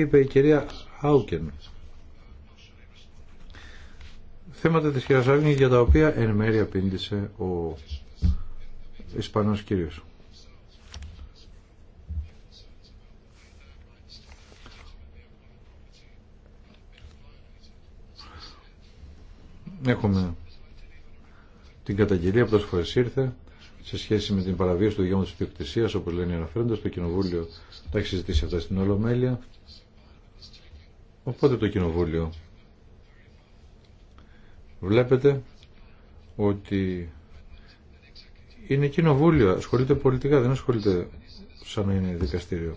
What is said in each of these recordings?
είπε η κυρία Άουκεν. Θέματα της κυρίας για τα οποία εν μέρει απήντησε ο Ισπανός κύριος. Έχουμε την καταγγελία που τόσε ήρθε σε σχέση με την παραβίαση του δικαιώματος της όπω όπως λένε οι αναφέροντες, το Κοινοβούλιο τα έχει συζητήσει αυτά στην Ολομέλεια. Οπότε το κοινοβούλιο βλέπετε ότι είναι κοινοβούλιο, ασχολείται πολιτικά, δεν ασχολείται σαν να είναι δικαστήριο.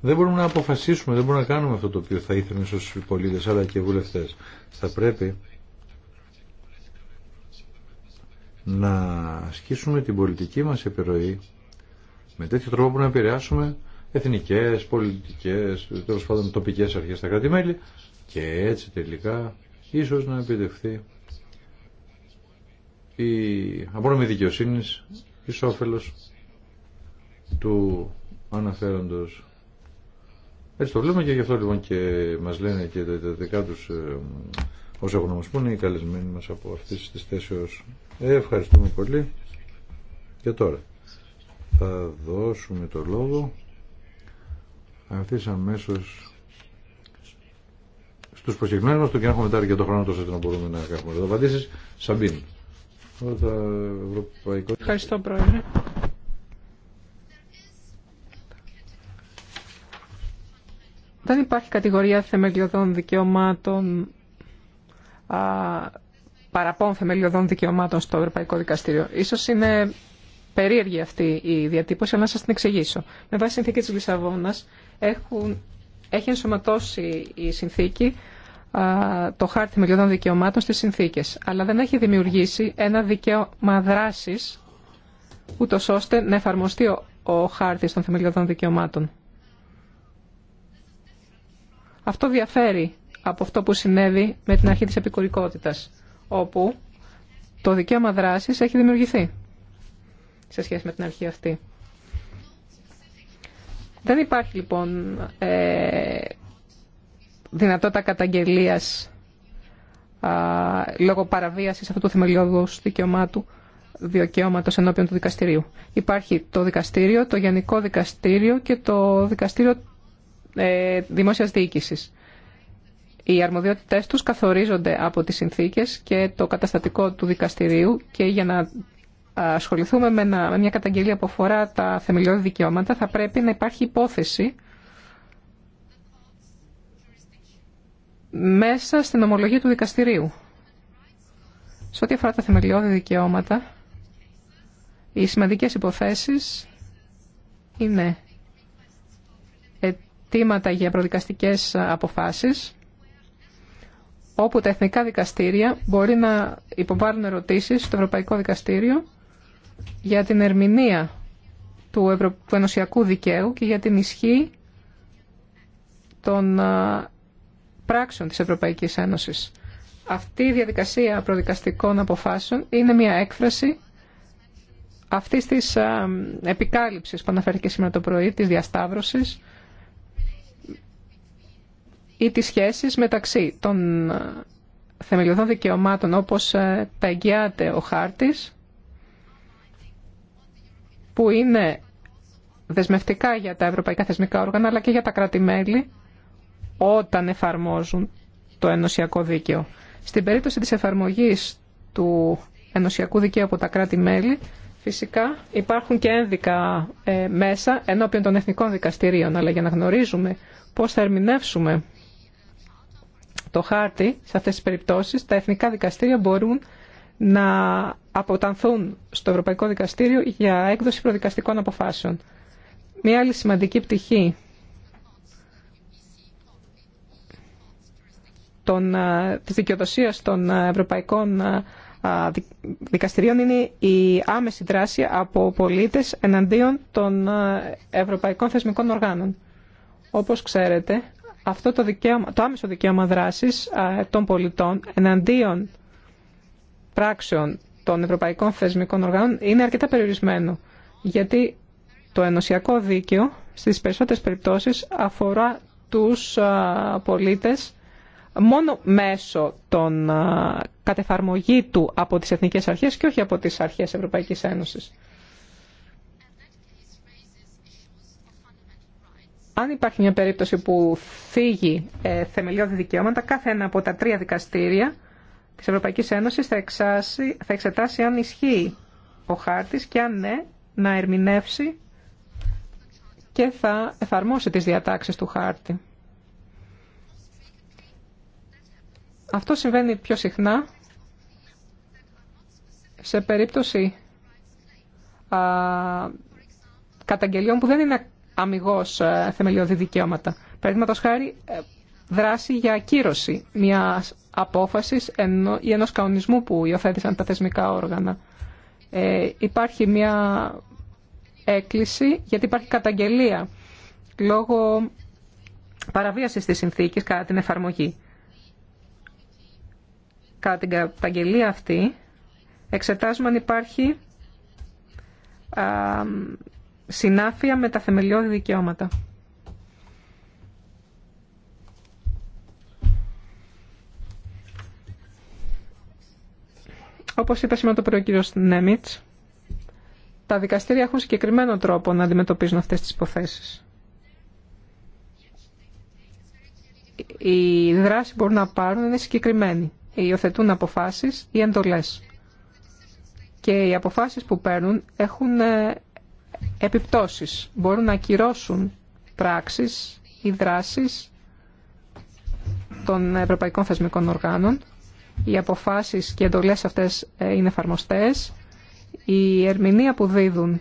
Δεν μπορούμε να αποφασίσουμε, δεν μπορούμε να κάνουμε αυτό το οποίο θα ήθελαν ίσως οι πολίτες αλλά και οι βουλευτές. Θα πρέπει να ασκήσουμε την πολιτική μας επιρροή με τέτοιο τρόπο που να επηρεάσουμε εθνικές, πολιτικές, τέλος πάντων τοπικές αρχές στα κράτη-μέλη και έτσι τελικά ίσως να επιτευχθεί η απόνομη δικαιοσύνη ει όφελο του αναφέροντο. Έτσι το βλέπουμε και γι' αυτό λοιπόν και μας λένε και τα δικά του, ε, όσοι έχουν να οι καλεσμένοι μας από αυτή τη θέσεως. ευχαριστούμε πολύ. Και τώρα θα δώσουμε το λόγο αυτής αμέσω στους προσκεκριμένους μας το και να έχουμε μετά το χρόνο τόσο ώστε να μπορούμε να κάνουμε εδώ απαντήσεις. Σαμπίν. Ευχαριστώ Πρόεδρε. Δεν υπάρχει κατηγορία θεμελιωδών δικαιωμάτων α, παραπών θεμελιωδών δικαιωμάτων στο Ευρωπαϊκό Δικαστήριο. Ίσως είναι περίεργη αυτή η διατύπωση, αλλά να σας την εξηγήσω. Με βάση συνθήκη της Λισαβόνας έχουν, έχει ενσωματώσει η συνθήκη το χάρτη θεμελιωδών δικαιωμάτων στις συνθήκες, αλλά δεν έχει δημιουργήσει ένα δικαίωμα δράση, ούτω ώστε να εφαρμοστεί ο, ο χάρτης των θεμελιωδών δικαιωμάτων. Αυτό διαφέρει από αυτό που συνέβη με την αρχή της επικουρικότητας, όπου το δικαίωμα δράσης έχει δημιουργηθεί σε σχέση με την αρχή αυτή. Δεν υπάρχει λοιπόν ε, δυνατότητα καταγγελίας λόγω παραβίασης αυτού του θεμελιώδους δικαιωμάτου διοκαιώματος ενώπιον του δικαστηρίου. Υπάρχει το δικαστήριο, το γενικό δικαστήριο και το δικαστήριο ε, δημόσιας διοίκησης. Οι αρμοδιότητες τους καθορίζονται από τις συνθήκες και το καταστατικό του δικαστηρίου και για να ασχοληθούμε με, μια καταγγελία που αφορά τα θεμελιώδη δικαιώματα, θα πρέπει να υπάρχει υπόθεση μέσα στην ομολογία του δικαστηρίου. Σε ό,τι αφορά τα θεμελιώδη δικαιώματα, οι σημαντικές υποθέσεις είναι αιτήματα για προδικαστικές αποφάσεις, όπου τα εθνικά δικαστήρια μπορεί να υποβάλουν ερωτήσεις στο Ευρωπαϊκό Δικαστήριο για την ερμηνεία του, ευρωπαϊκού ενωσιακού δικαίου και για την ισχύ των πράξεων της Ευρωπαϊκής Ένωσης. Αυτή η διαδικασία προδικαστικών αποφάσεων είναι μια έκφραση αυτής της επικάλυψης που αναφέρθηκε σήμερα το πρωί, τη διασταύρωση ή της σχέσης μεταξύ των θεμελιωδών δικαιωμάτων όπως τα εγγυάται ο χάρτης που είναι δεσμευτικά για τα ευρωπαϊκά θεσμικά όργανα αλλά και για τα κράτη-μέλη όταν εφαρμόζουν το ενωσιακό δίκαιο. Στην περίπτωση της εφαρμογής του ενωσιακού δικαίου από τα κράτη-μέλη φυσικά υπάρχουν και ένδικα ε, μέσα ενώπιον των εθνικών δικαστηρίων αλλά για να γνωρίζουμε πώς θα ερμηνεύσουμε το χάρτη σε αυτές τις περιπτώσεις τα εθνικά δικαστήρια μπορούν να αποτανθούν στο Ευρωπαϊκό Δικαστήριο για έκδοση προδικαστικών αποφάσεων. Μία άλλη σημαντική πτυχή των, ε, της δικαιοδοσίας των ε, ευρωπαϊκών ε, δικαστηρίων είναι η άμεση δράση από πολίτες εναντίον των ευρωπαϊκών θεσμικών οργάνων. Όπως ξέρετε, αυτό το, το άμεσο δικαίωμα δράσης των πολιτών εναντίον πράξεων των ευρωπαϊκών θεσμικών οργάνων είναι αρκετά περιορισμένο. Γιατί το ενωσιακό δίκαιο στις περισσότερες περιπτώσεις αφορά τους πολίτες μόνο μέσω των κατεφαρμογή του από τις εθνικές αρχές και όχι από τις αρχές Ευρωπαϊκής Ένωσης. Αν υπάρχει μια περίπτωση που φύγει ε, θεμελιώδη δικαιώματα, κάθε ένα από τα τρία δικαστήρια της Ευρωπαϊκής Ένωσης θα, εξετάσει αν ισχύει ο χάρτης και αν ναι, να ερμηνεύσει και θα εφαρμόσει τις διατάξεις του χάρτη. Αυτό συμβαίνει πιο συχνά σε περίπτωση α, καταγγελιών που δεν είναι αμυγός ε, θεμελιώδη δικαιώματα. Παραδείγματο χάρη ε, δράση για ακύρωση μια απόφαση ή ενό κανονισμού που υιοθέτησαν τα θεσμικά όργανα. Ε, υπάρχει μια έκκληση γιατί υπάρχει καταγγελία λόγω παραβίασης της συνθήκης κατά την εφαρμογή. Κατά την καταγγελία αυτή εξετάζουμε αν υπάρχει α, συνάφεια με τα θεμελιώδη δικαιώματα. Όπως είπε σήμερα το πρωί ο κύριο Νέμιτς, τα δικαστήρια έχουν συγκεκριμένο τρόπο να αντιμετωπίζουν αυτέ τι υποθέσει. Οι δράση μπορούν να πάρουν είναι συγκεκριμένοι. Υιοθετούν αποφάσεις ή εντολές. Και οι αποφάσεις που παίρνουν έχουν ε, επιπτώσεις. Μπορούν να ακυρώσουν πράξεις ή δράσεις των ευρωπαϊκών θεσμικών οργάνων οι αποφάσεις και εντολές αυτές ε, είναι εφαρμοστές, η ερμηνεία που δίδουν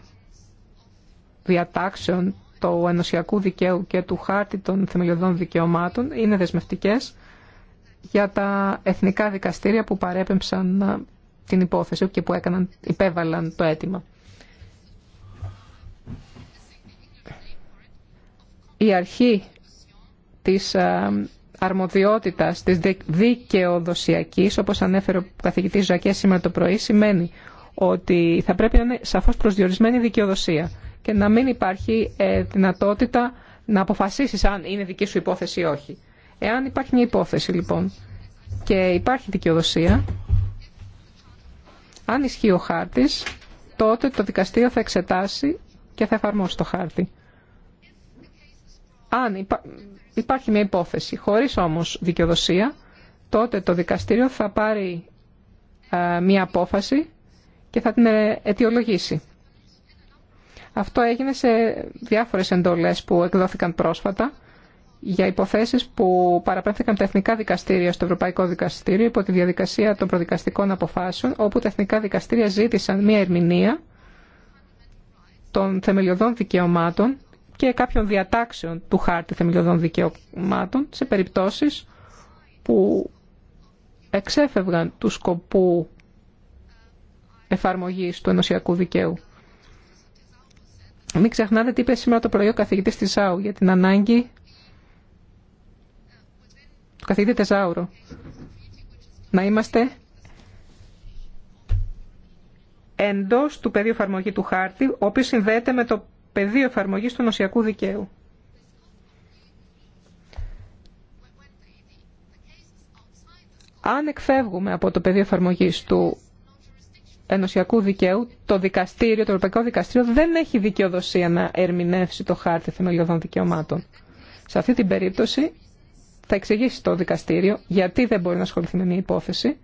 διατάξεων του ενωσιακού δικαίου και του χάρτη των θεμελιωδών δικαιωμάτων είναι δεσμευτικές για τα εθνικά δικαστήρια που παρέπεμψαν ε, την υπόθεση και που έκαναν, υπέβαλαν το αίτημα. Η αρχή της ε, Αρμοδιότητα της δικαιοδοσιακή, όπως ανέφερε ο καθηγητής Ζακέ σήμερα το πρωί, σημαίνει ότι θα πρέπει να είναι σαφώς προσδιορισμένη η δικαιοδοσία και να μην υπάρχει ε, δυνατότητα να αποφασίσεις αν είναι δική σου υπόθεση ή όχι. Εάν υπάρχει μια υπόθεση λοιπόν και υπάρχει δικαιοδοσία, αν ισχύει ο χάρτη, τότε το δικαστήριο θα εξετάσει και θα εφαρμόσει το χάρτη αν υπάρχει μια υπόθεση χωρίς όμως δικαιοδοσία, τότε το δικαστήριο θα πάρει μια απόφαση και θα την ε, αιτιολογήσει. Αυτό έγινε σε διάφορες εντολές που εκδόθηκαν πρόσφατα για υποθέσεις που παραπέμφθηκαν τα εθνικά δικαστήρια στο Ευρωπαϊκό Δικαστήριο υπό τη διαδικασία των προδικαστικών αποφάσεων, όπου τα εθνικά δικαστήρια ζήτησαν μία ερμηνεία των θεμελιωδών δικαιωμάτων και κάποιων διατάξεων του χάρτη θεμελιωδών δικαιωμάτων σε περιπτώσεις που εξέφευγαν του σκοπού εφαρμογής του ενωσιακού δικαίου. Μην ξεχνάτε τι είπε σήμερα το πρωί ο καθηγητής της ΖΑΟΥ για την ανάγκη του καθηγητή Τεζάουρο να είμαστε εντός του πεδίου εφαρμογή του χάρτη, ο οποίος συνδέεται με το πεδίο εφαρμογής του νοσιακού δικαίου. Αν εκφεύγουμε από το πεδίο εφαρμογής του ενωσιακού δικαίου, το δικαστήριο, το Ευρωπαϊκό Δικαστήριο δεν έχει δικαιοδοσία να ερμηνεύσει το χάρτη θεμελιωδών δικαιωμάτων. Σε αυτή την περίπτωση θα εξηγήσει το δικαστήριο γιατί δεν μπορεί να ασχοληθεί με μια υπόθεση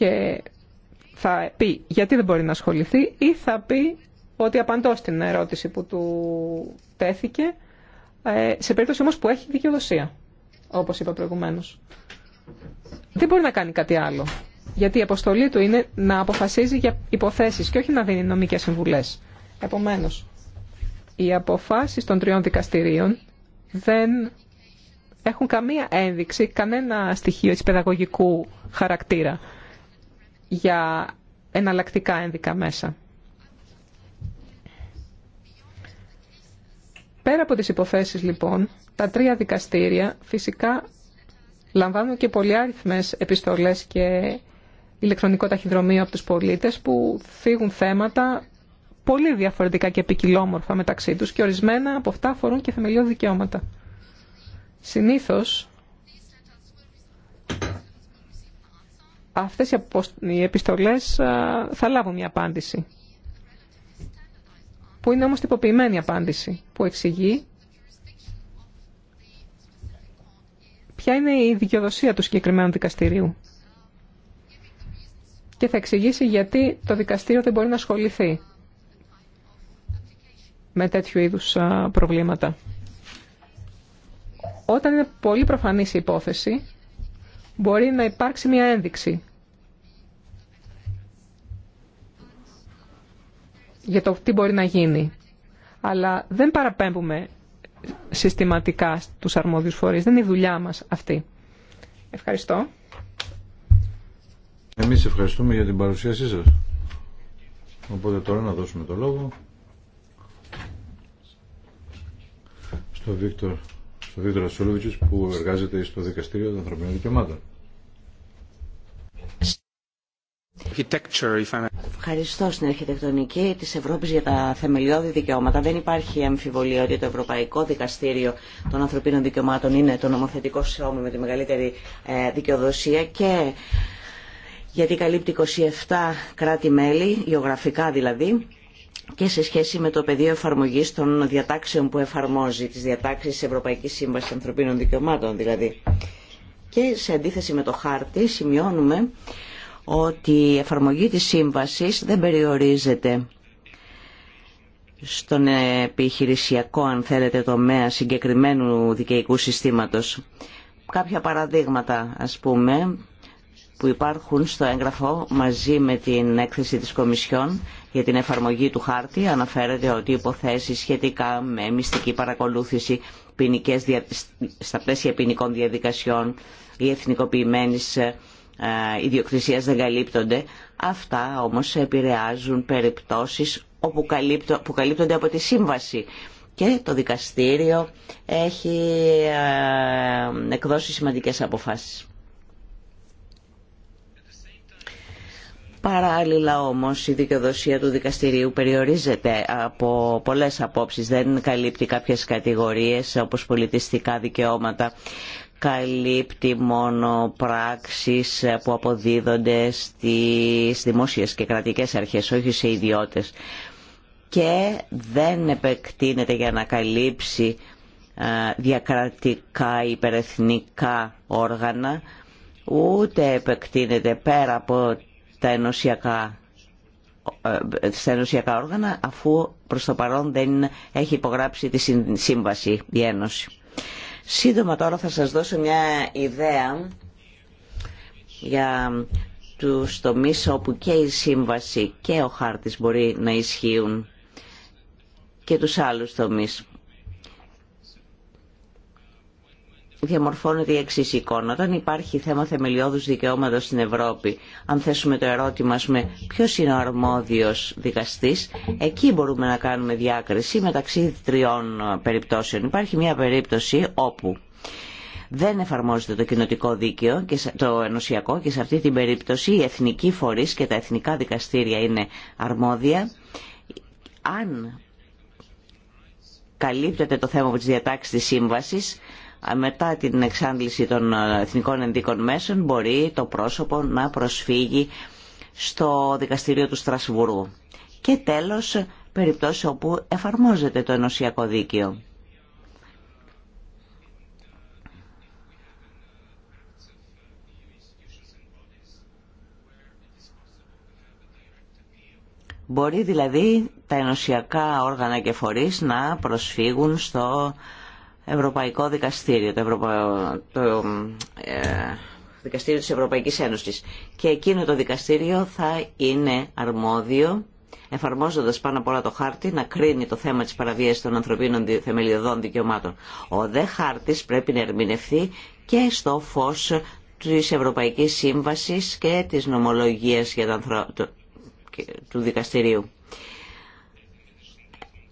και θα πει γιατί δεν μπορεί να ασχοληθεί ή θα πει ότι απαντώ στην ερώτηση που του τέθηκε, ε, σε περίπτωση όμως που έχει δικαιοδοσία, όπως είπα προηγουμένως. Δεν μπορεί να κάνει κάτι άλλο, γιατί η αποστολή του είναι να αποφασίζει για υποθέσεις και όχι να δίνει νομικές συμβουλές. Επομένως, οι αποφάσεις των τριών δικαστηρίων δεν έχουν καμία ένδειξη, κανένα στοιχείο της παιδαγωγικού χαρακτήρα για εναλλακτικά ένδικα μέσα. Πέρα από τις υποθέσεις λοιπόν, τα τρία δικαστήρια φυσικά λαμβάνουν και πολυάριθμες επιστολές και ηλεκτρονικό ταχυδρομείο από τους πολίτες που φύγουν θέματα πολύ διαφορετικά και επικοιλόμορφα μεταξύ τους και ορισμένα από αυτά αφορούν και θεμελιώδη δικαιώματα. Συνήθως αυτές οι επιστολές θα λάβουν μια απάντηση. Που είναι όμως τυποποιημένη απάντηση, που εξηγεί ποια είναι η δικαιοδοσία του συγκεκριμένου δικαστηρίου. Και θα εξηγήσει γιατί το δικαστήριο δεν μπορεί να ασχοληθεί με τέτοιου είδους προβλήματα. Όταν είναι πολύ προφανής η υπόθεση, μπορεί να υπάρξει μια ένδειξη για το τι μπορεί να γίνει. Αλλά δεν παραπέμπουμε συστηματικά στους αρμόδιους φορείς. Δεν είναι η δουλειά μας αυτή. Ευχαριστώ. Εμείς ευχαριστούμε για την παρουσίασή σας. Οπότε τώρα να δώσουμε το λόγο στον Βίκτορ, στο που εργάζεται στο Δικαστήριο των Ανθρωπινών Δικαιωμάτων. Ευχαριστώ στην αρχιτεκτονική τη Ευρώπη για τα θεμελιώδη δικαιώματα. Δεν υπάρχει αμφιβολία ότι το Ευρωπαϊκό Δικαστήριο των Ανθρωπίνων Δικαιωμάτων είναι το νομοθετικό σώμα με τη μεγαλύτερη ε, δικαιοδοσία και γιατί καλύπτει 27 κράτη-μέλη, γεωγραφικά δηλαδή, και σε σχέση με το πεδίο εφαρμογή των διατάξεων που εφαρμόζει, τι διατάξει της Ευρωπαϊκής Σύμβασης Ανθρωπίνων Δικαιωμάτων δηλαδή. Και σε αντίθεση με το χάρτη σημειώνουμε ότι η εφαρμογή της σύμβασης δεν περιορίζεται στον επιχειρησιακό, αν θέλετε, τομέα συγκεκριμένου δικαιικού συστήματος. Κάποια παραδείγματα, ας πούμε, που υπάρχουν στο έγγραφο μαζί με την έκθεση της Κομισιόν για την εφαρμογή του χάρτη αναφέρεται ότι υποθέσεις σχετικά με μυστική παρακολούθηση ποινικές, στα πλαίσια ποινικών διαδικασιών ή εθνικοποιημένης ε, ιδιοκτησίας δεν καλύπτονται. Αυτά όμως επηρεάζουν περιπτώσεις όπου που καλύπτονται από τη σύμβαση. Και το δικαστήριο έχει ε, εκδώσει σημαντικές αποφάσεις. Παράλληλα όμως η δικαιοδοσία του δικαστηρίου περιορίζεται από πολλές απόψεις, δεν καλύπτει κάποιες κατηγορίες όπως πολιτιστικά δικαιώματα καλύπτει μόνο πράξεις που αποδίδονται στις δημόσιες και κρατικές αρχές, όχι σε ιδιώτες. Και δεν επεκτείνεται για να καλύψει διακρατικά υπερεθνικά όργανα, ούτε επεκτείνεται πέρα από τα ενωσιακά ε, στα όργανα αφού προς το παρόν δεν έχει υπογράψει τη σύμβαση η Ένωση. Σύντομα τώρα θα σας δώσω μια ιδέα για τους τομείς όπου και η σύμβαση και ο χάρτης μπορεί να ισχύουν και τους άλλους τομείς διαμορφώνεται η εξή εικόνα. Όταν υπάρχει θέμα θεμελιώδους δικαιώματος στην Ευρώπη, αν θέσουμε το ερώτημα με ποιο είναι ο αρμόδιος δικαστής, εκεί μπορούμε να κάνουμε διάκριση μεταξύ τριών περιπτώσεων. Υπάρχει μια περίπτωση όπου δεν εφαρμόζεται το κοινοτικό δίκαιο, και το ενωσιακό και σε αυτή την περίπτωση η εθνικοί φορείς και τα εθνικά δικαστήρια είναι αρμόδια. Αν καλύπτεται το θέμα από τις διατάξεις σύμβασης, μετά την εξάντληση των εθνικών ενδίκων μέσων μπορεί το πρόσωπο να προσφύγει στο δικαστήριο του Στρασβούργου. Και τέλος, περιπτώσει όπου εφαρμόζεται το ενωσιακό δίκαιο. Μπορεί δηλαδή τα ενωσιακά όργανα και φορείς να προσφύγουν στο Ευρωπαϊκό Δικαστήριο, το, Ευρωπα... το ε, Δικαστήριο της Ευρωπαϊκής Ένωσης. Και εκείνο το δικαστήριο θα είναι αρμόδιο, εφαρμόζοντας πάνω απ' όλα το χάρτη, να κρίνει το θέμα της παραβίασης των ανθρωπίνων θεμελιωδών δικαιωμάτων. Ο δε χάρτης πρέπει να ερμηνευθεί και στο φως της Ευρωπαϊκής Σύμβασης και της νομολογίας για του δικαστηρίου.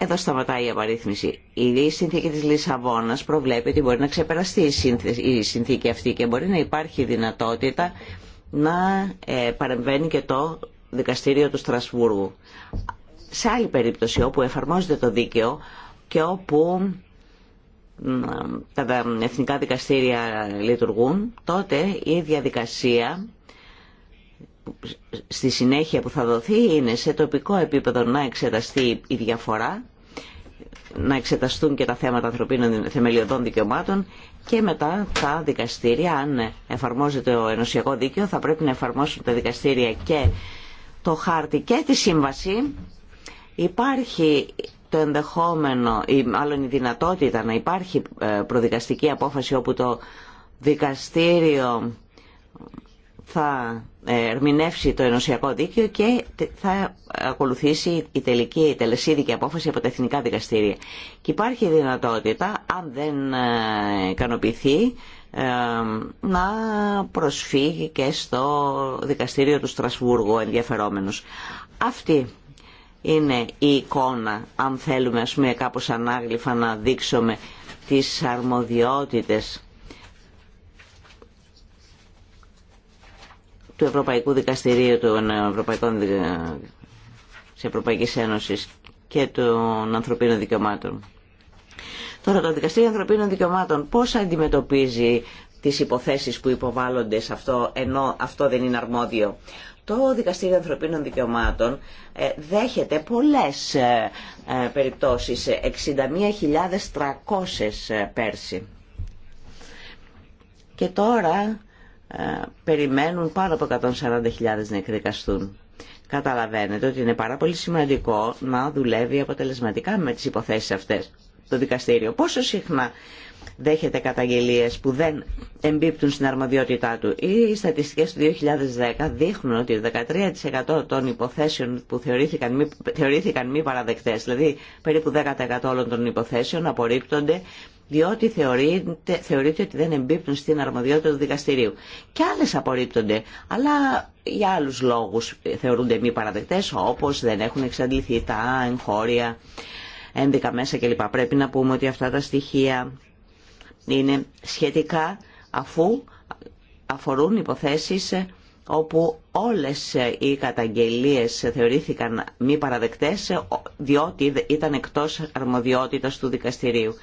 Εδώ σταματάει η απαρίθμηση. Η συνθήκη της Λισαβόνας προβλέπει ότι μπορεί να ξεπεραστεί η συνθήκη αυτή και μπορεί να υπάρχει δυνατότητα να ε, παρεμβαίνει και το δικαστήριο του Στρασβούργου. Σε άλλη περίπτωση όπου εφαρμόζεται το δίκαιο και όπου τα εθνικά δικαστήρια λειτουργούν, τότε η διαδικασία στη συνέχεια που θα δοθεί είναι σε τοπικό επίπεδο να εξεταστεί η διαφορά, να εξεταστούν και τα θέματα ανθρωπίνων θεμελιωδών δικαιωμάτων και μετά τα δικαστήρια, αν εφαρμόζεται ο ενωσιακό δίκαιο, θα πρέπει να εφαρμόσουν τα δικαστήρια και το χάρτη και τη σύμβαση. Υπάρχει το ενδεχόμενο, ή μάλλον η δυνατότητα να υπάρχει ε, προδικαστική απόφαση όπου το δικαστήριο θα ερμηνεύσει το ενωσιακό δίκαιο και θα ακολουθήσει η τελική, η τελεσίδικη απόφαση από τα εθνικά δικαστήρια. Και υπάρχει δυνατότητα, αν δεν ε, ικανοποιηθεί, ε, να προσφύγει και στο δικαστήριο του Στρασβούργου ενδιαφερόμενος. Αυτή είναι η εικόνα, αν θέλουμε, ας πούμε, κάπως ανάγλυφα να δείξουμε τις αρμοδιότητες του Ευρωπαϊκού Δικαστηρίου των Ευρωπαϊκών της Ευρωπαϊκής Ένωσης και των ανθρωπίνων δικαιωμάτων. Τώρα το Δικαστήριο Ανθρωπίνων Δικαιωμάτων πώς αντιμετωπίζει τις υποθέσεις που υποβάλλονται σε αυτό ενώ αυτό δεν είναι αρμόδιο. Το Δικαστήριο Ανθρωπίνων Δικαιωμάτων ε, δέχεται πολλές ε, ε, περιπτώσεις, 61.300 πέρσι. Και τώρα ε, περιμένουν πάνω από 140.000 να εκδικαστούν. Καταλαβαίνετε ότι είναι πάρα πολύ σημαντικό να δουλεύει αποτελεσματικά με τις υποθέσεις αυτές το δικαστήριο. Πόσο συχνά δέχεται καταγγελίες που δεν εμπίπτουν στην αρμοδιότητά του. Οι στατιστικές του 2010 δείχνουν ότι 13% των υποθέσεων που θεωρήθηκαν μη, θεωρήθηκαν παραδεκτές, δηλαδή περίπου 10% όλων των υποθέσεων απορρίπτονται διότι θεωρείται, θεωρείται ότι δεν εμπίπτουν στην αρμοδιότητα του δικαστηρίου. Και άλλε απορρίπτονται, αλλά για άλλους λόγους θεωρούνται μη παραδεκτές, όπως δεν έχουν εξαντληθεί τα εγχώρια, ένδικα μέσα κλπ. Πρέπει να πούμε ότι αυτά τα στοιχεία είναι σχετικά αφού αφορούν υποθέσεις όπου όλες οι καταγγελίες θεωρήθηκαν μη παραδεκτές διότι ήταν εκτός αρμοδιότητας του δικαστηρίου.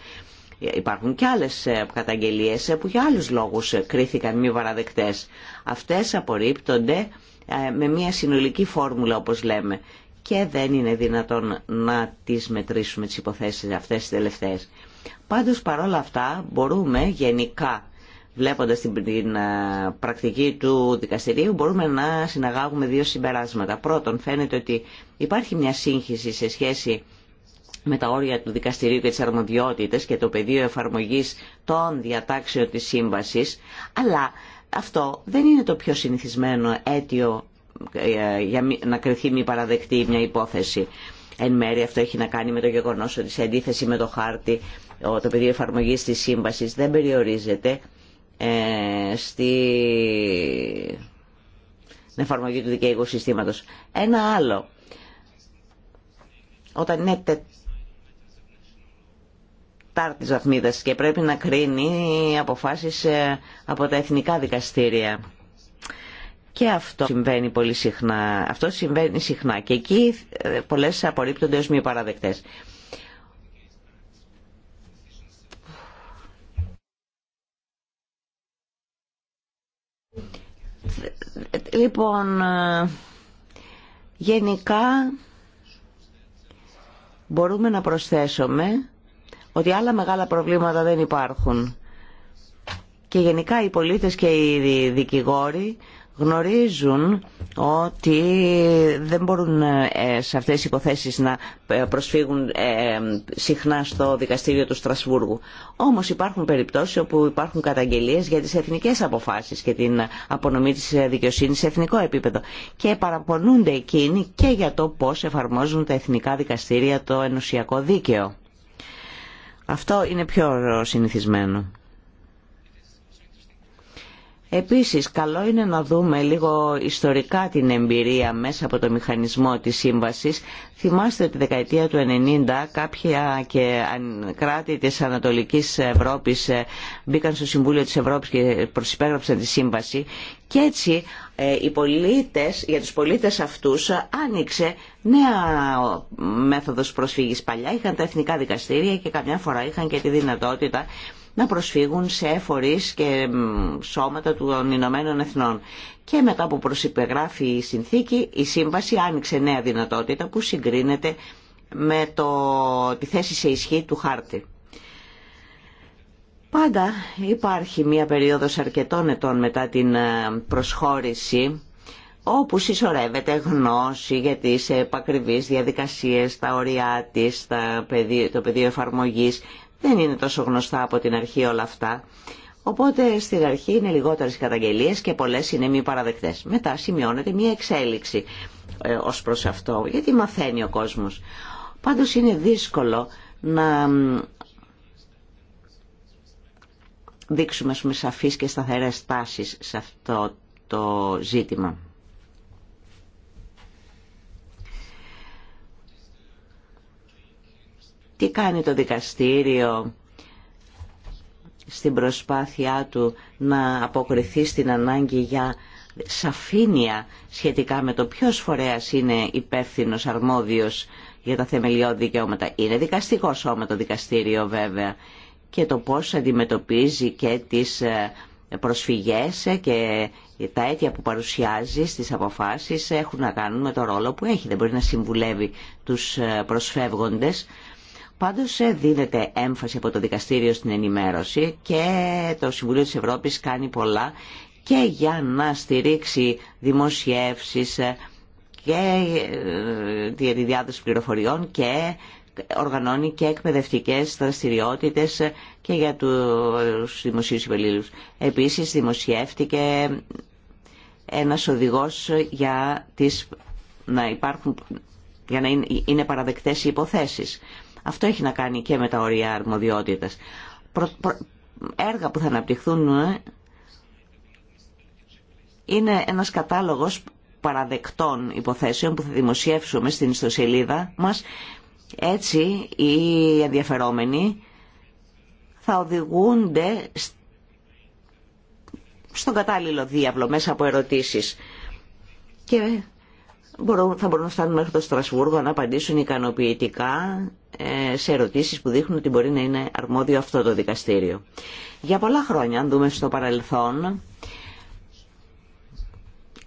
Υπάρχουν και άλλες ε, καταγγελίες ε, που για άλλους λόγους ε, κρίθηκαν μη βαραδεκτές. Αυτές απορρίπτονται με μια συνολική φόρμουλα όπως λέμε και δεν είναι δυνατόν να τις μετρήσουμε τις υποθέσεις αυτές τελευταίες. Πάντως παρόλα αυτά μπορούμε γενικά βλέποντας την, πρακτική του δικαστηρίου μπορούμε να συναγάγουμε δύο συμπεράσματα. Πρώτον φαίνεται ότι υπάρχει μια σύγχυση σε σχέση με τα όρια του δικαστηρίου και τις αρμοδιότητες και το πεδίο εφαρμογής των διατάξεων της σύμβασης, αλλά αυτό δεν είναι το πιο συνηθισμένο αίτιο ε, για να κρυθεί μη παραδεκτή μια υπόθεση. Εν μέρει αυτό έχει να κάνει με το γεγονός ότι σε αντίθεση με το χάρτη το πεδίο εφαρμογής της σύμβασης δεν περιορίζεται ε, στην εφαρμογή του δικαίου συστήματος. Ένα άλλο, όταν είναι τάρτης βαθμίδας και πρέπει να κρίνει αποφάσεις ε, από τα εθνικά δικαστήρια. Και αυτό συμβαίνει πολύ συχνά. Αυτό συμβαίνει συχνά και εκεί ε, πολλές απορρίπτονται ως μη παραδεκτές. Λοιπόν, ε, γενικά μπορούμε να προσθέσουμε ότι άλλα μεγάλα προβλήματα δεν υπάρχουν. Και γενικά οι πολίτες και οι δικηγόροι γνωρίζουν ότι δεν μπορούν ε, σε αυτές τις υποθέσεις να ε, προσφύγουν ε, συχνά στο δικαστήριο του Στρασβούργου. Όμως υπάρχουν περιπτώσεις όπου υπάρχουν καταγγελίες για τις εθνικές αποφάσεις και την απονομή της δικαιοσύνης σε εθνικό επίπεδο. Και παραπονούνται εκείνοι και για το πώς εφαρμόζουν τα εθνικά δικαστήρια το ενωσιακό δίκαιο. Αυτό είναι πιο συνηθισμένο. Επίσης, καλό είναι να δούμε λίγο ιστορικά την εμπειρία μέσα από το μηχανισμό της σύμβασης. Θυμάστε τη δεκαετία του 90 κάποια και κράτη της Ανατολικής Ευρώπης ε, μπήκαν στο Συμβούλιο της Ευρώπης και προσυπέγραψαν τη σύμβαση και έτσι ε, οι πολίτες, για τους πολίτες αυτούς ε, άνοιξε νέα μέθοδος προσφύγης. Παλιά είχαν τα εθνικά δικαστήρια και καμιά φορά είχαν και τη δυνατότητα να προσφύγουν σε φορείς και σώματα των Ηνωμένων Εθνών. Και μετά που προσυπεγράφει η συνθήκη, η σύμβαση άνοιξε νέα δυνατότητα που συγκρίνεται με το, τη θέση σε ισχύ του χάρτη. Πάντα υπάρχει μία περίοδος αρκετών ετών μετά την ε, προσχώρηση όπου συσσωρεύεται γνώση για τις επακριβείς διαδικασίες, τα ωριά της, το πεδίο εφαρμογής. Δεν είναι τόσο γνωστά από την αρχή όλα αυτά. Οπότε στην αρχή είναι λιγότερες καταγγελίες και πολλές είναι μη παραδεκτές. Μετά σημειώνεται μία εξέλιξη ε, ως προς αυτό, γιατί μαθαίνει ο κόσμος. Πάντως είναι δύσκολο να δείξουμε πούμε, σαφείς και σταθερές τάσεις σε αυτό το ζήτημα. Τι κάνει το δικαστήριο στην προσπάθειά του να αποκριθεί στην ανάγκη για σαφήνεια σχετικά με το ποιος φορέας είναι υπεύθυνος αρμόδιος για τα θεμελιώδη δικαιώματα. Είναι δικαστικό σώμα το δικαστήριο βέβαια και το πώς αντιμετωπίζει και τις ε, προσφυγές ε, και τα αίτια που παρουσιάζει στις αποφάσεις έχουν να κάνουν με το ρόλο που έχει. Δεν μπορεί να συμβουλεύει τους ε, προσφεύγοντες. Πάντως δίνεται έμφαση από το δικαστήριο στην ενημέρωση και το Συμβουλίο της Ευρώπης κάνει πολλά και για να στηρίξει δημοσιεύσεις και τη διάδοση πληροφοριών και οργανώνει και εκπαιδευτικές δραστηριότητες και για τους δημοσίους υπαλλήλους. Επίσης δημοσιεύτηκε ένας οδηγός για, τις, να, υπάρχουν, για να είναι παραδεκτές οι υποθέσεις. Αυτό έχει να κάνει και με τα όρια αρμοδιότητας. έργα που θα αναπτυχθούν ε, είναι ένας κατάλογος παραδεκτών υποθέσεων που θα δημοσιεύσουμε στην ιστοσελίδα μας έτσι οι ενδιαφερόμενοι θα οδηγούνται στον κατάλληλο διάβλο μέσα από ερωτήσεις και μπορούν, θα μπορούν να φτάνουν μέχρι το Στρασβούργο να απαντήσουν ικανοποιητικά ε, σε ερωτήσεις που δείχνουν ότι μπορεί να είναι αρμόδιο αυτό το δικαστήριο. Για πολλά χρόνια, αν δούμε στο παρελθόν,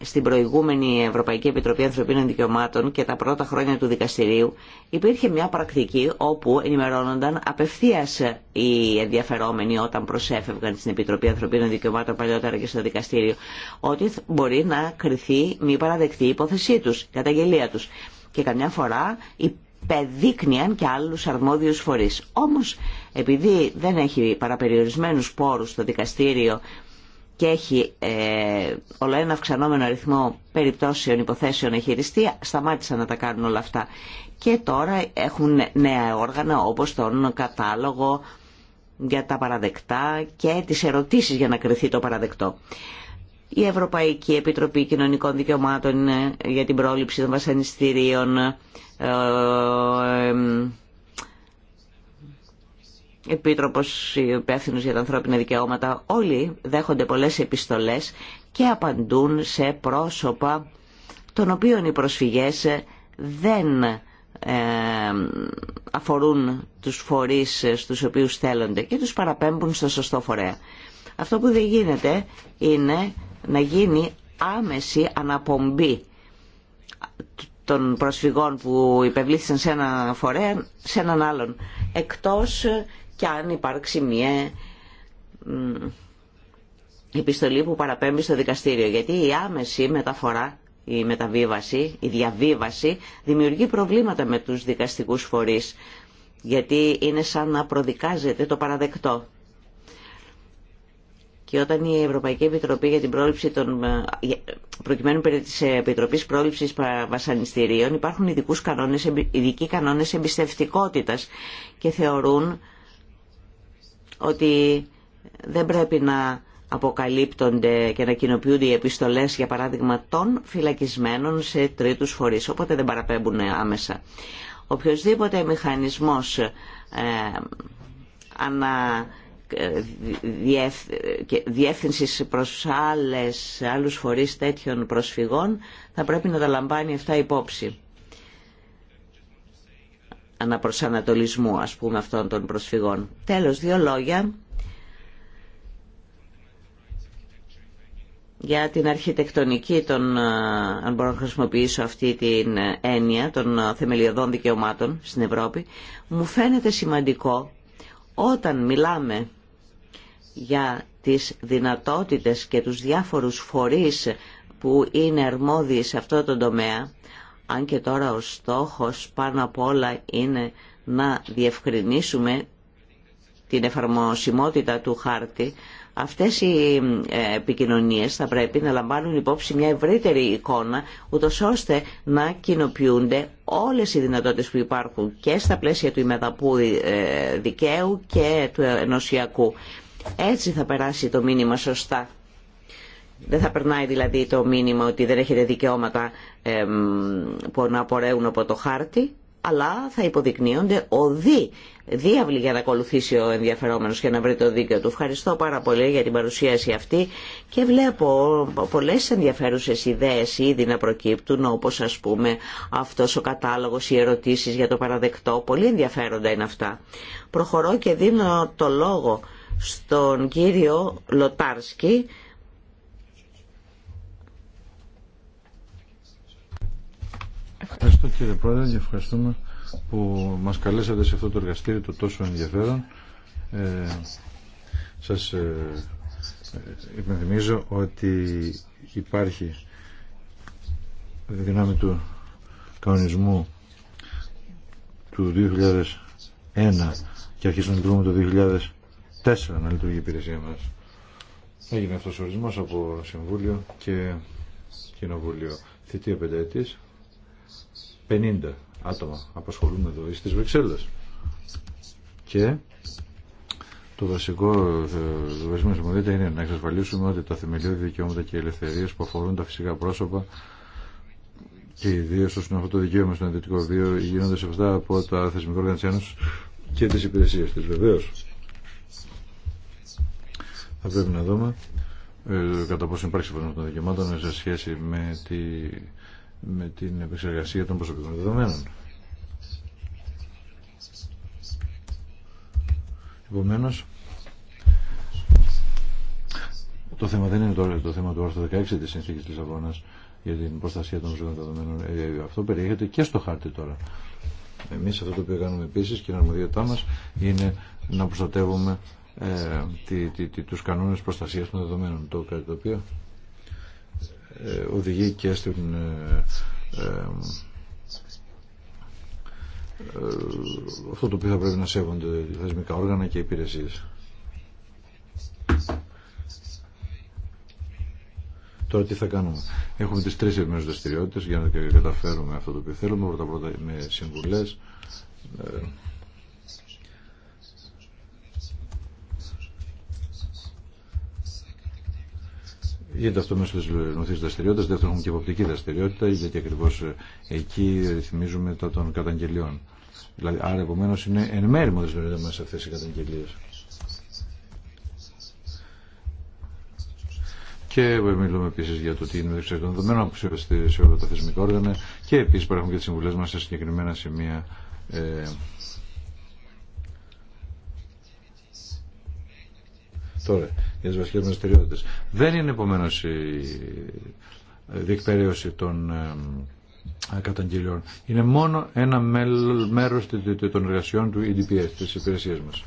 στην προηγούμενη Ευρωπαϊκή Επιτροπή Ανθρωπίνων Δικαιωμάτων και τα πρώτα χρόνια του δικαστηρίου υπήρχε μια πρακτική όπου ενημερώνονταν απευθεία οι ενδιαφερόμενοι όταν προσέφευγαν στην Επιτροπή Ανθρωπίνων Δικαιωμάτων παλιότερα και στο δικαστήριο ότι μπορεί να κρυθεί μη παραδεκτή η υπόθεσή του, η καταγγελία του. Και καμιά φορά υπεδείκνυαν και άλλους αρμόδιους φορείς. Όμως, επειδή δεν έχει παραπεριορισμένους πόρους στο δικαστήριο και έχει ε, όλο ένα αυξανόμενο αριθμό περιπτώσεων υποθέσεων εχειριστεί, σταμάτησαν να τα κάνουν όλα αυτά. Και τώρα έχουν νέα όργανα όπως τον κατάλογο για τα παραδεκτά και τις ερωτήσεις για να κρυθεί το παραδεκτό. Η Ευρωπαϊκή Επιτροπή Κοινωνικών Δικαιωμάτων ε, για την πρόληψη των βασανιστήριων, ε, επίτροπος υπεύθυνο για τα ανθρώπινα δικαιώματα, όλοι δέχονται πολλές επιστολές και απαντούν σε πρόσωπα των οποίων οι προσφυγές δεν ε, αφορούν τους φορείς στους οποίους θέλονται και τους παραπέμπουν στο σωστό φορέα. Αυτό που δεν γίνεται είναι να γίνει άμεση αναπομπή των προσφυγών που υπευλήθησαν σε ένα φορέα σε έναν άλλον εκτός και αν υπάρξει μια επιστολή που παραπέμπει στο δικαστήριο. Γιατί η άμεση μεταφορά, η μεταβίβαση, η διαβίβαση δημιουργεί προβλήματα με τους δικαστικούς φορείς. Γιατί είναι σαν να προδικάζεται το παραδεκτό. Και όταν η Ευρωπαϊκή Επιτροπή για την πρόληψη των. Ε, προκειμένου περί τη Επιτροπή Πρόληψη Βασανιστήριων υπάρχουν ειδικού κανόνες, ειδικοί κανόνε εμπιστευτικότητα και θεωρούν ότι δεν πρέπει να αποκαλύπτονται και να κοινοποιούνται οι επιστολές, για παράδειγμα, των φυλακισμένων σε τρίτους φορείς, οπότε δεν παραπέμπουν άμεσα. Οποιοδήποτε μηχανισμός ε, ανα, ε, διεύθυνση προς άλλες, άλλους φορείς τέτοιων προσφυγών θα πρέπει να τα λαμβάνει αυτά υπόψη αναπροσανατολισμού ας πούμε αυτών των προσφυγών. Τέλος, δύο λόγια για την αρχιτεκτονική των, αν μπορώ να χρησιμοποιήσω αυτή την έννοια των θεμελιωδών δικαιωμάτων στην Ευρώπη, μου φαίνεται σημαντικό όταν μιλάμε για τις δυνατότητες και τους διάφορους φορείς που είναι αρμόδιοι σε αυτό το τομέα, αν και τώρα ο στόχος πάνω απ' όλα είναι να διευκρινίσουμε την εφαρμοσιμότητα του χάρτη, αυτές οι ε, επικοινωνίες θα πρέπει να λαμβάνουν υπόψη μια ευρύτερη εικόνα, ούτως ώστε να κοινοποιούνται όλες οι δυνατότητες που υπάρχουν και στα πλαίσια του ημεδαπού ε, δικαίου και του ενωσιακού. Έτσι θα περάσει το μήνυμα σωστά. Δεν θα περνάει δηλαδή το μήνυμα ότι δεν έχετε δικαιώματα που να απορρέουν από το χάρτη, αλλά θα υποδεικνύονται οδοί διάβλη για να ακολουθήσει ο ενδιαφερόμενος και να βρει το δίκαιο του. Ευχαριστώ πάρα πολύ για την παρουσίαση αυτή και βλέπω πολλές ενδιαφέρουσες ιδέες ήδη να προκύπτουν όπως ας πούμε αυτός ο κατάλογος, οι ερωτήσεις για το παραδεκτό, πολύ ενδιαφέροντα είναι αυτά. Προχωρώ και δίνω το λόγο στον κύριο Λοτάρσκι Ευχαριστώ κύριε Πρόεδρε και ευχαριστούμε που μας καλέσατε σε αυτό το εργαστήριο το τόσο ενδιαφέρον. Ε, σας ε, ε, υπενθυμίζω ότι υπάρχει δυνάμει του κανονισμού του 2001 και αρχίσαμε να λειτουργούμε το 2004 να λειτουργεί η υπηρεσία μας. Έγινε αυτός ο ορισμός από Συμβούλιο και Κοινοβούλιο. Θητεία πενταετής 50 άτομα απασχολούν εδώ στις Βρυξέλλες. Και το βασικό, ε, βασικό βασικό σημαντικό είναι να εξασφαλίσουμε ότι τα θεμελιώδη δικαιώματα και ελευθερίες που αφορούν τα φυσικά πρόσωπα και ιδίω όσον αυτό το δικαίωμα στον ιδιωτικό βίο γίνονται σε αυτά από τα θεσμικά όργανα και τι υπηρεσίε τη βεβαίω. Θα πρέπει να δούμε ε, κατά πόσο υπάρχει συμφωνία των δικαιωμάτων σε σχέση με τη με την επεξεργασία των προσωπικών δεδομένων. Επομένως, το θέμα δεν είναι τώρα το θέμα του άρθρου 16 τη Συνθήκης της Λισαβόνας για την προστασία των προσωπικών δεδομένων. Ε, αυτό περιέχεται και στο χάρτη τώρα. Εμείς αυτό το οποίο κάνουμε επίσης και η αρμοδιότητά μα είναι να προστατεύουμε ε, τους κανόνες προστασίας των δεδομένων. Το, το οποίο ε, οδηγεί και στην ε, ε, αυτό το οποίο θα πρέπει να σέβονται οι θεσμικά όργανα και οι υπηρεσίες. Τώρα τι θα κάνουμε. Έχουμε τις τρεις ευμένες δραστηριότητε για να καταφέρουμε αυτό το οποίο θέλουμε. Πρώτα πρώτα με συμβουλές, Γίνεται αυτό μέσω τη νοθή δραστηριότητα. Δεύτερον, έχουμε και υποπτική δραστηριότητα, γιατί ακριβώ ε, εκεί ρυθμίζουμε τα των καταγγελιών. Δηλαδή, άρα, επομένω, είναι εν μέρη μόνο δραστηριότητα μα αυτέ οι καταγγελίε. Και ε, μιλούμε επίση για το τι είναι μεταξύ των δεδομένων που σε όλα τα θεσμικά όργανα και επίση παρέχουμε και τι συμβουλέ μα σε συγκεκριμένα σημεία. Ε, τώρα, για Δεν είναι επομένω η διεκπαιρέωση των καταγγελιών. Είναι μόνο ένα μέρος των εργασιών του EDPS, της υπηρεσίας μας.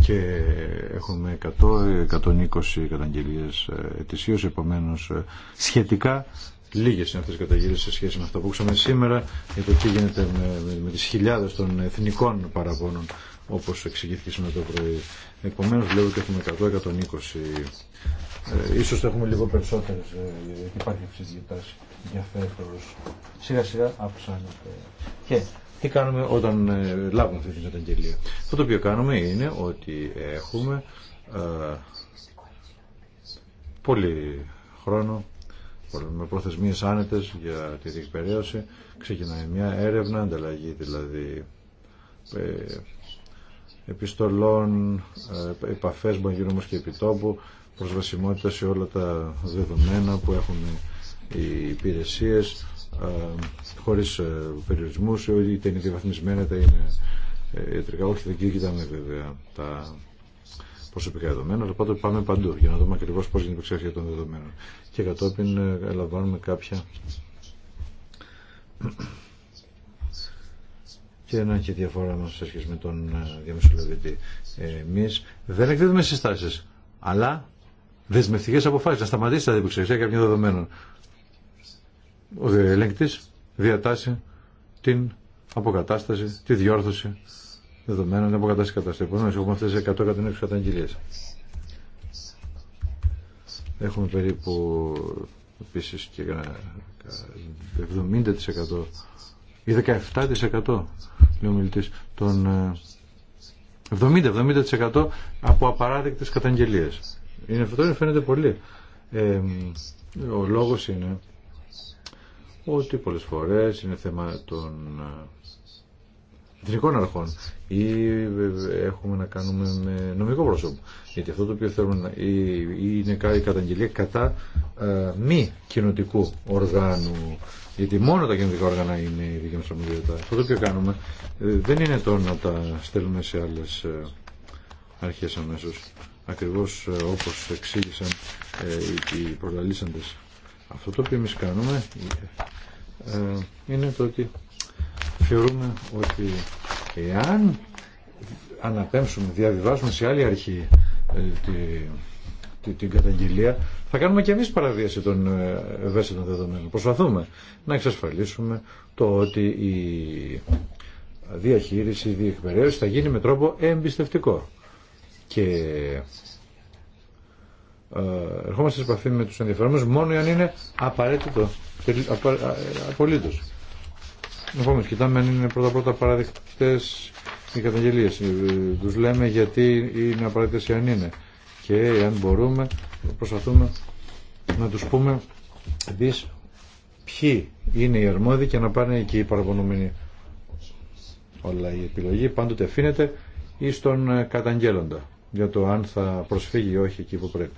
και έχουμε 100-120 καταγγελίες ε, ετησίως, επομένως ε, σχετικά Λίγε είναι αυτέ οι καταγγελίε σε σχέση με αυτό που ακούσαμε σήμερα, για το τι γίνεται με, με, με τι χιλιάδε των εθνικών παραπώνων, όπω εξηγήθηκε σήμερα το πρωί. Επομένω, βλέπω ότι έχουμε 100-120. Ε, ίσως έχουμε λίγο περισσότερε, ε, γιατί υπάρχει αυτή η για φέτο. Σιγά-σιγά αυξάνεται. Και τι κάνουμε όταν ε, λάβουμε αυτή την καταγγελία. Αυτό το οποίο κάνουμε είναι ότι έχουμε ε, πολύ χρόνο με προθεσμίε άνετε για τη διεκπαιρέωση. Ξεκινάει μια έρευνα, ανταλλαγή δηλαδή ε, επιστολών, ε, επαφές μπορεί να γίνουν και επιτόπου, προσβασιμότητα σε όλα τα δεδομένα που έχουν οι υπηρεσίες, ε, χωρίς περιορισμούς, είτε είναι διαβαθμισμένα, είτε είναι ιατρικά. Όχι, δεν κοίταμε βέβαια τα προσωπικά δεδομένα, αλλά πάντοτε πάμε παντού για να δούμε ακριβώ πώ γίνεται η επεξεργασία των δεδομένων. Και κατόπιν ε, λαμβάνουμε κάποια. Και να έχει διαφορά μα σε σχέση με τον ε, διαμεσολαβητή. Ε, Εμεί δεν εκδίδουμε συστάσει, αλλά δεσμευτικέ αποφάσει. Να σταματήσει τα διεξουσία κάποιων δεδομένων. Ο διελέγκτη διατάσσει την αποκατάσταση, τη διόρθωση δεδομένων από κατάσταση κατάσταση. Επομένως, έχουμε αυτές τις 100 εκατονίξεις καταγγελίες. Έχουμε περίπου επίση και 70% ή 17% λέει ο μιλητής, των 70-70% ε, από απαράδεκτες καταγγελίες. Είναι αυτό φαίνεται πολύ. Ε, ο λόγος είναι ότι πολλές φορές είναι θέμα των ε, ιδρυτικών αρχών ή ε, έχουμε να κάνουμε με νομικό πρόσωπο. Γιατί αυτό το οποίο θέλουμε ή, είναι η καταγγελία κατά ε, μη κοινοτικού οργάνου. Γιατί μόνο τα κοινοτικα όργανα είναι η δική μας ομιλία. Αυτό το οποίο κάνουμε ε, δεν είναι το να τα στέλνουμε σε άλλες αρχές αμέσως. Ακριβώς όπως εξήγησαν οι προλαλήσαντες. Αυτό το οποίο εμείς κάνουμε είναι το ότι Θεωρούμε ότι εάν αναπέμψουμε, διαβιβάσουμε σε άλλη αρχή ε, την καταγγελία, θα κάνουμε και εμείς παραβίαση των ε, ευαίσθητων δεδομένων. Προσπαθούμε να εξασφαλίσουμε το ότι η διαχείριση, η διεκπαιρέωση θα γίνει με τρόπο εμπιστευτικό. Και ε, ερχόμαστε σε επαφή με τους ενδιαφερόμενους μόνο αν είναι απαραίτητο, απολύτως πούμε, κοιτάμε αν είναι πρώτα-πρώτα παραδεκτέ οι καταγγελίε. Ε, Του λέμε γιατί είναι απαραίτητες ή αν είναι. Και αν μπορούμε, προσπαθούμε να τους πούμε δει ποιοι είναι οι αρμόδιοι και να πάνε εκεί οι παραπονούμενοι. Όλα η επιλογή πάντοτε αφήνεται ή στον ε, καταγγέλλοντα για το αν θα προσφύγει ή όχι εκεί που πρέπει.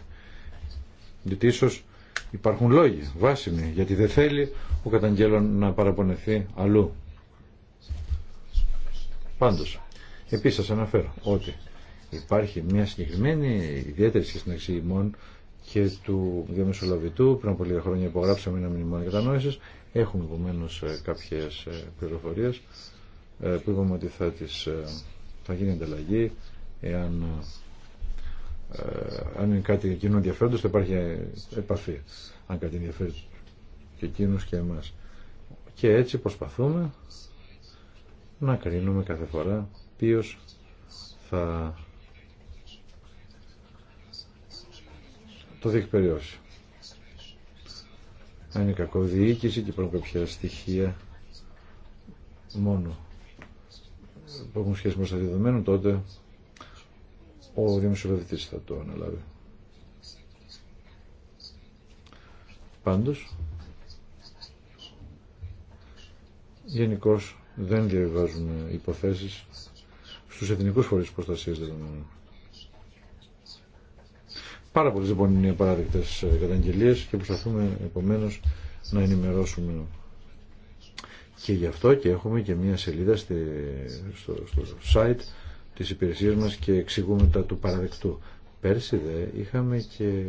Υπάρχουν λόγοι βάσιμοι γιατί δεν θέλει ο καταγγέλων να παραπονεθεί αλλού. Πάντως, επίσης σας αναφέρω ότι υπάρχει μια συγκεκριμένη ιδιαίτερη σχέση ημών και του διαμεσολαβητού. Πριν από λίγα χρόνια υπογράψαμε ένα μνημόνιο κατανόηση. Έχουν επομένω ε, κάποιε πληροφορίε ε, που είπαμε ότι θα, τις, ε, θα γίνει ανταλλαγή εάν ε, αν είναι κάτι εκείνο ενδιαφέροντο, θα υπάρχει επαφή. Αν κάτι ενδιαφέρει και εκείνου και εμά. Και έτσι προσπαθούμε να κρίνουμε κάθε φορά ποιο θα το διεκπαιριώσει. Αν είναι κακοδιοίκηση και υπάρχουν κάποια στοιχεία μόνο που έχουν σχέση με τα δεδομένα, τότε ο δημοσιολογητής θα το αναλάβει. Πάντως, γενικώ δεν διαβάζουμε υποθέσεις στους εθνικούς φορείς προστασίας δεδομένων. Πάρα πολλές λοιπόν είναι οι απαράδεκτες καταγγελίες και προσπαθούμε επομένως να ενημερώσουμε και γι' αυτό και έχουμε και μια σελίδα στο, στο site τις υπηρεσίες μας και εξηγούμε τα του παραδεκτού. Πέρσι δε είχαμε και,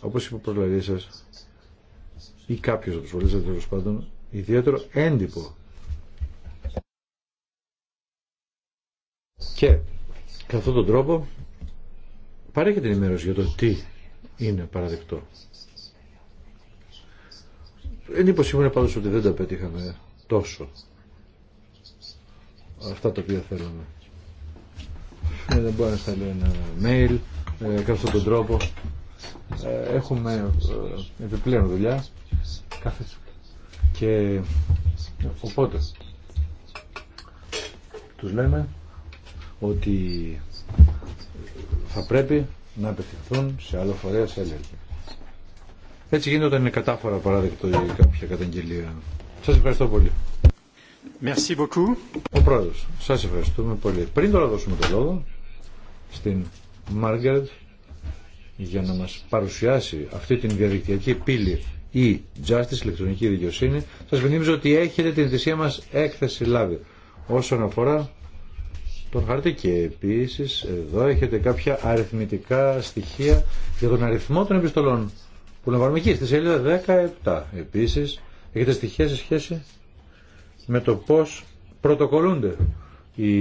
όπως είπε ο προλαλής σας, ή κάποιος από τους τέλο πάντων, ιδιαίτερο έντυπο. Και κατά αυτόν τον τρόπο παρέχεται ενημέρωση για το τι είναι παραδεκτό. Εντύπωση μου είναι πάντως ότι δεν τα πετύχαμε τόσο αυτά τα οποία θέλουμε. Ε, δεν μπορεί να λέω ένα mail, ε, κάποιον τον τρόπο. Ε, έχουμε ε, επιπλέον δουλειά κάθε και οπότε τους λέμε ότι θα πρέπει να απευθυνθούν σε άλλο φορέα σε έλεγχο Έτσι γίνεται όταν είναι κατάφορα παράδεκτο κάποια καταγγελία. Σας ευχαριστώ πολύ. Merci beaucoup. Ο πρόεδρος, σας ευχαριστούμε πολύ. Πριν τώρα δώσουμε το λόγο στην Μάργαρετ για να μας παρουσιάσει αυτή την διαδικτυακή πύλη ή Justice, ηλεκτρονική δικαιοσύνη, σας θυμίζω ότι έχετε την θυσία μας έκθεση λάβει όσον αφορά τον χαρτί και επίσης εδώ έχετε κάποια αριθμητικά στοιχεία για τον αριθμό των επιστολών που λαμβάνουμε εκεί στη σελίδα 17 επίσης έχετε στοιχεία σε σχέση με το πώς πρωτοκολούνται οι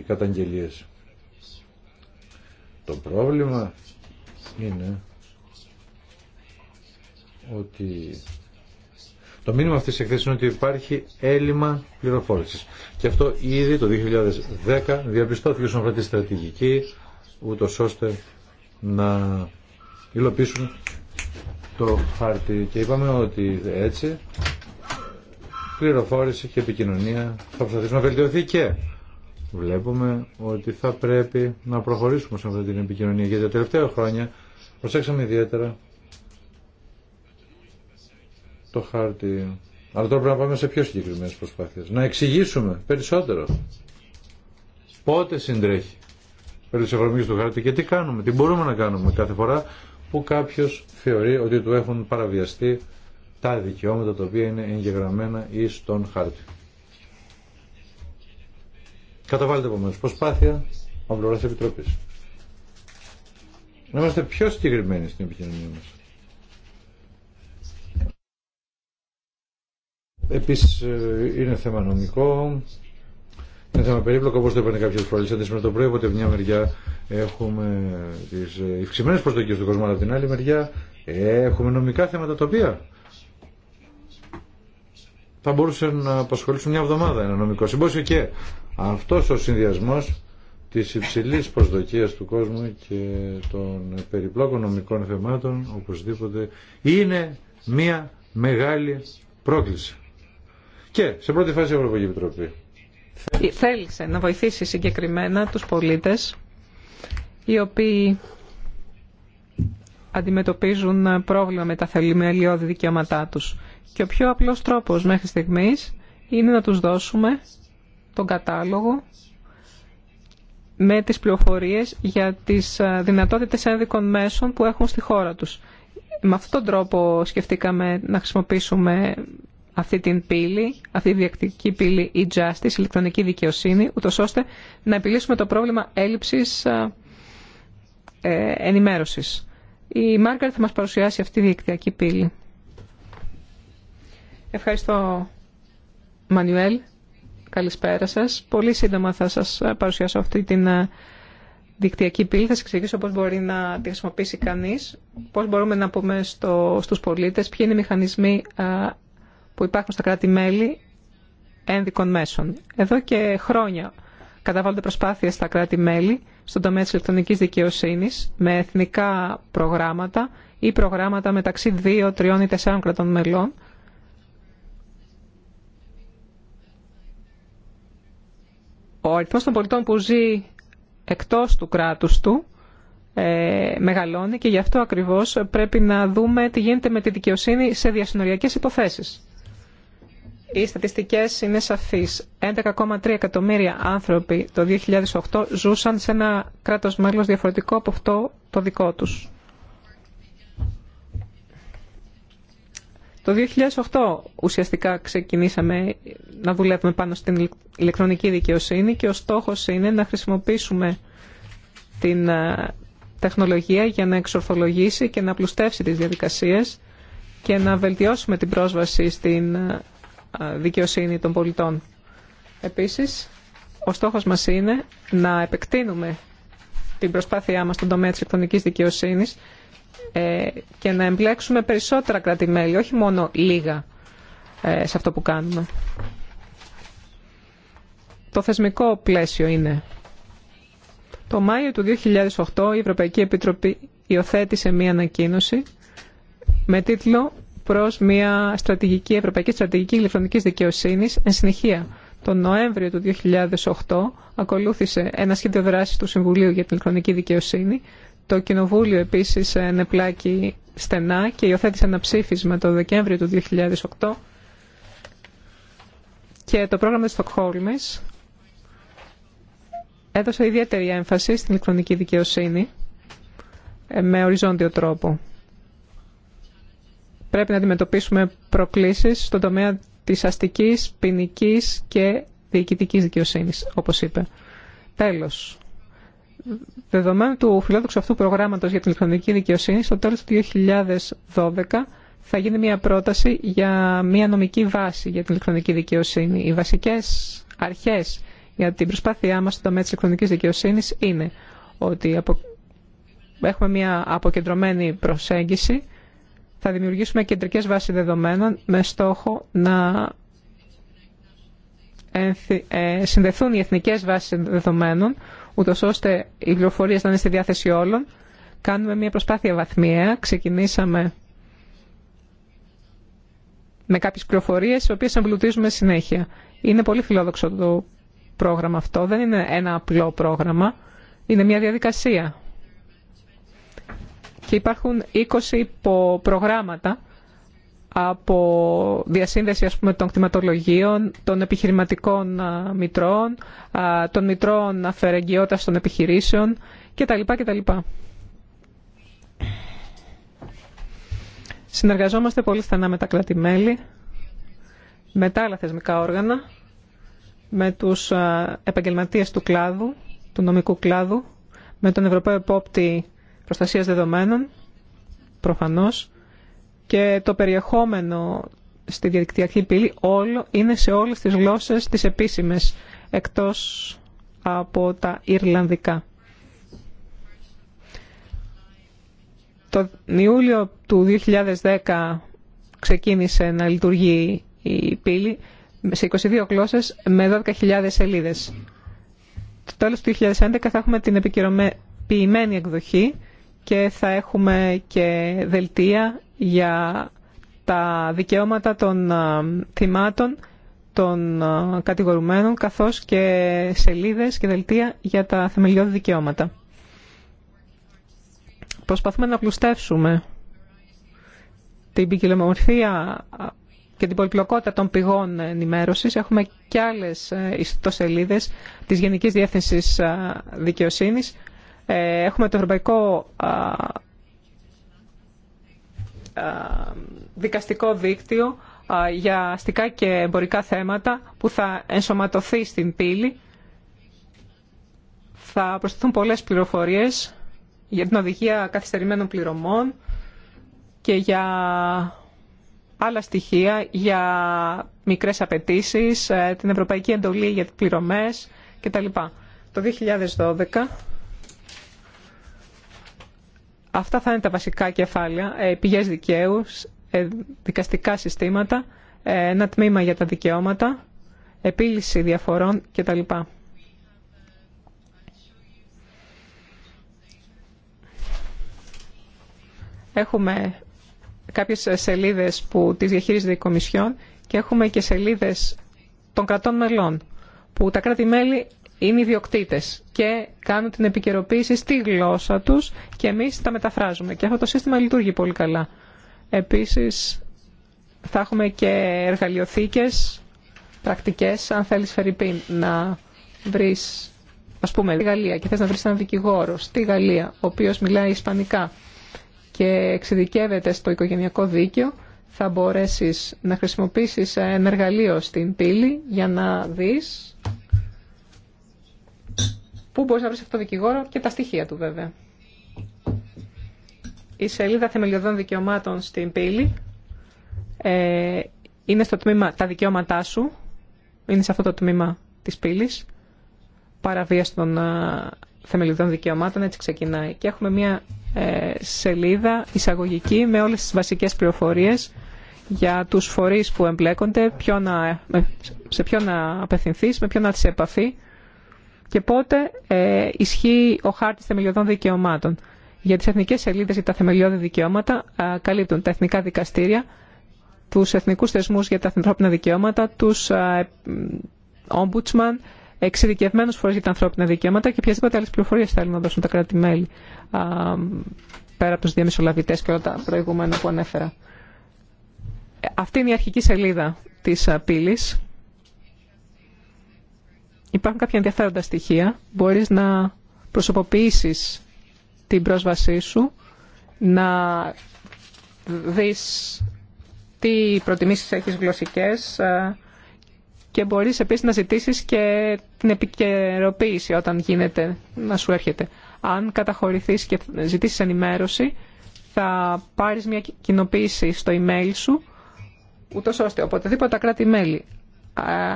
καταγγελίες. Το πρόβλημα είναι ότι το μήνυμα αυτής της εκθέσης είναι ότι υπάρχει έλλειμμα πληροφόρησης. Και αυτό ήδη το 2010 διαπιστώθηκε στον αυτή τη στρατηγική, ούτω ώστε να υλοποιήσουν το χάρτη. Και είπαμε ότι έτσι πληροφόρηση και επικοινωνία θα προσπαθήσουμε να βελτιωθεί και βλέπουμε ότι θα πρέπει να προχωρήσουμε σε αυτή την επικοινωνία γιατί τα τελευταία χρόνια προσέξαμε ιδιαίτερα το χάρτη αλλά τώρα πρέπει να πάμε σε πιο συγκεκριμένε προσπάθειες να εξηγήσουμε περισσότερο πότε συντρέχει περί της του χάρτη και τι κάνουμε, τι μπορούμε να κάνουμε κάθε φορά που κάποιος θεωρεί ότι του έχουν παραβιαστεί τα δικαιώματα τα οποία είναι εγγεγραμμένα ή στον χάρτη. Καταβάλλεται επομένω προσπάθεια από πλευρά Επιτροπή. Να είμαστε πιο συγκεκριμένοι στην επικοινωνία μα. Επίση ε, είναι θέμα νομικό, είναι θέμα περίπλοκο, όπω το είπαν κάποιες φορές, σαν το πρωί, οπότε μια μεριά έχουμε τις ευξημένες προσδοκίες του κόσμου, αλλά από την άλλη μεριά έχουμε νομικά θέματα τα οποία θα μπορούσε να απασχολήσουν μια εβδομάδα ένα νομικό συμπόσιο και αυτός ο συνδυασμό της υψηλή προσδοκία του κόσμου και των περιπλόκων νομικών θεμάτων οπωσδήποτε είναι μια μεγάλη πρόκληση. Και σε πρώτη φάση η Ευρωπαϊκή Επιτροπή. Ε, θέλησε να βοηθήσει συγκεκριμένα τους πολίτες οι οποίοι αντιμετωπίζουν πρόβλημα με τα θελημελιώδη δικαιώματά τους. Και ο πιο απλός τρόπος μέχρι στιγμής είναι να τους δώσουμε τον κατάλογο με τις πληροφορίες για τις ε, δυνατότητες ένδικων μέσων που έχουν στη χώρα τους. Με αυτόν τον τρόπο σκεφτήκαμε να χρησιμοποιήσουμε αυτή την πύλη, αυτή τη διεκτικη πυλη πύλη e-justice, ηλεκτρονική δικαιοσύνη, ούτω ώστε να επιλύσουμε το πρόβλημα έλλειψης ε, ε, ενημέρωσης. Η Μάρκαρ θα μας παρουσιάσει αυτή τη διεκτική πύλη. Ευχαριστώ, Μανιουέλ. Καλησπέρα σας. Πολύ σύντομα θα σας ε, παρουσιάσω αυτή την ε, δικτυακή πύλη. Θα σας εξηγήσω πώς μπορεί να τη χρησιμοποιήσει κανείς, πώς μπορούμε να πούμε στο, στους πολίτες, ποιοι είναι οι μηχανισμοί ε, που υπάρχουν στα κράτη-μέλη ένδικων μέσων. Εδώ και χρόνια καταβάλλονται προσπάθειες στα κράτη-μέλη στον τομέα της ηλεκτρονικής δικαιοσύνης με εθνικά προγράμματα ή προγράμματα μεταξύ δύο, τριών ή τεσσάρων κρατών μελών Ο αριθμός των πολιτών που ζει εκτός του κράτους του ε, μεγαλώνει και γι' αυτό ακριβώς πρέπει να δούμε τι γίνεται με τη δικαιοσύνη σε διασυνοριακές υποθέσεις. Οι στατιστικές είναι σαφείς. 11,3 εκατομμύρια άνθρωποι το 2008 ζούσαν σε ένα κράτος μέλος διαφορετικό από αυτό το δικό τους. Το 2008 ουσιαστικά ξεκινήσαμε να δουλεύουμε πάνω στην ηλεκτρονική δικαιοσύνη και ο στόχος είναι να χρησιμοποιήσουμε την ε, τεχνολογία για να εξορθολογήσει και να πλουστεύσει τις διαδικασίες και να βελτιώσουμε την πρόσβαση στην ε, δικαιοσύνη των πολιτών. Επίσης, ο στόχος μας είναι να επεκτείνουμε την προσπάθειά μας στον τομέα της ηλεκτρονικής δικαιοσύνης ε, και να εμπλέξουμε περισσότερα όχι μόνο λίγα ε, σε αυτό που κάνουμε. Το θεσμικό πλαίσιο είναι. Το Μάιο του 2008 η Ευρωπαϊκή Επιτροπή υιοθέτησε μία ανακοίνωση με τίτλο προς μια στρατηγική, ευρωπαϊκή στρατηγική ηλεκτρονικής δικαιοσύνης εν συνεχεία. Το Νοέμβριο του 2008 ακολούθησε ένα σχέδιο δράσης του Συμβουλίου για την ηλεκτρονική δικαιοσύνη το Κοινοβούλιο επίσης πλάκι στενά και υιοθέτησε ένα ψήφισμα το Δεκέμβριο του 2008 και το πρόγραμμα της Στοκχόλμης έδωσε ιδιαίτερη έμφαση στην ηλεκτρονική δικαιοσύνη ε, με οριζόντιο τρόπο. Πρέπει να αντιμετωπίσουμε προκλήσεις στον τομέα της αστικής, ποινική και διοικητικής δικαιοσύνης, όπως είπε. Τέλος, δεδομένου του φιλόδοξου αυτού προγράμματος για την ηλεκτρονική δικαιοσύνη, στο τέλος του 2012 θα γίνει μια πρόταση για μια νομική βάση για την ηλεκτρονική δικαιοσύνη. Οι βασικές αρχές για την προσπάθειά μας στον τομέα της ηλεκτρονικής δικαιοσύνης είναι ότι έχουμε μια αποκεντρωμένη προσέγγιση, θα δημιουργήσουμε κεντρικές βάσεις δεδομένων με στόχο να ε, συνδεθούν οι εθνικές βάσεις δεδομένων ούτως ώστε οι πληροφορίε να είναι στη διάθεση όλων. Κάνουμε μια προσπάθεια βαθμιαία. Ξεκινήσαμε με κάποιε πληροφορίε τι οποίε εμπλουτίζουμε συνέχεια. Είναι πολύ φιλόδοξο το πρόγραμμα αυτό. Δεν είναι ένα απλό πρόγραμμα. Είναι μια διαδικασία. Και υπάρχουν 20 υποπρογράμματα από διασύνδεση ας πούμε, των κτηματολογίων, των επιχειρηματικών μητρών, των μητρών αφαιρεγγιότητας των επιχειρήσεων κτλ. κτλ. Συνεργαζόμαστε πολύ στενά με τα κρατημέλη, με τα άλλα θεσμικά όργανα, με τους επαγγελματίες του κλάδου, του νομικού κλάδου, με τον Ευρωπαίο Επόπτη Προστασίας Δεδομένων, προφανώς, και το περιεχόμενο στη διαδικτυακή πύλη όλο είναι σε όλες τις γλώσσες τις επίσημες εκτός από τα Ιρλανδικά. Το Ιούλιο του 2010 ξεκίνησε να λειτουργεί η πύλη σε 22 γλώσσες με 12.000 σελίδες. Το τέλος του 2011 θα έχουμε την επικυρωμένη εκδοχή και θα έχουμε και δελτία για τα δικαιώματα των θυμάτων, των κατηγορουμένων, καθώς και σελίδες και δελτία για τα θεμελιώδη δικαιώματα. Προσπαθούμε να πλουστεύσουμε την ποικιλομορφία και την πολυπλοκότητα των πηγών ενημέρωση. Έχουμε και άλλες ε, ιστοσελίδες της Γενικής Διεύθυνσης Δικαιοσύνης ε, έχουμε το Ευρωπαϊκό Δικαστικό Δίκτυο για αστικά και εμπορικά θέματα που θα ενσωματωθεί στην πύλη. Θα προσθεθούν πολλές πληροφορίες για την οδηγία καθυστερημένων πληρωμών και για άλλα στοιχεία για μικρές απαιτήσει, ε, την Ευρωπαϊκή Εντολή για τις πληρωμές κτλ. Το 2012 Αυτά θα είναι τα βασικά κεφάλαια, ε, πηγές δικαίου, ε, δικαστικά συστήματα, ε, ένα τμήμα για τα δικαιώματα, επίλυση διαφορών κτλ. Έχουμε κάποιες σελίδες που τις διαχείριζεται η Κομισιόν και έχουμε και σελίδες των κρατών μελών που τα κράτη-μέλη είναι ιδιοκτήτε και κάνουν την επικαιροποίηση στη γλώσσα του και εμεί τα μεταφράζουμε. Και αυτό το σύστημα λειτουργεί πολύ καλά. Επίση, θα έχουμε και εργαλειοθήκε, πρακτικέ. Αν θέλει, Φερρυπίν, να βρει, α πούμε, τη Γαλλία και θε να βρει έναν δικηγόρο στη Γαλλία, ο οποίο μιλάει Ισπανικά και εξειδικεύεται στο οικογενειακό δίκαιο, θα μπορέσεις να χρησιμοποιήσεις ένα εργαλείο στην πύλη για να δεις Πού μπορεί να βρει αυτό το δικηγόρο και τα στοιχεία του βέβαια. Η σελίδα θεμελιωδών δικαιωμάτων στην πύλη ε, είναι στο τμήμα τα δικαιώματά σου. Είναι σε αυτό το τμήμα της πύλη, Παραβίαση των ε, θεμελιωδών δικαιωμάτων, έτσι ξεκινάει. Και έχουμε μια ε, σελίδα εισαγωγική με όλες τις βασικές πληροφορίε για τους φορείς που εμπλέκονται, να, ε, σε ποιο να απευθυνθείς, με ποιο να σε και πότε ε, ισχύει ο χάρτη θεμελιωδών δικαιωμάτων. Για τι εθνικέ σελίδε για τα θεμελιώδη δικαιώματα ε, καλύπτουν τα εθνικά δικαστήρια, του εθνικού θεσμού για τα ανθρώπινα δικαιώματα, του ε, ombudsman, εξειδικευμένου φορεί για τα ανθρώπινα δικαιώματα και οποιασδήποτε άλλε πληροφορίες θέλουν να δώσουν τα κράτη-μέλη πέρα από του διαμεσολαβητέ και όλα τα προηγούμενα που ανέφερα. Αυτή είναι η αρχική σελίδα της πύλης υπάρχουν κάποια ενδιαφέροντα στοιχεία. Μπορείς να προσωποποιήσεις την πρόσβασή σου, να δεις τι προτιμήσεις έχεις γλωσσικές ε, και μπορείς επίσης να ζητήσεις και την επικαιροποίηση όταν γίνεται να σου έρχεται. Αν καταχωρηθείς και ζητήσεις ενημέρωση, θα πάρεις μια κοινοποίηση στο email σου, ούτως ώστε οποτεδήποτε κράτη-μέλη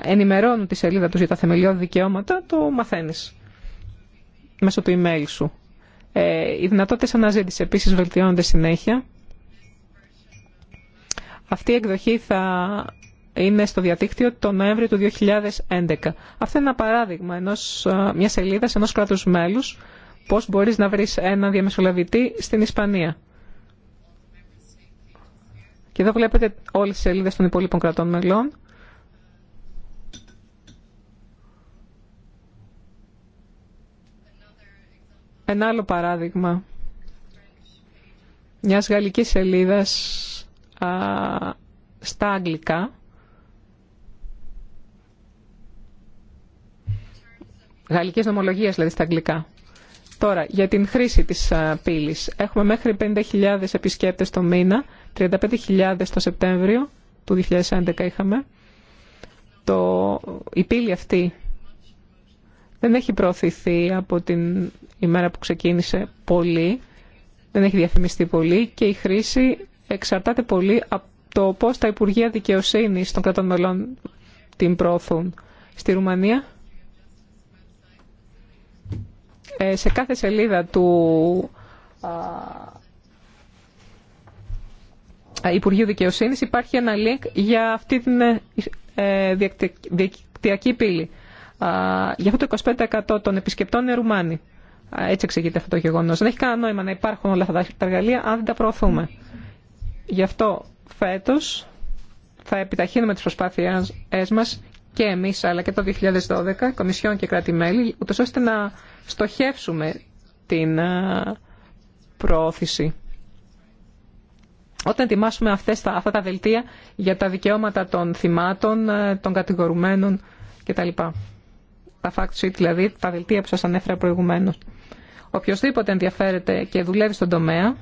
ενημερώνουν τη σελίδα τους για τα θεμελιώδη δικαιώματα, το μαθαίνεις μέσω του email σου. Ε, οι δυνατότητες αναζήτησης επίσης βελτιώνονται συνέχεια. Αυτή η εκδοχή θα είναι στο διαδίκτυο το Νοέμβριο του 2011. Αυτό είναι ένα παράδειγμα ενός, μιας σελίδας ενός κράτους μέλους πώς μπορείς να βρεις ένα διαμεσολαβητή στην Ισπανία. Και εδώ βλέπετε όλες τις σελίδες των υπόλοιπων κρατών μελών. Ένα άλλο παράδειγμα μιας γαλλικής σελίδας α, στα αγγλικά γαλλικής νομολογίας δηλαδή στα αγγλικά Τώρα, για την χρήση της πύλης. Έχουμε μέχρι 50.000 επισκέπτες το μήνα, 35.000 το Σεπτέμβριο του 2011 είχαμε. Το, η πύλη αυτή δεν έχει προωθηθεί από την ημέρα που ξεκίνησε πολύ, δεν έχει διαφημιστεί πολύ και η χρήση εξαρτάται πολύ από το πώς τα Υπουργεία Δικαιοσύνης των κρατών μελών την προωθούν. Στη Ρουμανία, ε, σε κάθε σελίδα του Υπουργείου Δικαιοσύνης υπάρχει ένα link για αυτή την ε, ε, δικτυακή πύλη. Γι' αυτό το 25% των επισκεπτών είναι Ρουμάνοι. Έτσι εξηγείται αυτό το γεγονό. Δεν έχει κανένα νόημα να υπάρχουν όλα αυτά τα εργαλεία αν δεν τα προωθούμε. Γι' αυτό φέτο θα επιταχύνουμε τι προσπάθειέ μα και εμεί, αλλά και το 2012, Κομισιόν και κράτη-μέλη, ούτω ώστε να στοχεύσουμε την προώθηση. Όταν ετοιμάσουμε αυτές αυτά τα δελτία για τα δικαιώματα των θυμάτων, ε, των κατηγορουμένων κτλ τα fact sheet, δηλαδή τα δελτία που σας ανέφερα προηγουμένως. Οποιοςδήποτε ενδιαφέρεται και δουλεύει στον τομέα,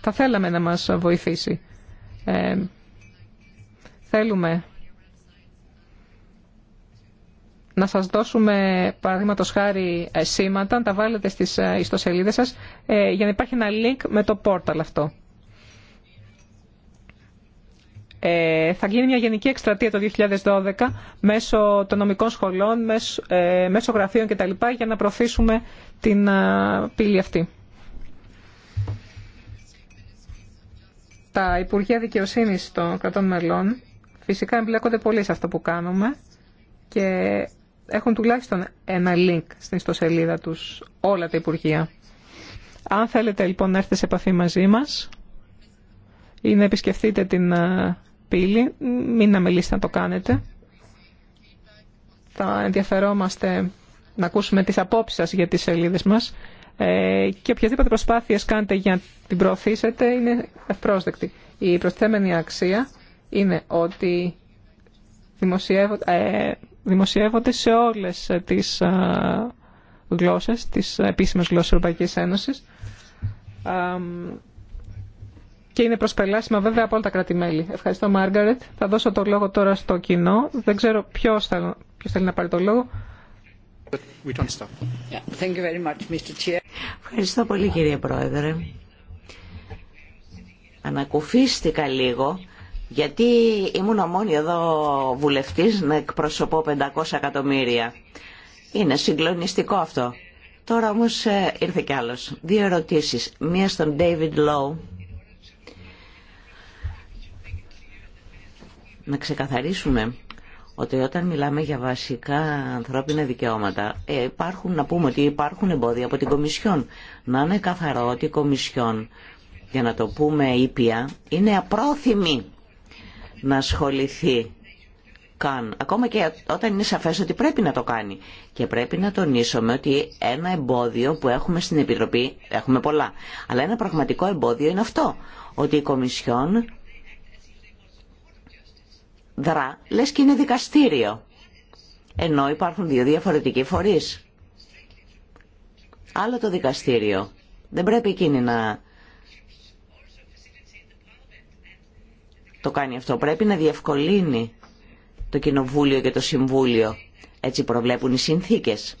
θα θέλαμε να μας βοηθήσει. Ε, θέλουμε να σας δώσουμε, παραδείγματος χάρη, ε, σήματα, να τα βάλετε στις ε, ιστοσελίδες σας, για να υπάρχει ένα link με το πόρταλ αυτό. Ε, θα γίνει μια γενική εκστρατεία το 2012 μέσω των νομικών σχολών, ε, μέσω, και γραφείων κτλ. για να προωθήσουμε την ε, πύλη αυτή. Τα Υπουργεία Δικαιοσύνη των κρατών μελών φυσικά εμπλέκονται πολύ σε αυτό που κάνουμε και έχουν τουλάχιστον ένα link στην ιστοσελίδα τους όλα τα Υπουργεία. Αν θέλετε λοιπόν να έρθετε σε επαφή μαζί μας ή να επισκεφτείτε την πύλη. Μην αμελήσετε να το κάνετε. Θα ενδιαφερόμαστε να ακούσουμε τις απόψεις σας για τις σελίδες μας ε, και οποιασδήποτε προσπάθειες κάνετε για να την προωθήσετε είναι ευπρόσδεκτη. Η προσθέμενη αξία είναι ότι ε, δημοσιεύονται σε όλες τις ε, γλώσσες, τις επίσημες γλώσσες Ευρωπαϊκής Ένωσης και είναι προσπελάσιμα βέβαια από όλα τα κράτη-μέλη. Ευχαριστώ, Μάργαρετ. Θα δώσω το λόγο τώρα στο κοινό. Δεν ξέρω ποιο θα... ποιος θέλει να πάρει το λόγο. Ευχαριστώ πολύ, κύριε Πρόεδρε. Ανακουφίστηκα λίγο, γιατί ήμουν μόνη εδώ βουλευτής να εκπροσωπώ 500 εκατομμύρια. Είναι συγκλονιστικό αυτό. Τώρα όμως ε, ήρθε κι άλλος. Δύο ερωτήσεις. Μία στον David Lowe να ξεκαθαρίσουμε ότι όταν μιλάμε για βασικά ανθρώπινα δικαιώματα ε, υπάρχουν, να πούμε ότι υπάρχουν εμπόδια από την Κομισιόν. Να είναι καθαρό ότι η Κομισιόν, για να το πούμε ήπια, είναι απρόθυμη να ασχοληθεί καν. Ακόμα και όταν είναι σαφές ότι πρέπει να το κάνει. Και πρέπει να τονίσουμε ότι ένα εμπόδιο που έχουμε στην Επιτροπή, έχουμε πολλά, αλλά ένα πραγματικό εμπόδιο είναι αυτό, ότι η Κομισιόν δρά, λες και είναι δικαστήριο. Ενώ υπάρχουν δύο διαφορετικοί φορείς. Άλλο το δικαστήριο. Δεν πρέπει εκείνη να το κάνει αυτό. Πρέπει να διευκολύνει το Κοινοβούλιο και το Συμβούλιο. Έτσι προβλέπουν οι συνθήκες.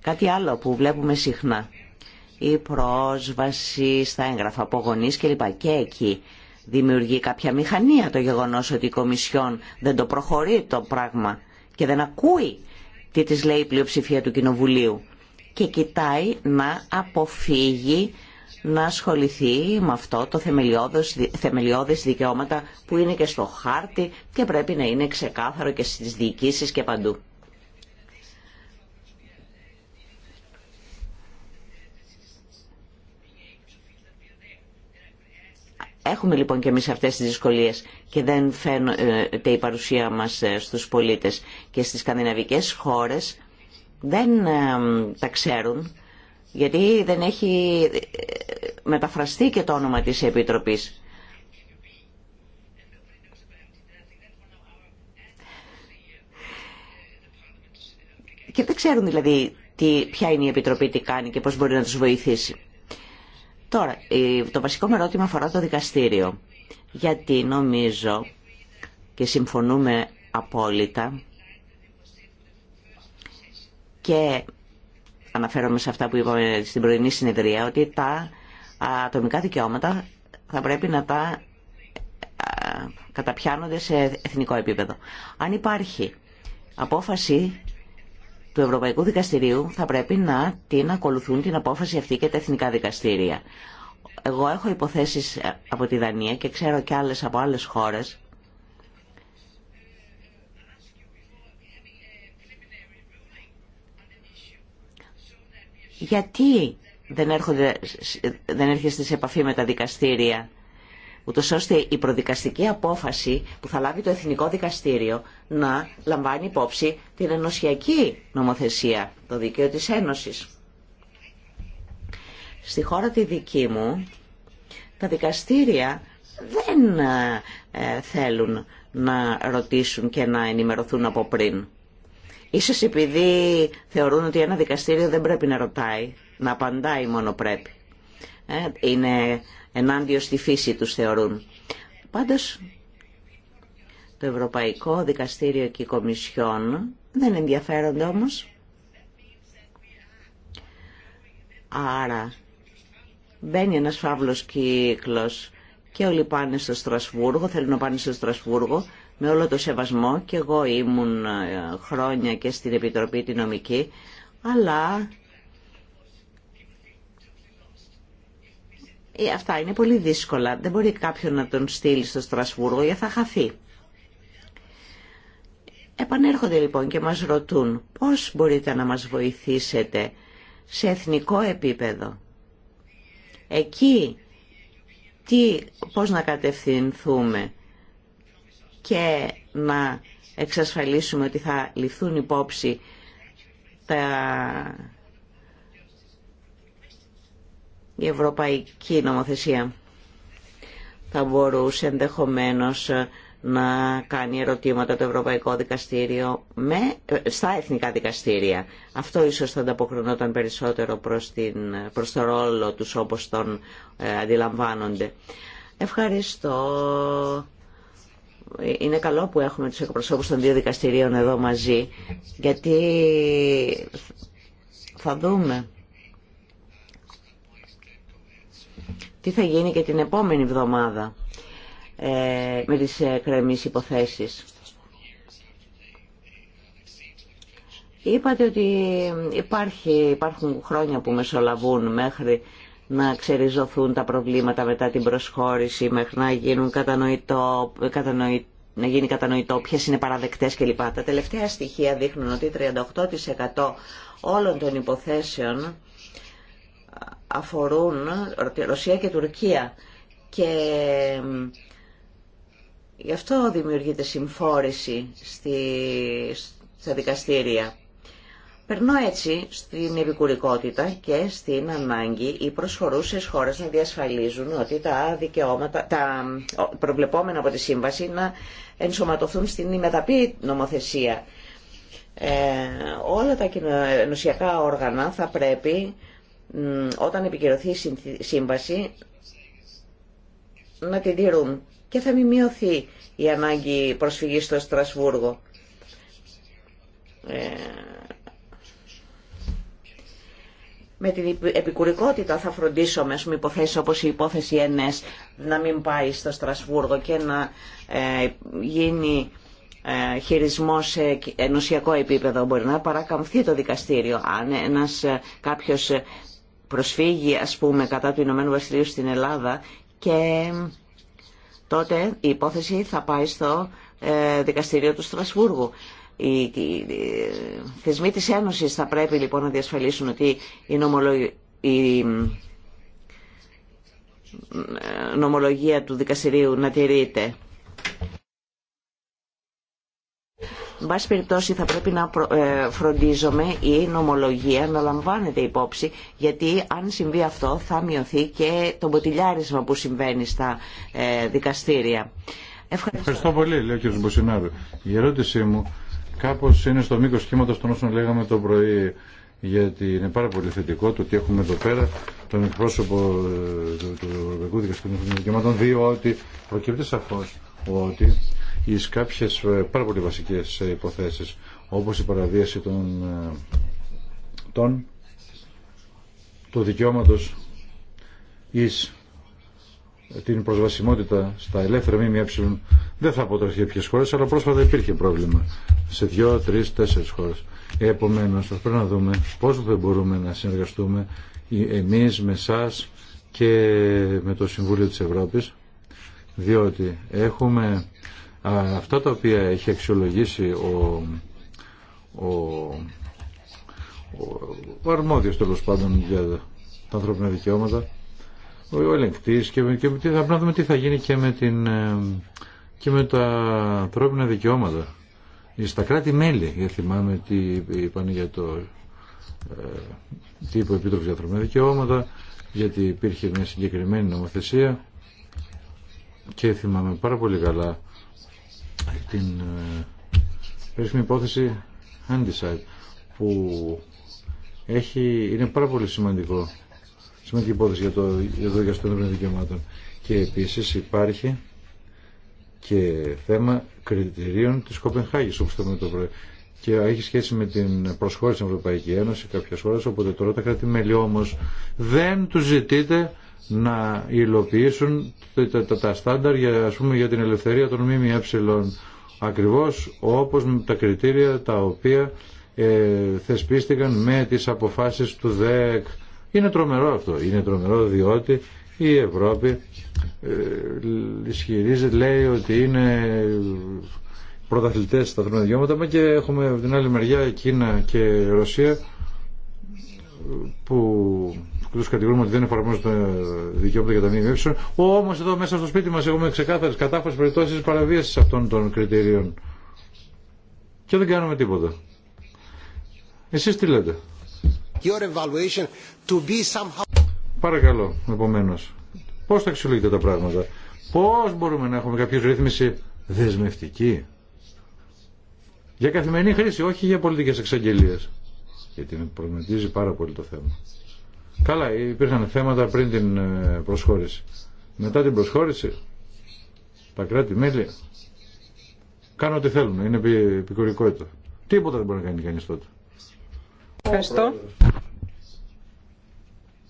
Κάτι άλλο που βλέπουμε συχνά. Η πρόσβαση στα έγγραφα από γονείς κλπ. Και εκεί Δημιουργεί κάποια μηχανία το γεγονός ότι η Κομισιόν δεν το προχωρεί το πράγμα και δεν ακούει τι της λέει η πλειοψηφία του Κοινοβουλίου και κοιτάει να αποφύγει να ασχοληθεί με αυτό το θεμελιώδες δικαιώματα που είναι και στο χάρτη και πρέπει να είναι ξεκάθαρο και στις διοικήσεις και παντού. Έχουμε λοιπόν και εμείς αυτές τις δυσκολίες και δεν φαίνεται η παρουσία μας ε, στους πολίτες και στις σκανδιναβικές χώρες δεν ε, τα ξέρουν γιατί δεν έχει ε, μεταφραστεί και το όνομα της Επιτροπής. Και δεν ξέρουν δηλαδή τι, ποια είναι η Επιτροπή, τι κάνει και πώς μπορεί να τους βοηθήσει. Τώρα, το βασικό μου ερώτημα αφορά το δικαστήριο. Γιατί νομίζω και συμφωνούμε απόλυτα και αναφέρομαι σε αυτά που είπαμε στην πρωινή συνεδρία ότι τα ατομικά δικαιώματα θα πρέπει να τα καταπιάνονται σε εθνικό επίπεδο. Αν υπάρχει απόφαση του Ευρωπαϊκού Δικαστηρίου θα πρέπει να την ακολουθούν την απόφαση αυτή και τα εθνικά δικαστήρια. Εγώ έχω υποθέσεις από τη Δανία και ξέρω και άλλες από άλλες χώρες γιατί δεν, έρχονται, δεν έρχεστε σε επαφή με τα δικαστήρια ούτως ώστε η προδικαστική απόφαση που θα λάβει το Εθνικό Δικαστήριο να λαμβάνει υπόψη την ενωσιακή νομοθεσία, το δίκαιο της Ένωσης. Στη χώρα τη δική μου, τα δικαστήρια δεν ε, θέλουν να ρωτήσουν και να ενημερωθούν από πριν. Ίσως επειδή θεωρούν ότι ένα δικαστήριο δεν πρέπει να ρωτάει, να απαντάει μόνο πρέπει. Ε, είναι ενάντια στη φύση τους θεωρούν. Πάντως, το Ευρωπαϊκό Δικαστήριο και η Κομισιόν δεν ενδιαφέρονται όμως. Άρα, μπαίνει ένας φαύλος κύκλος και όλοι πάνε στο Στρασβούργο, θέλουν να πάνε στο Στρασβούργο, με όλο το σεβασμό και εγώ ήμουν ε, χρόνια και στην Επιτροπή τη Νομική, αλλά Ε, αυτά είναι πολύ δύσκολα. Δεν μπορεί κάποιον να τον στείλει στο Στρασβούργο γιατί θα χαθεί. Επανέρχονται λοιπόν και μας ρωτούν πώς μπορείτε να μας βοηθήσετε σε εθνικό επίπεδο. Εκεί τι, πώς να κατευθυνθούμε και να εξασφαλίσουμε ότι θα ληφθούν υπόψη τα η ευρωπαϊκή νομοθεσία θα μπορούσε ενδεχομένως να κάνει ερωτήματα το Ευρωπαϊκό Δικαστήριο με, ε, στα εθνικά δικαστήρια. Αυτό ίσως θα ανταποκρινόταν περισσότερο προς, την, το ρόλο τους όπως τον ε, αντιλαμβάνονται. Ευχαριστώ. Είναι καλό που έχουμε τους εκπροσώπους των δύο δικαστηρίων εδώ μαζί, γιατί θα δούμε τι θα γίνει και την επόμενη εβδομάδα ε, με τις ε, κρεμμύς υποθέσεις. Είπατε ότι υπάρχει, υπάρχουν χρόνια που μεσολαβούν μέχρι να ξεριζωθούν τα προβλήματα μετά την προσχώρηση, μέχρι να, γίνουν κατανοητό, να γίνει κατανοητό ποιε είναι παραδεκτές κλπ. Τα τελευταία στοιχεία δείχνουν ότι 38% όλων των υποθέσεων αφορούν Ρωσία και Τουρκία και γι' αυτό δημιουργείται συμφόρηση στη, στα δικαστήρια. Περνώ έτσι στην επικουρικότητα και στην ανάγκη οι προσφορούσες χώρες να διασφαλίζουν ότι τα δικαιώματα, τα προβλεπόμενα από τη σύμβαση να ενσωματωθούν στην ημεταπή νομοθεσία. Ε, όλα τα ενωσιακά όργανα θα πρέπει όταν επικυρωθεί η σύμβαση να την τηρούν και θα μην μειωθεί η ανάγκη προσφυγής στο Στρασβούργο. Ε, με την επικουρικότητα θα φροντίσουμε με όπως η υπόθεση ΕΝΕΣ να μην πάει στο Στρασβούργο και να ε, γίνει ε, χειρισμός σε ενωσιακό επίπεδο. Μπορεί να παρακαμφθεί το δικαστήριο αν ένας ε, κάποιος προσφύγει ας πούμε κατά του Ηνωμένου Βασιλείου στην Ελλάδα και τότε η υπόθεση θα πάει στο ε, δικαστήριο του Στρασβούργου. Οι θεσμοί της Ένωσης θα πρέπει λοιπόν να διασφαλίσουν ότι η, η ε, νομολογία του δικαστηρίου να τηρείται. Εν πάση περιπτώσει θα πρέπει να ε, φροντίζομαι η νομολογία να λαμβάνεται υπόψη γιατί αν συμβεί αυτό θα μειωθεί και το μποτιλιάρισμα που συμβαίνει στα ε, δικαστήρια. Ευχαριστώ, πολύ, λέει ο κ. Μποσινάρου. Η ερώτησή μου κάπω είναι στο μήκο σχήματο των όσων λέγαμε το πρωί γιατί είναι πάρα πολύ θετικό το ότι έχουμε εδώ πέρα τον εκπρόσωπο ε, του Ευρωπαϊκού Δικαστηρίου των Δικαιωμάτων διότι προκύπτει σαφώ ότι εις κάποιες ε, πάρα πολύ βασικές ε, υποθέσεις όπως η παραβίαση των, ε, των του δικαιώματος εις την προσβασιμότητα στα ελεύθερα ΜΜΕ δεν θα αποτρέχει ποιε χώρε, χώρες αλλά πρόσφατα υπήρχε πρόβλημα σε δύο, τρεις, τέσσερις χώρες Επομένω, θα πρέπει να δούμε πώς δεν μπορούμε να συνεργαστούμε εμεί με εσά και με το Συμβούλιο της Ευρώπης διότι έχουμε Αυτά τα οποία έχει αξιολογήσει ο, ο, ο αρμόδιος τέλο πάντων για τα ανθρώπινα δικαιώματα, ο ελεγκτής και, και, και θα πρέπει να δούμε τι θα γίνει και με, την, ε, και με τα ανθρώπινα δικαιώματα. Ε, στα κράτη-μέλη, για θυμάμαι τι είπαν για το ε, τι τύπο για ανθρώπινα δικαιώματα, γιατί υπήρχε μια συγκεκριμένη νομοθεσία και θυμάμαι πάρα πολύ καλά την περίφημη υπόθεση Handicide που έχει, είναι πάρα πολύ σημαντικό σημαντική υπόθεση για το εδώ για των δικαιωμάτων και επίσης υπάρχει και θέμα κριτηρίων της Κοπενχάγης όπως το το πρωί και έχει σχέση με την προσχώρηση στην Ευρωπαϊκή Ένωση κάποιες χώρες οπότε τώρα τα κράτη-μέλη όμως δεν τους ζητείτε να υλοποιήσουν τα στάνταρ για, ας πούμε, για την ελευθερία των ΜΜΕ ακριβώς όπως με τα κριτήρια τα οποία ε, θεσπίστηκαν με τις αποφάσεις του ΔΕΚ. Είναι τρομερό αυτό. Είναι τρομερό διότι η Ευρώπη ε, λέει ότι είναι πρωταθλητές στα θρονοδιώματα μα και έχουμε από την άλλη μεριά Κίνα και Ρωσία που τους κατηγορούμε ότι δεν εφαρμόζουν δικαιώματα για τα μη Όμως εδώ μέσα στο σπίτι μας έχουμε ξεκάθαρες κατάφορες περιπτώσεις παραβίασης αυτών των κριτηρίων. Και δεν κάνουμε τίποτα. Εσείς τι λέτε. Your evaluation to be somehow... Παρακαλώ, επομένω. Πώς θα αξιολογείτε τα πράγματα. Πώς μπορούμε να έχουμε κάποιο ρύθμιση δεσμευτική. Για καθημερινή χρήση, όχι για πολιτικές εξαγγελίες. Γιατί με προβληματίζει πάρα πολύ το θέμα. Καλά, υπήρχαν θέματα πριν την ε, προσχώρηση. Μετά την προσχώρηση, τα κράτη-μέλη κάνουν ό,τι θέλουν. Είναι επικουρικότητα. Τίποτα δεν μπορεί να κάνει κανείς τότε. Ευχαριστώ.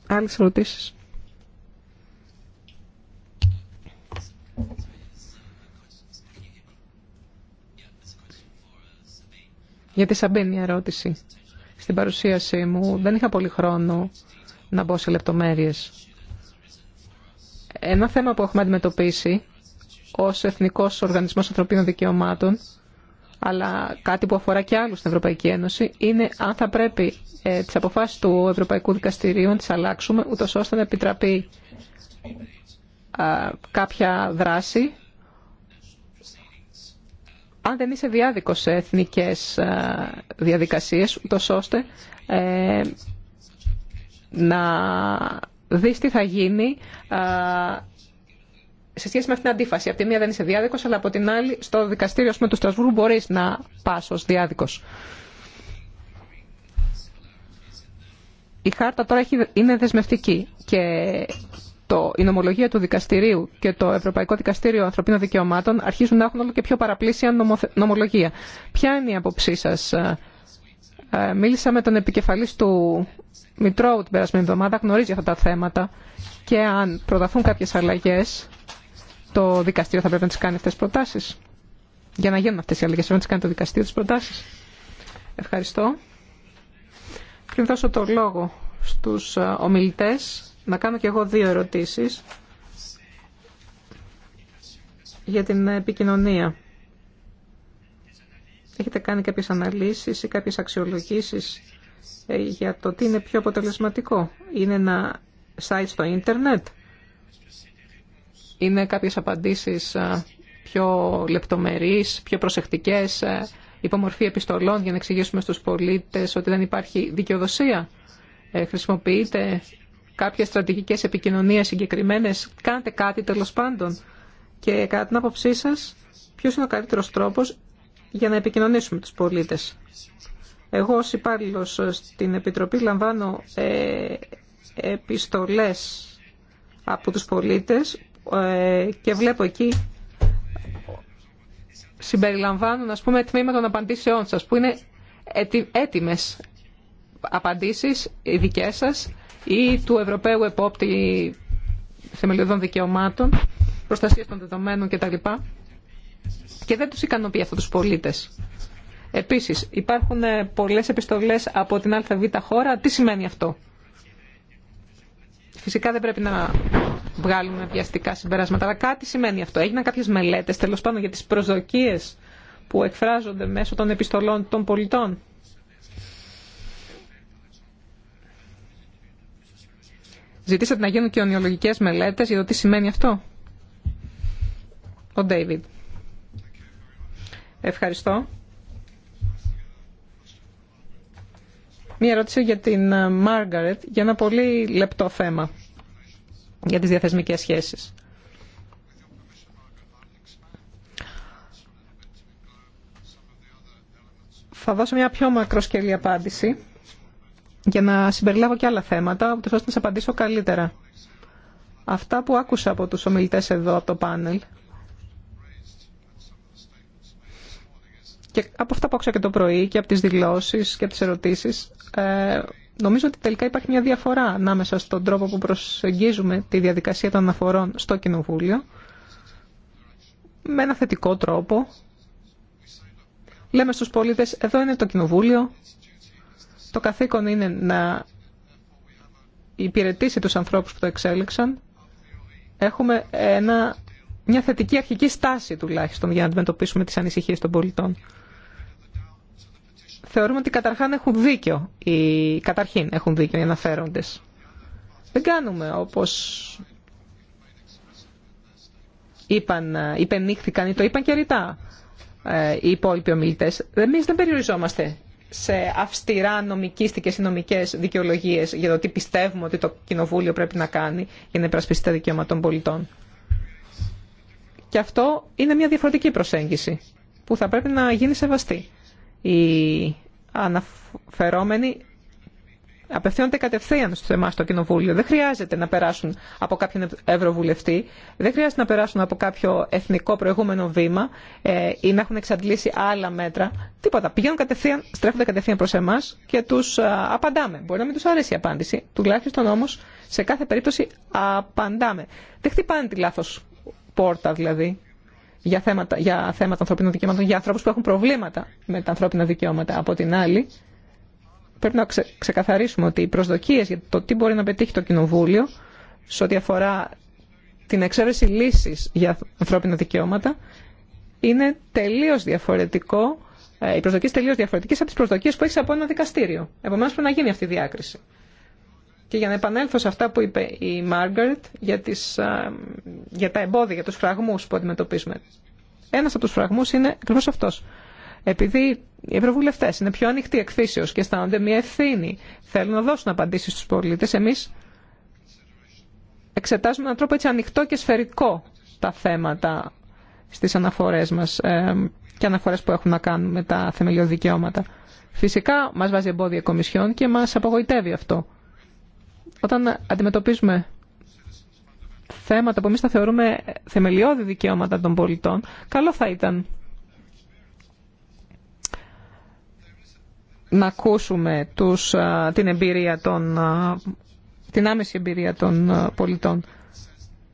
Άλλες ερωτήσεις. Γιατί μπαίνει η ερώτηση. Στην παρουσίαση μου δεν είχα πολύ χρόνο να μπω σε λεπτομέρειες. Ένα θέμα που έχουμε αντιμετωπίσει ως Εθνικός Οργανισμός Ανθρωπίνων Δικαιωμάτων αλλά κάτι που αφορά και άλλους στην Ευρωπαϊκή Ένωση, είναι αν θα πρέπει ε, τις αποφάσεις του Ευρωπαϊκού Δικαστηρίου να τις αλλάξουμε, ούτως ώστε να επιτραπεί κάποια δράση. Αν δεν είσαι διάδικος σε εθνικές διαδικασίες, ούτως ώστε ε, να δεις τι θα γίνει σε σχέση με αυτήν την αντίφαση. Από τη μία δεν είσαι διάδικος, αλλά από την άλλη στο δικαστήριο του Στρασβούργου μπορείς να πας ως διάδικος. Η χάρτα τώρα είναι δεσμευτική και το, η νομολογία του δικαστηρίου και το Ευρωπαϊκό Δικαστήριο Ανθρωπίνων Δικαιωμάτων αρχίζουν να έχουν όλο και πιο παραπλήσια νομολογία. Ποια είναι η άποψή σας ε, μίλησα με τον επικεφαλής του Μητρώου την περασμένη εβδομάδα, γνωρίζει αυτά τα θέματα και αν προταθούν κάποιες αλλαγές, το δικαστήριο θα πρέπει να τις κάνει αυτές τις προτάσεις. Για να γίνουν αυτές οι αλλαγές, πρέπει να τις κάνει το δικαστήριο τις προτάσεις. Ευχαριστώ. Πριν δώσω το λόγο στους ε, ομιλητές, να κάνω και εγώ δύο ερωτήσεις για την επικοινωνία. Έχετε κάνει κάποιες αναλύσεις ή κάποιες αξιολογήσεις ε, για το τι είναι πιο αποτελεσματικό. Είναι ένα site στο ίντερνετ. Είναι κάποιες απαντήσεις ε, πιο λεπτομερείς, πιο προσεκτικές, ε, υπομορφή επιστολών για να εξηγήσουμε στους πολίτες ότι δεν υπάρχει δικαιοδοσία. Χρησιμοποιείτε κάποιες στρατηγικές επικοινωνίες συγκεκριμένες. Κάντε κάτι τέλος πάντων. Και κατά την άποψή σας, ποιος είναι ο καλύτερος τρόπος για να επικοινωνήσουμε τους πολίτες. Εγώ ως υπάλληλο στην Επιτροπή λαμβάνω ε, επιστολές από τους πολίτες ε, και βλέπω εκεί συμπεριλαμβάνουν ας πούμε τμήμα των απαντήσεών σας που είναι έτοιμες απαντήσεις οι δικές σας ή του Ευρωπαίου Επόπτη Θεμελιωδών Δικαιωμάτων, Προστασίας των Δεδομένων κτλ και δεν τους ικανοποιεί αυτό τους πολίτες. Επίσης, υπάρχουν ε, πολλές επιστολές από την ΑΒ χώρα. Τι σημαίνει αυτό. Φυσικά δεν πρέπει να βγάλουμε βιαστικά συμπεράσματα, αλλά κάτι σημαίνει αυτό. Έγιναν κάποιες μελέτες, τέλος πάντων, για τις προσδοκίες που εκφράζονται μέσω των επιστολών των πολιτών. Ζητήσατε να γίνουν και ονειολογικές μελέτες για το τι σημαίνει αυτό. Ο Ντέιβιντ. Ευχαριστώ. Μία ερώτηση για την ε, Μάργαρετ για ένα πολύ λεπτό θέμα για τις διαθεσμικές σχέσεις. Θα δώσω μια πιο μακροσκελή απάντηση για να συμπεριλάβω και άλλα θέματα, ώστε να σας απαντήσω καλύτερα. Αυτά που άκουσα από τους ομιλητές εδώ από το πάνελ Και από αυτά που άκουσα και το πρωί και από τις δηλώσεις και από τις ερωτήσεις, ε, νομίζω ότι τελικά υπάρχει μια διαφορά ανάμεσα στον τρόπο που προσεγγίζουμε τη διαδικασία των αναφορών στο Κοινοβούλιο, με ένα θετικό τρόπο. Λέμε στους πολίτες, εδώ είναι το Κοινοβούλιο, το καθήκον είναι να υπηρετήσει τους ανθρώπους που το εξέλιξαν. Έχουμε ένα, μια θετική αρχική στάση τουλάχιστον για να αντιμετωπίσουμε τις ανησυχίες των πολιτών θεωρούμε ότι καταρχάν έχουν δίκιο οι, καταρχήν έχουν δίκιο οι αναφέροντες. Δεν κάνουμε όπως είπαν, υπενήχθηκαν ή το είπαν και ρητά ε, οι υπόλοιποι ομιλητέ. Εμεί δεν περιοριζόμαστε σε αυστηρά νομικίστικες ή νομικές δικαιολογίε για το τι πιστεύουμε ότι το Κοινοβούλιο πρέπει να κάνει για να υπερασπιστεί τα δικαιώματα των πολιτών. Και αυτό είναι μια διαφορετική προσέγγιση που θα πρέπει να γίνει σεβαστή. Η αναφερόμενοι απευθύνονται κατευθείαν σε εμά στο Κοινοβούλιο. Δεν χρειάζεται να περάσουν από κάποιον Ευρωβουλευτή, δεν χρειάζεται να περάσουν από κάποιο εθνικό προηγούμενο βήμα ε, ή να έχουν εξαντλήσει άλλα μέτρα. Τίποτα. Πηγαίνουν κατευθείαν, στρέφονται κατευθείαν προ εμά και του ε, απαντάμε. Μπορεί να μην του αρέσει η απάντηση, τουλάχιστον όμω σε κάθε περίπτωση απαντάμε. Δεν χτυπάνε τη λάθο πόρτα δηλαδή για θέματα, για θέματα ανθρωπίνων δικαιωμάτων, για ανθρώπους που έχουν προβλήματα με τα ανθρώπινα δικαιώματα. Από την άλλη, πρέπει να ξεκαθαρίσουμε ότι οι προσδοκίες για το τι μπορεί να πετύχει το Κοινοβούλιο σε ό,τι αφορά την εξαίρεση λύσης για ανθρώπινα δικαιώματα είναι τελείως διαφορετικό, ε, οι προσδοκίες τελείως διαφορετικές από τις προσδοκίες που έχει από ένα δικαστήριο. Επομένως πρέπει να γίνει αυτή η διάκριση. Και για να επανέλθω σε αυτά που είπε η Μάργαρετ για, για τα εμπόδια, για τους φραγμούς που αντιμετωπίζουμε. Ένας από τους φραγμούς είναι ακριβώ αυτός. Επειδή οι ευρωβουλευτέ είναι πιο ανοιχτοί εκφύσεω και αισθάνονται μια ευθύνη, θέλουν να δώσουν απαντήσει στους πολίτες, εμείς εξετάζουμε έναν τρόπο έτσι ανοιχτό και σφαιρικό τα θέματα στις αναφορές μας ε, και αναφορές που έχουν να κάνουν με τα θεμελιώδη δικαιώματα. Φυσικά μας βάζει εμπόδια η Κομισιόν και μας απογοητεύει αυτό. Όταν αντιμετωπίζουμε θέματα που εμεί τα θεωρούμε θεμελιώδη δικαιώματα των πολιτών, καλό θα ήταν να ακούσουμε τους, την εμπειρία των, την άμεση εμπειρία των πολιτών.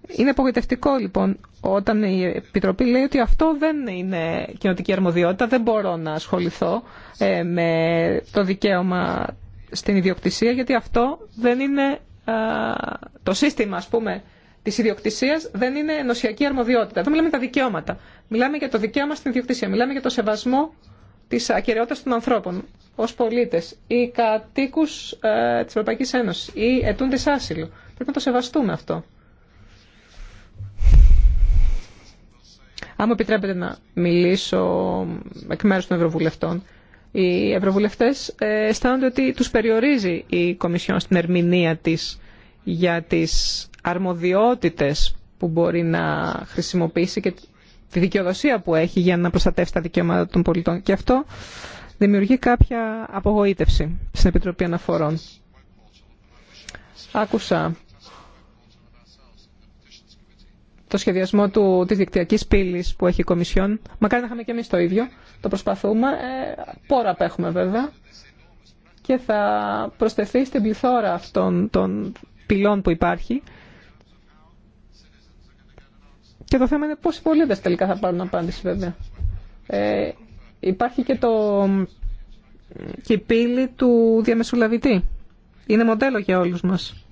Είναι απογοητευτικό λοιπόν όταν η Επιτροπή λέει ότι αυτό δεν είναι κοινοτική αρμοδιότητα, δεν μπορώ να ασχοληθώ ε, με το δικαίωμα στην ιδιοκτησία γιατί αυτό δεν είναι ε, το σύστημα ας πούμε της ιδιοκτησίας δεν είναι ενωσιακή αρμοδιότητα. Εδώ μιλάμε για τα δικαιώματα. Μιλάμε για το δικαίωμα στην ιδιοκτησία. Μιλάμε για το σεβασμό της ακαιρεότητας των ανθρώπων ως πολίτες ή κατοίκου ε, της Ευρωπαϊκής Ένωσης ή ετούντες άσυλο. Πρέπει να το σεβαστούμε αυτό. Αν μου επιτρέπετε να μιλήσω εκ μέρους των Ευρωβουλευτών, οι ευρωβουλευτές ε, αισθάνονται ότι τους περιορίζει η Κομισιόν στην ερμηνεία της για τις αρμοδιότητες που μπορεί να χρησιμοποιήσει και τη δικαιοδοσία που έχει για να προστατεύσει τα δικαιώματα των πολιτών. Και αυτό δημιουργεί κάποια απογοήτευση στην Επιτροπή Αναφορών. Άκουσα το σχεδιασμό του, της δικτυακής πύλης που έχει η Κομισιόν. Μακάρι να είχαμε και εμείς το ίδιο. Το προσπαθούμε. Ε, πόρα απέχουμε βέβαια. Και θα προσθεθεί στην πληθώρα αυτών των πυλών που υπάρχει. Και το θέμα είναι πόσοι πολίτε τελικά θα πάρουν απάντηση βέβαια. Ε, υπάρχει και, το, και η πύλη του διαμεσουλαβητή. Είναι μοντέλο για όλους μας.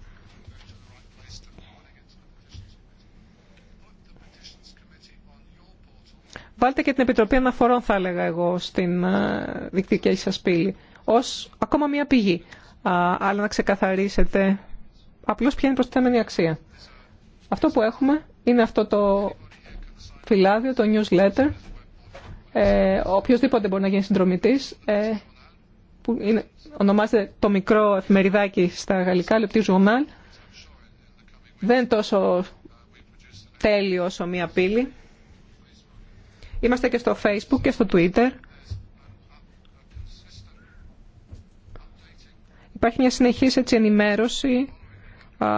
Βάλτε και την Επιτροπή Αναφορών, θα έλεγα εγώ, στην ε, δικτυακή σα πύλη, Ω ακόμα μία πηγή. Αλλά να ξεκαθαρίσετε απλώς ποια είναι η προστιθέμενη αξία. Αυτό που έχουμε είναι αυτό το φυλάδιο, το newsletter, ε, οποιοδήποτε μπορεί να γίνει συνδρομητής. Ε, που ονομάζεται το μικρό εφημεριδάκι στα γαλλικά, λεπτή Journal. Δεν τόσο τέλειο όσο μία πύλη. Είμαστε και στο Facebook και στο Twitter. Υπάρχει μια συνεχής έτσι, ενημέρωση. Α,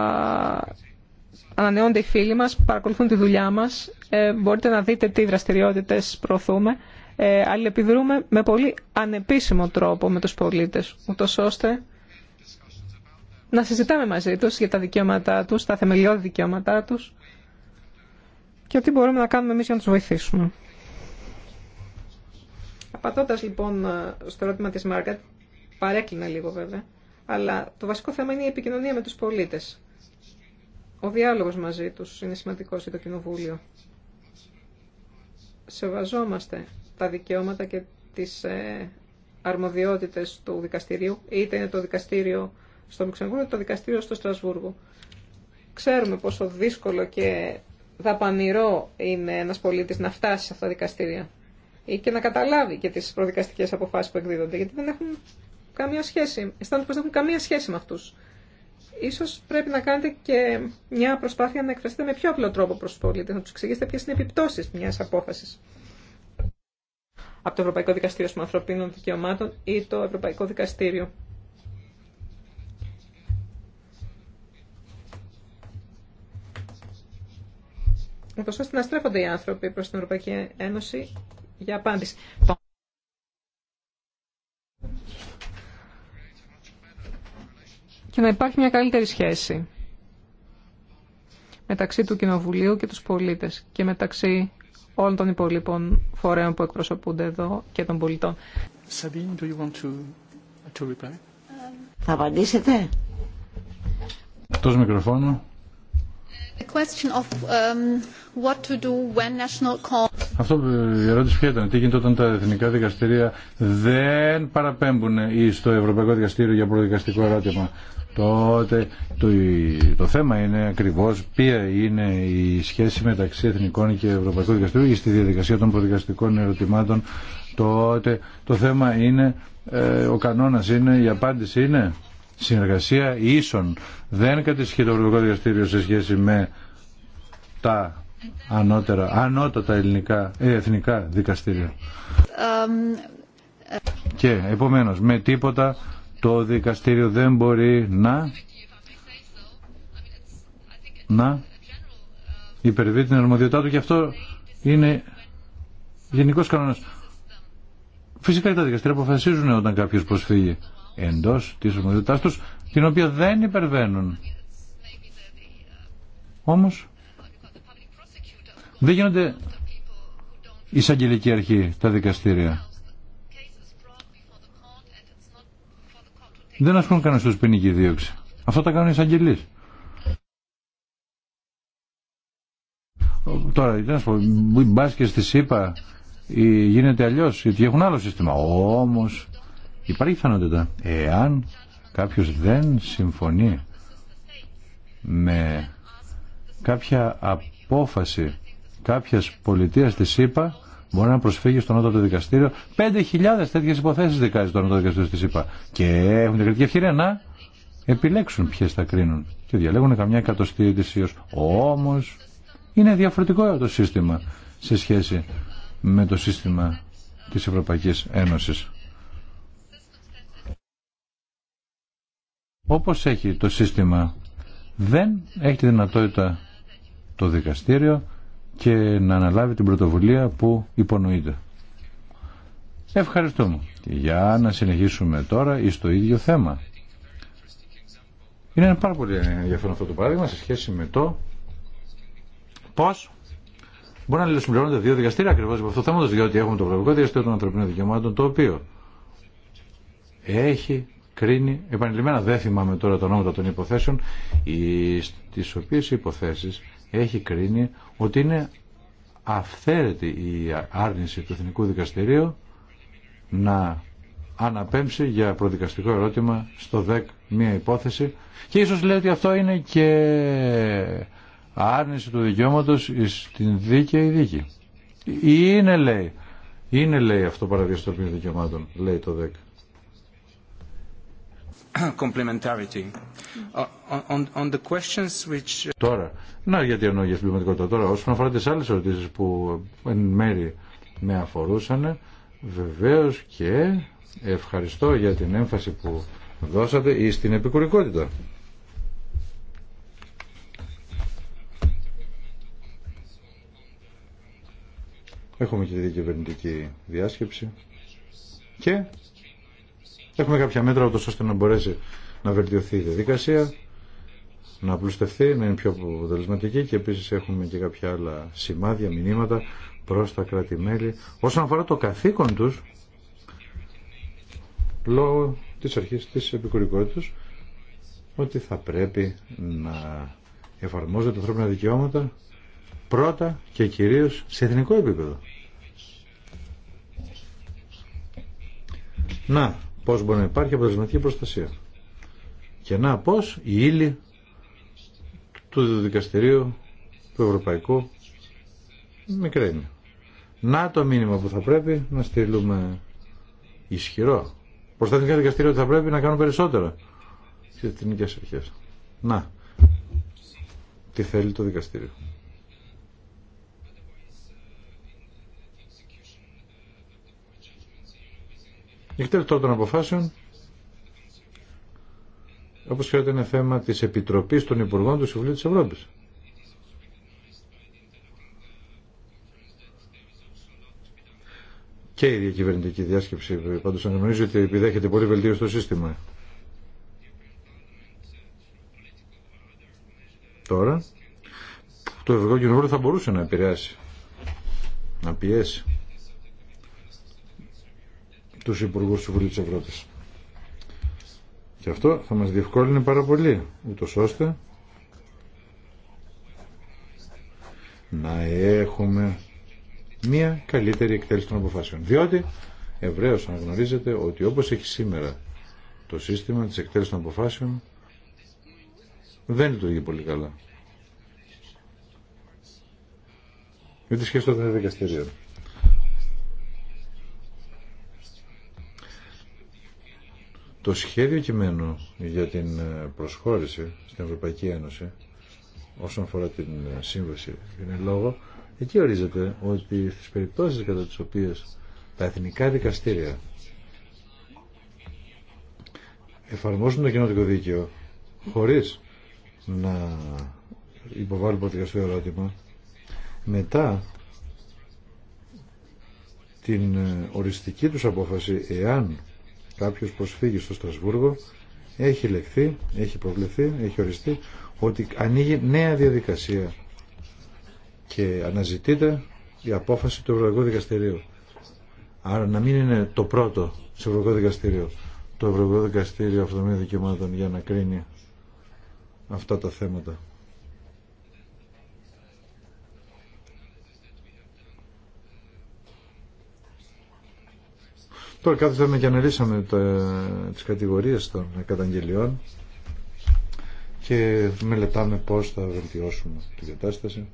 ανανεώνται οι φίλοι μας, παρακολουθούν τη δουλειά μας. Ε, μπορείτε να δείτε τι δραστηριότητες προωθούμε. Ε, αλληλεπιδρούμε με πολύ ανεπίσημο τρόπο με τους πολίτες, ούτως ώστε να συζητάμε μαζί τους για τα δικαιώματά τους, τα θεμελιώδη δικαιώματά τους και τι μπορούμε να κάνουμε εμείς για να τους βοηθήσουμε. Απατώντα λοιπόν ε, στο ερώτημα της Μάρκετ, παρέκλεινα λίγο βέβαια, αλλά το βασικό θέμα είναι η επικοινωνία με τους πολίτες. Ο διάλογος μαζί τους είναι σημαντικός για το Κοινοβούλιο. Σεβαζόμαστε τα δικαιώματα και τις ε, αρμοδιότητες του δικαστηρίου, είτε είναι το δικαστήριο στο Λουξεμβούργο, είτε το δικαστήριο στο Στρασβούργο. Ξέρουμε πόσο δύσκολο και δαπανηρό είναι ένα πολίτη να φτάσει σε αυτά τα δικαστήρια και να καταλάβει και τι προδικαστικέ αποφάσει που εκδίδονται, γιατί δεν έχουν καμία σχέση, αισθάνονται πως δεν έχουν καμία σχέση με αυτού. Σω πρέπει να κάνετε και μια προσπάθεια να εκφραστείτε με πιο απλό τρόπο προ του πολίτε, να του εξηγήσετε ποιε είναι οι επιπτώσει μια απόφαση από το Ευρωπαϊκό Δικαστήριο των Ανθρωπίνων Δικαιωμάτων ή το Ευρωπαϊκό Δικαστήριο. Ούτως ώστε να στρέφονται οι άνθρωποι προς την Ευρωπαϊκή Ένωση για απάντηση. Και να υπάρχει μια καλύτερη σχέση μεταξύ του Κοινοβουλίου και τους πολίτες και μεταξύ όλων των υπολείπων φορέων που εκπροσωπούνται εδώ και των πολιτών. do you want to, to reply? Θα απαντήσετε. Εκτός μικροφόνου. Αυτό η ερώτηση ποια ήταν, τι γίνεται όταν τα εθνικά δικαστήρια δεν παραπέμπουν ε, στο Ευρωπαϊκό Δικαστήριο για προδικαστικό ερώτημα. Τότε το, θέμα είναι ακριβώς ποια είναι η σχέση μεταξύ Εθνικών και Ευρωπαϊκού Δικαστήριου στη διαδικασία των προδικαστικών ερωτημάτων. Τότε το θέμα είναι, ε, ο κανόνας είναι, η απάντηση είναι συνεργασία ίσον. Δεν κατησχεί το Ευρωπαϊκό Δικαστήριο σε σχέση με τα ανώτερα, ανώτατα ελληνικά, ε, εθνικά δικαστήρια. Και επομένως με τίποτα το δικαστήριο δεν μπορεί να να υπερβεί την αρμοδιότητά του και αυτό είναι γενικός κανόνας. Φυσικά τα δικαστήρια αποφασίζουν όταν κάποιος προσφύγει εντός της ομοιότητάς τους, την οποία δεν υπερβαίνουν. Όμως, δεν γίνονται εισαγγελική αρχή τα δικαστήρια. Δεν ασκούν κανένα τους ποινική δίωξη. Αυτό τα κάνουν οι εισαγγελείς. Τώρα, τι να σου πω, μπάσκες στη ΣΥΠΑ γίνεται αλλιώς, γιατί έχουν άλλο σύστημα. Όμως, Υπάρχει πιθανότητα εάν κάποιος δεν συμφωνεί με κάποια απόφαση κάποιας πολιτείας της ΣΥΠΑ μπορεί να προσφύγει στο του Δικαστήριο 5.000 τέτοιες υποθέσεις δικάζει το Νότατο Δικαστήριο της ΣΥΠΑ και έχουν την κριτική ευκαιρία να επιλέξουν ποιε θα κρίνουν και διαλέγουν καμιά εκατοστή ετησίω. Όμως είναι διαφορετικό το σύστημα σε σχέση με το σύστημα της Ευρωπαϊκής Ένωσης. όπως έχει το σύστημα δεν έχει τη δυνατότητα το δικαστήριο και να αναλάβει την πρωτοβουλία που υπονοείται. Ευχαριστούμε. Για να συνεχίσουμε τώρα το ίδιο θέμα. Είναι ένα πάρα πολύ ενδιαφέρον αυτό το παράδειγμα σε σχέση με το πώς μπορεί να λησμονώνονται δύο δικαστήρια ακριβώ από αυτό το θέμα, διότι έχουμε το Ευρωπαϊκό Δικαστήριο των Ανθρωπίνων Δικαιωμάτων, το οποίο έχει κρίνει επανειλημμένα, δεν θυμάμαι τώρα τα ονόματα των υποθέσεων, στις οποίες υποθέσεις έχει κρίνει ότι είναι αυθαίρετη η άρνηση του Εθνικού Δικαστηρίου να αναπέμψει για προδικαστικό ερώτημα στο ΔΕΚ μία υπόθεση και ίσως λέει ότι αυτό είναι και άρνηση του δικαιώματος στην δίκαιη δίκη. Είναι λέει, είναι λέει αυτό παραδιαστροπή δικαιωμάτων, λέει το ΔΕΚ complementarity. Uh, on, the questions which... Uh, τώρα, Ναι, γιατί εννοώ για την τώρα, όσον αφορά τις άλλες ερωτήσει που εν μέρη με αφορούσαν, βεβαίως και ευχαριστώ για την έμφαση που δώσατε ή στην επικουρικότητα. Έχουμε και τη διακυβερνητική διάσκεψη και Έχουμε κάποια μέτρα ούτως ώστε να μπορέσει να βελτιωθεί η διαδικασία, να απλουστευτεί, να είναι πιο αποτελεσματική και επίσης έχουμε και κάποια άλλα σημάδια, μηνύματα προ τα κράτη-μέλη όσον αφορά το καθήκον τους λόγω τη αρχή τη επικουρικότητα ότι θα πρέπει να εφαρμόζονται τα ανθρώπινα δικαιώματα πρώτα και κυρίως σε εθνικό επίπεδο. Να, Πώς μπορεί να υπάρχει αποτελεσματική προστασία. Και να πώς η ύλη του δικαστηρίου του Ευρωπαϊκού μικραίνει. Να το μήνυμα που θα πρέπει να στείλουμε ισχυρό. Προς τα εθνικά δικαστήρια θα πρέπει να κάνουν περισσότερα στις εθνικές αρχές. Να, τι θέλει το δικαστήριο. η τώρα των αποφάσεων, όπως ξέρετε είναι θέμα της Επιτροπής των Υπουργών του Συμβουλίου της Ευρώπης. Και η διακυβερνητική διάσκεψη πάντως αναγνωρίζει ότι επιδέχεται πολύ βελτίωση στο σύστημα. Τώρα, το Ευρωπαϊκό Κοινοβούλιο θα μπορούσε να επηρεάσει, να πιέσει τους Υπουργούς του Βουλίου της Και αυτό θα μας διευκόλυνε πάρα πολύ, ούτως ώστε να έχουμε μια καλύτερη εκτέλεση των αποφάσεων. Διότι ευρέως αναγνωρίζετε ότι όπως έχει σήμερα το σύστημα της εκτέλεσης των αποφάσεων δεν λειτουργεί πολύ καλά. Με τη σχέση των δικαστηρίων. Το σχέδιο κειμένου για την ε, προσχώρηση στην Ευρωπαϊκή Ένωση όσον αφορά την ε, σύμβαση είναι λόγο, εκεί ορίζεται ότι στις περιπτώσεις κατά τις οποίες τα εθνικά δικαστήρια εφαρμόσουν το κοινότικο δίκαιο χωρίς να υποβάλουν προδικαστικό ερώτημα μετά την ε, οριστική τους απόφαση εάν κάποιος προσφύγει στο Στρασβούργο έχει λεχθεί, έχει προβλεφθεί, έχει οριστεί ότι ανοίγει νέα διαδικασία και αναζητείται η απόφαση του Ευρωπαϊκού Δικαστηρίου. Άρα να μην είναι το πρώτο σε Ευρωπαϊκό Δικαστήριο το Ευρωπαϊκό Δικαστήριο Αυτονομία Δικαιωμάτων για να κρίνει αυτά τα θέματα. Τώρα κάθισαμε και αναλύσαμε τα, τις κατηγορίες των καταγγελιών και μελετάμε πώς θα βελτιώσουμε την κατάσταση.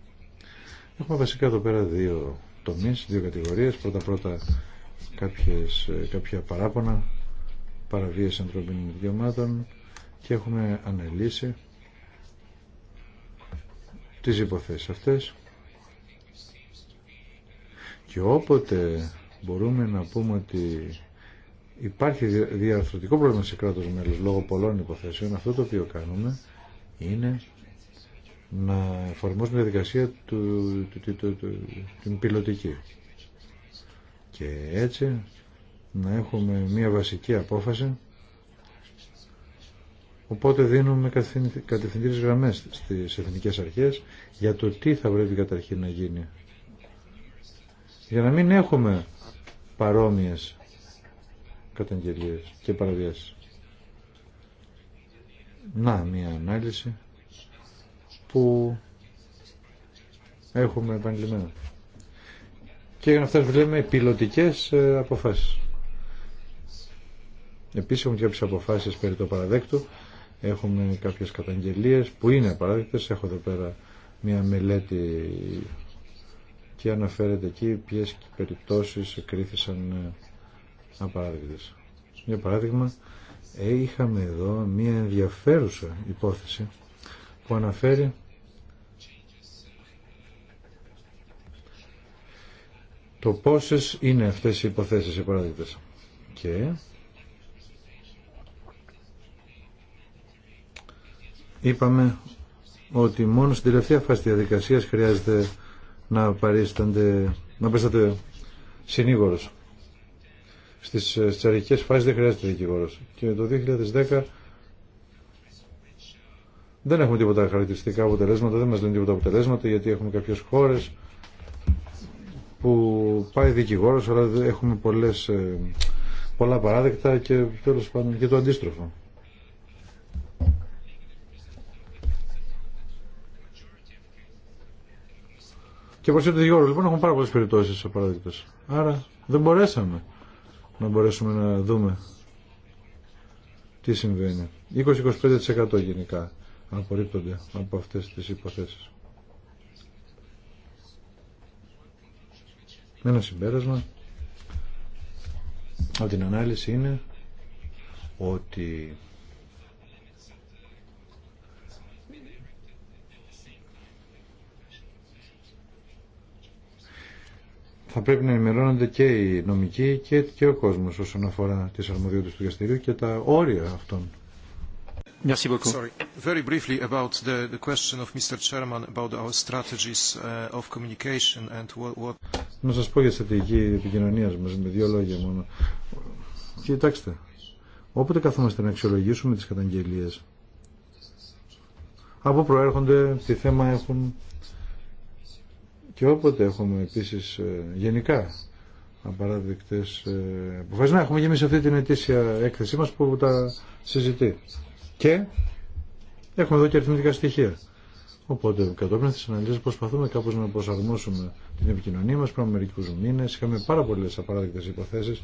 Έχουμε βασικά εδώ πέρα δύο τομείς, δύο κατηγορίες. Πρώτα πρώτα κάποιες, κάποια παράπονα, παραβίες ανθρωπίνων δικαιωμάτων και έχουμε αναλύσει τις υποθέσεις αυτές και όποτε μπορούμε να πούμε ότι υπάρχει διαρθρωτικό πρόβλημα σε κράτος μέλο λόγω πολλών υποθέσεων. Αυτό το οποίο κάνουμε είναι να εφαρμόσουμε τη διαδικασία του, του, του, του, την πιλωτική. Και έτσι να έχουμε μια βασική απόφαση Οπότε δίνουμε κατευθυντήρες γραμμές στις εθνικές αρχές για το τι θα πρέπει καταρχήν να γίνει. Για να μην έχουμε παρόμοιες καταγγελίες και παραβιάσεις. Να, μία ανάλυση που έχουμε επαγγελμένα. Και για να φτάσουμε λέμε πιλωτικές ε, αποφάσεις. Επίσης έχουμε κάποιες αποφάσεις περί το παραδέκτου. Έχουμε κάποιες καταγγελίες που είναι παράδεκτες. Έχω εδώ πέρα μία μελέτη και αναφέρεται εκεί ποιες περιπτώσεις εκρίθησαν ε, απαράδεκτες. Για παράδειγμα, ε, είχαμε εδώ μία ενδιαφέρουσα υπόθεση που αναφέρει το πόσες είναι αυτές οι υποθέσεις επαράδεκτες. Και είπαμε ότι μόνο στην τελευταία φάση της διαδικασίας χρειάζεται να παρίστανται, να παρίσταται συνήγορος. Στις, ε, στις αρχικές φάσεις δεν χρειάζεται δικηγόρος. Και το 2010 δεν έχουμε τίποτα χαρακτηριστικά αποτελέσματα, δεν μας λένε τίποτα αποτελέσματα γιατί έχουμε κάποιες χώρες που πάει δικηγόρος αλλά έχουμε πολλές, ε, πολλά παράδεκτα και τέλος πάντων και το αντίστροφο. Και προς το δικηγόρο λοιπόν έχουμε πάρα πολλές περιπτώσεις παράδειγμα. Άρα δεν μπορέσαμε να μπορέσουμε να δούμε τι συμβαίνει. 20-25% γενικά απορρίπτονται από αυτές τις υποθέσεις. Ένα συμπέρασμα από την ανάλυση είναι ότι θα πρέπει να ενημερώνονται και οι νομικοί και, και ο κόσμος όσον αφορά τις αρμοδιότητες του δικαστηρίου και τα όρια αυτών. Merci beaucoup. Sorry. Very briefly about the, the question of Mr. Chairman about our strategies uh, of communication and what... Να σας πω για στρατηγική επικοινωνία μας με δύο λόγια μόνο. Κοιτάξτε, όποτε καθόμαστε να αξιολογήσουμε τις καταγγελίες, από προέρχονται, τι θέμα έχουν, και όποτε έχουμε επίσης ε, γενικά απαράδεκτες ε, αποφάσεις. Να έχουμε και αυτή την ετήσια έκθεσή μας που τα συζητεί. Και έχουμε εδώ και αριθμητικά στοιχεία. Οπότε κατόπιν τη αναλύση προσπαθούμε κάπω να προσαρμόσουμε την επικοινωνία μα πριν μερικού μήνε. Είχαμε πάρα πολλέ απαράδεκτε υποθέσει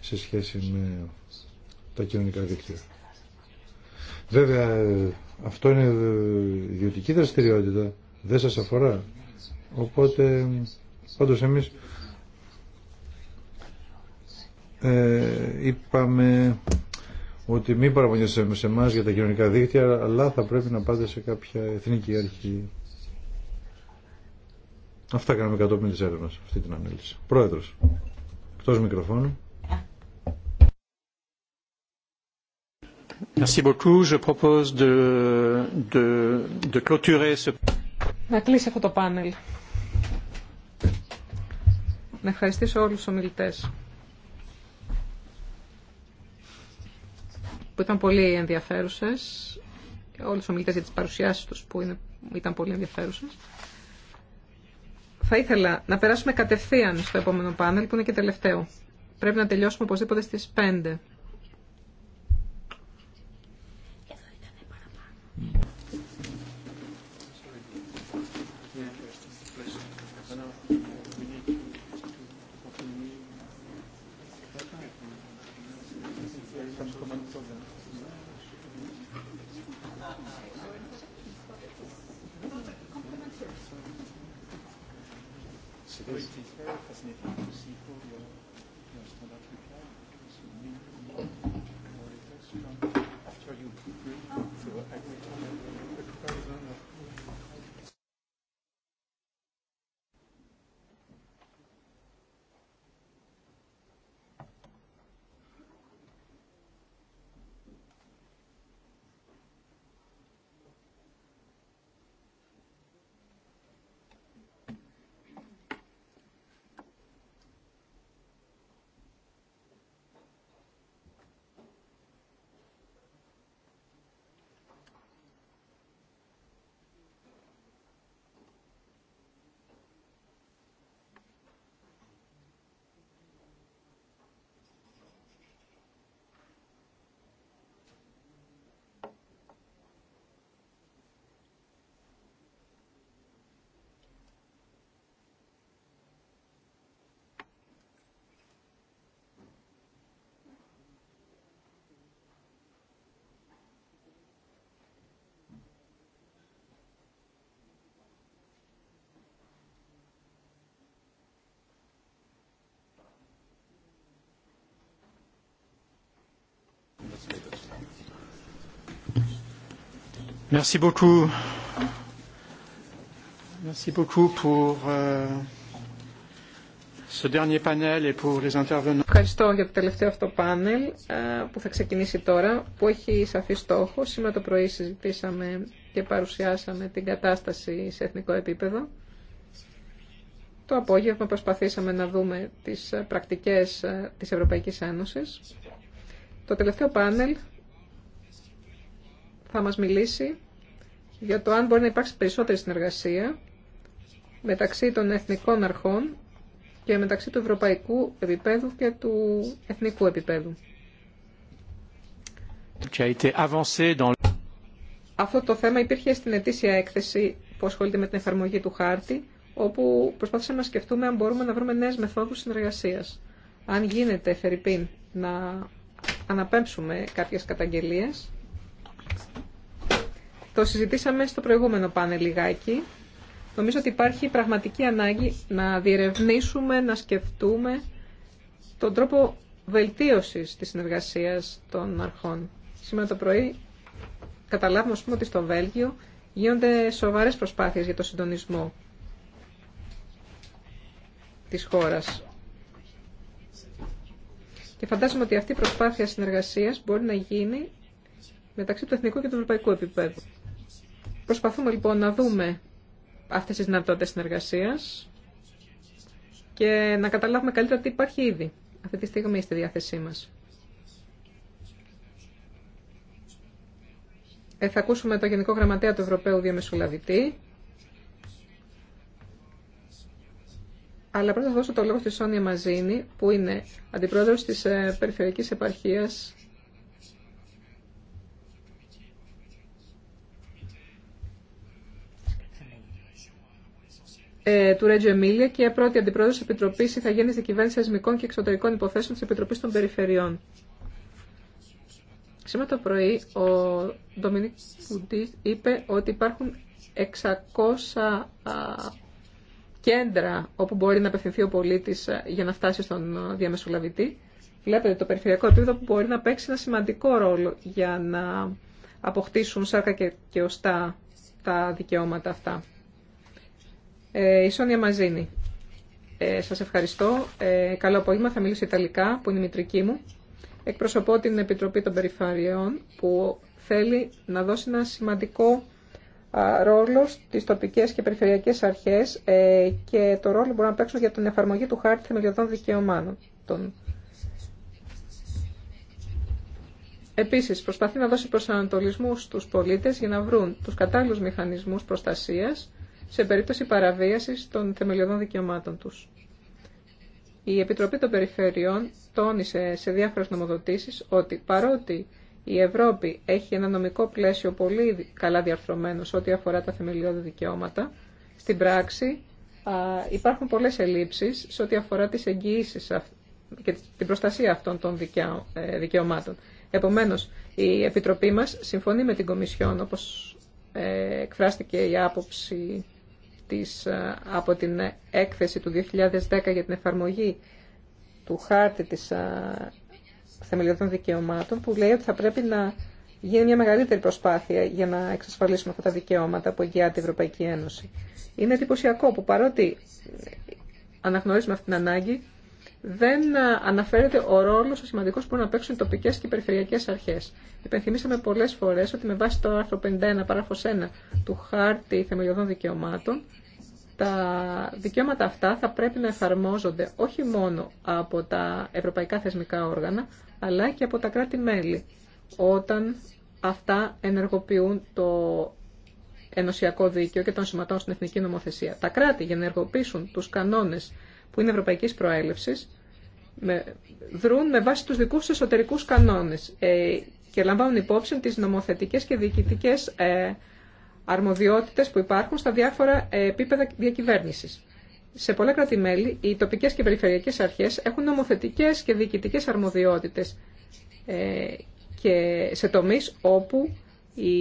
σε σχέση με τα κοινωνικά δίκτυα. Βέβαια, αυτό είναι ιδιωτική δραστηριότητα, δεν σα αφορά. Οπότε, πάντως εμείς ε, είπαμε ότι μην παραπονιέστε σε εμά για τα κοινωνικά δίκτυα, αλλά θα πρέπει να πάτε σε κάποια εθνική αρχή. Αυτά κάναμε κατόπιν της έρευνας αυτή την ανάλυση. Πρόεδρος, Εκτό μικροφώνου. Merci beaucoup. Je propose de, clôturer ce... Να κλείσει αυτό το πάνελ. Να ευχαριστήσω όλους τους ομιλητές που ήταν πολύ ενδιαφέρουσες, όλους τους ομιλητές για τις παρουσιάσεις τους που ήταν πολύ ενδιαφέρουσες. Θα ήθελα να περάσουμε κατευθείαν στο επόμενο πάνελ που είναι και τελευταίο. Πρέπει να τελειώσουμε οπωσδήποτε στις 5. Ευχαριστώ για το τελευταίο αυτό πάνελ ε, που θα ξεκινήσει τώρα, που έχει σαφή στόχο. Σήμερα το πρωί συζητήσαμε και παρουσιάσαμε την κατάσταση σε εθνικό επίπεδο. Το απόγευμα προσπαθήσαμε να δούμε τις ε, πρακτικές ε, της Ευρωπαϊκής Ένωσης. Το τελευταίο πάνελ θα μας μιλήσει για το αν μπορεί να υπάρξει περισσότερη συνεργασία μεταξύ των εθνικών αρχών και μεταξύ του ευρωπαϊκού επίπεδου και του εθνικού επίπεδου. Αυτό το θέμα υπήρχε στην ετήσια έκθεση που ασχολείται με την εφαρμογή του χάρτη, όπου προσπάθησαμε να σκεφτούμε αν μπορούμε να βρούμε νέες μεθόδους συνεργασίας. Αν γίνεται, Φερρυπίν, να αναπέμψουμε κάποιες καταγγελίες το συζητήσαμε στο προηγούμενο πάνελ λιγάκι. Νομίζω ότι υπάρχει πραγματική ανάγκη να διερευνήσουμε, να σκεφτούμε τον τρόπο βελτίωσης της συνεργασίας των αρχών. Σήμερα το πρωί καταλάβουμε πούμε, ότι στο Βέλγιο γίνονται σοβαρές προσπάθειες για το συντονισμό της χώρας. Και φαντάζομαι ότι αυτή η προσπάθεια συνεργασίας μπορεί να γίνει μεταξύ του εθνικού και του ευρωπαϊκού επίπεδου. Προσπαθούμε λοιπόν να δούμε αυτές τις δυνατότητες συνεργασίας και να καταλάβουμε καλύτερα τι υπάρχει ήδη αυτή τη στιγμή στη διάθεσή μας. Ε, θα ακούσουμε το Γενικό Γραμματέα του Ευρωπαίου Διαμεσολαβητή. Αλλά πρώτα θα δώσω το λόγο στη Σόνια Μαζίνη, που είναι αντιπρόεδρος της ε, Περιφερειακής Επαρχίας Ε, του Ρέτζο Εμίλια και πρώτη αντιπρόεδρος τη Επιτροπής Ιθαγένεια Δικυβέρνησης ασμικών και Εξωτερικών Υποθέσεων τη Επιτροπής των Περιφερειών. Σήμερα το πρωί ο Ντομινίκ Πουντής είπε ότι υπάρχουν 600 κέντρα όπου μπορεί να απευθυνθεί ο πολίτη ε, για να φτάσει στον διαμεσολαβητή. Βλέπετε το περιφερειακό επίπεδο που μπορεί να παίξει ένα σημαντικό ρόλο για να αποκτήσουν σάρκα και οστά τα δικαιώματα αυτά. Ε, η Σόνια Μαζίνη. Ε, σας ευχαριστώ. Ε, καλό απόγευμα. Θα μιλήσω Ιταλικά, που είναι η μητρική μου. Εκπροσωπώ την Επιτροπή των Περιφαριών, που θέλει να δώσει ένα σημαντικό ρόλο στις τοπικές και περιφερειακές αρχές ε, και το ρόλο που μπορούν να παίξουν για την εφαρμογή του χάρτη θεμελιωδών δικαιωμάτων. Επίσης, προσπαθεί να δώσει προσανατολισμού στους πολίτες για να βρουν τους κατάλληλους μηχανισμούς προστασίας σε περίπτωση παραβίασης των θεμελιωδών δικαιωμάτων τους. Η Επιτροπή των Περιφερειών τόνισε σε διάφορες νομοδοτήσεις ότι παρότι η Ευρώπη έχει ένα νομικό πλαίσιο πολύ καλά διαρθρωμένο σε ό,τι αφορά τα θεμελιώδη δικαιώματα, στην πράξη υπάρχουν πολλές ελλείψεις σε ό,τι αφορά τις εγγυήσει και την προστασία αυτών των ε, δικαιωμάτων. Επομένως, η Επιτροπή μας συμφωνεί με την Κομισιόν, όπως ε, εκφράστηκε η άποψη της, ε, από την έκθεση του 2010 για την εφαρμογή του χάρτη της ε, θεμελιωδών δικαιωμάτων που λέει ότι θα πρέπει να γίνει μια μεγαλύτερη προσπάθεια για να εξασφαλίσουμε αυτά τα δικαιώματα που εγγυάται η Ευρωπαϊκή Ένωση. Είναι εντυπωσιακό που παρότι αναγνωρίζουμε αυτή την ανάγκη, δεν ε, αναφέρεται ο ρόλο ο σημαντικό που μπορούν να παίξουν οι τοπικές και οι περιφερειακές αρχές. Υπενθυμίσαμε πολλές φορές ότι με βάση το άρθρο 51 παράγραφος 1 του χάρτη θεμελιωδών δικαιωμάτων τα δικαιώματα αυτά θα πρέπει να εφαρμόζονται όχι μόνο από τα ευρωπαϊκά θεσμικά όργανα αλλά και από τα κράτη-μέλη όταν αυτά ενεργοποιούν το ενωσιακό δίκαιο και των συμματών στην εθνική νομοθεσία. Τα κράτη για να ενεργοποιήσουν τους κανόνες που είναι ευρωπαϊκής προέλευσης με, δρούν με βάση τους δικούς εσωτερικούς κανόνες ε, και λαμβάνουν υπόψη τις νομοθετικές και διοικητικές ε, αρμοδιότητες που υπάρχουν στα διάφορα ε, επίπεδα διακυβέρνησης. Σε πολλά κράτη-μέλη, οι τοπικές και περιφερειακές αρχές έχουν νομοθετικές και διοικητικές αρμοδιότητες και σε τομείς όπου οι,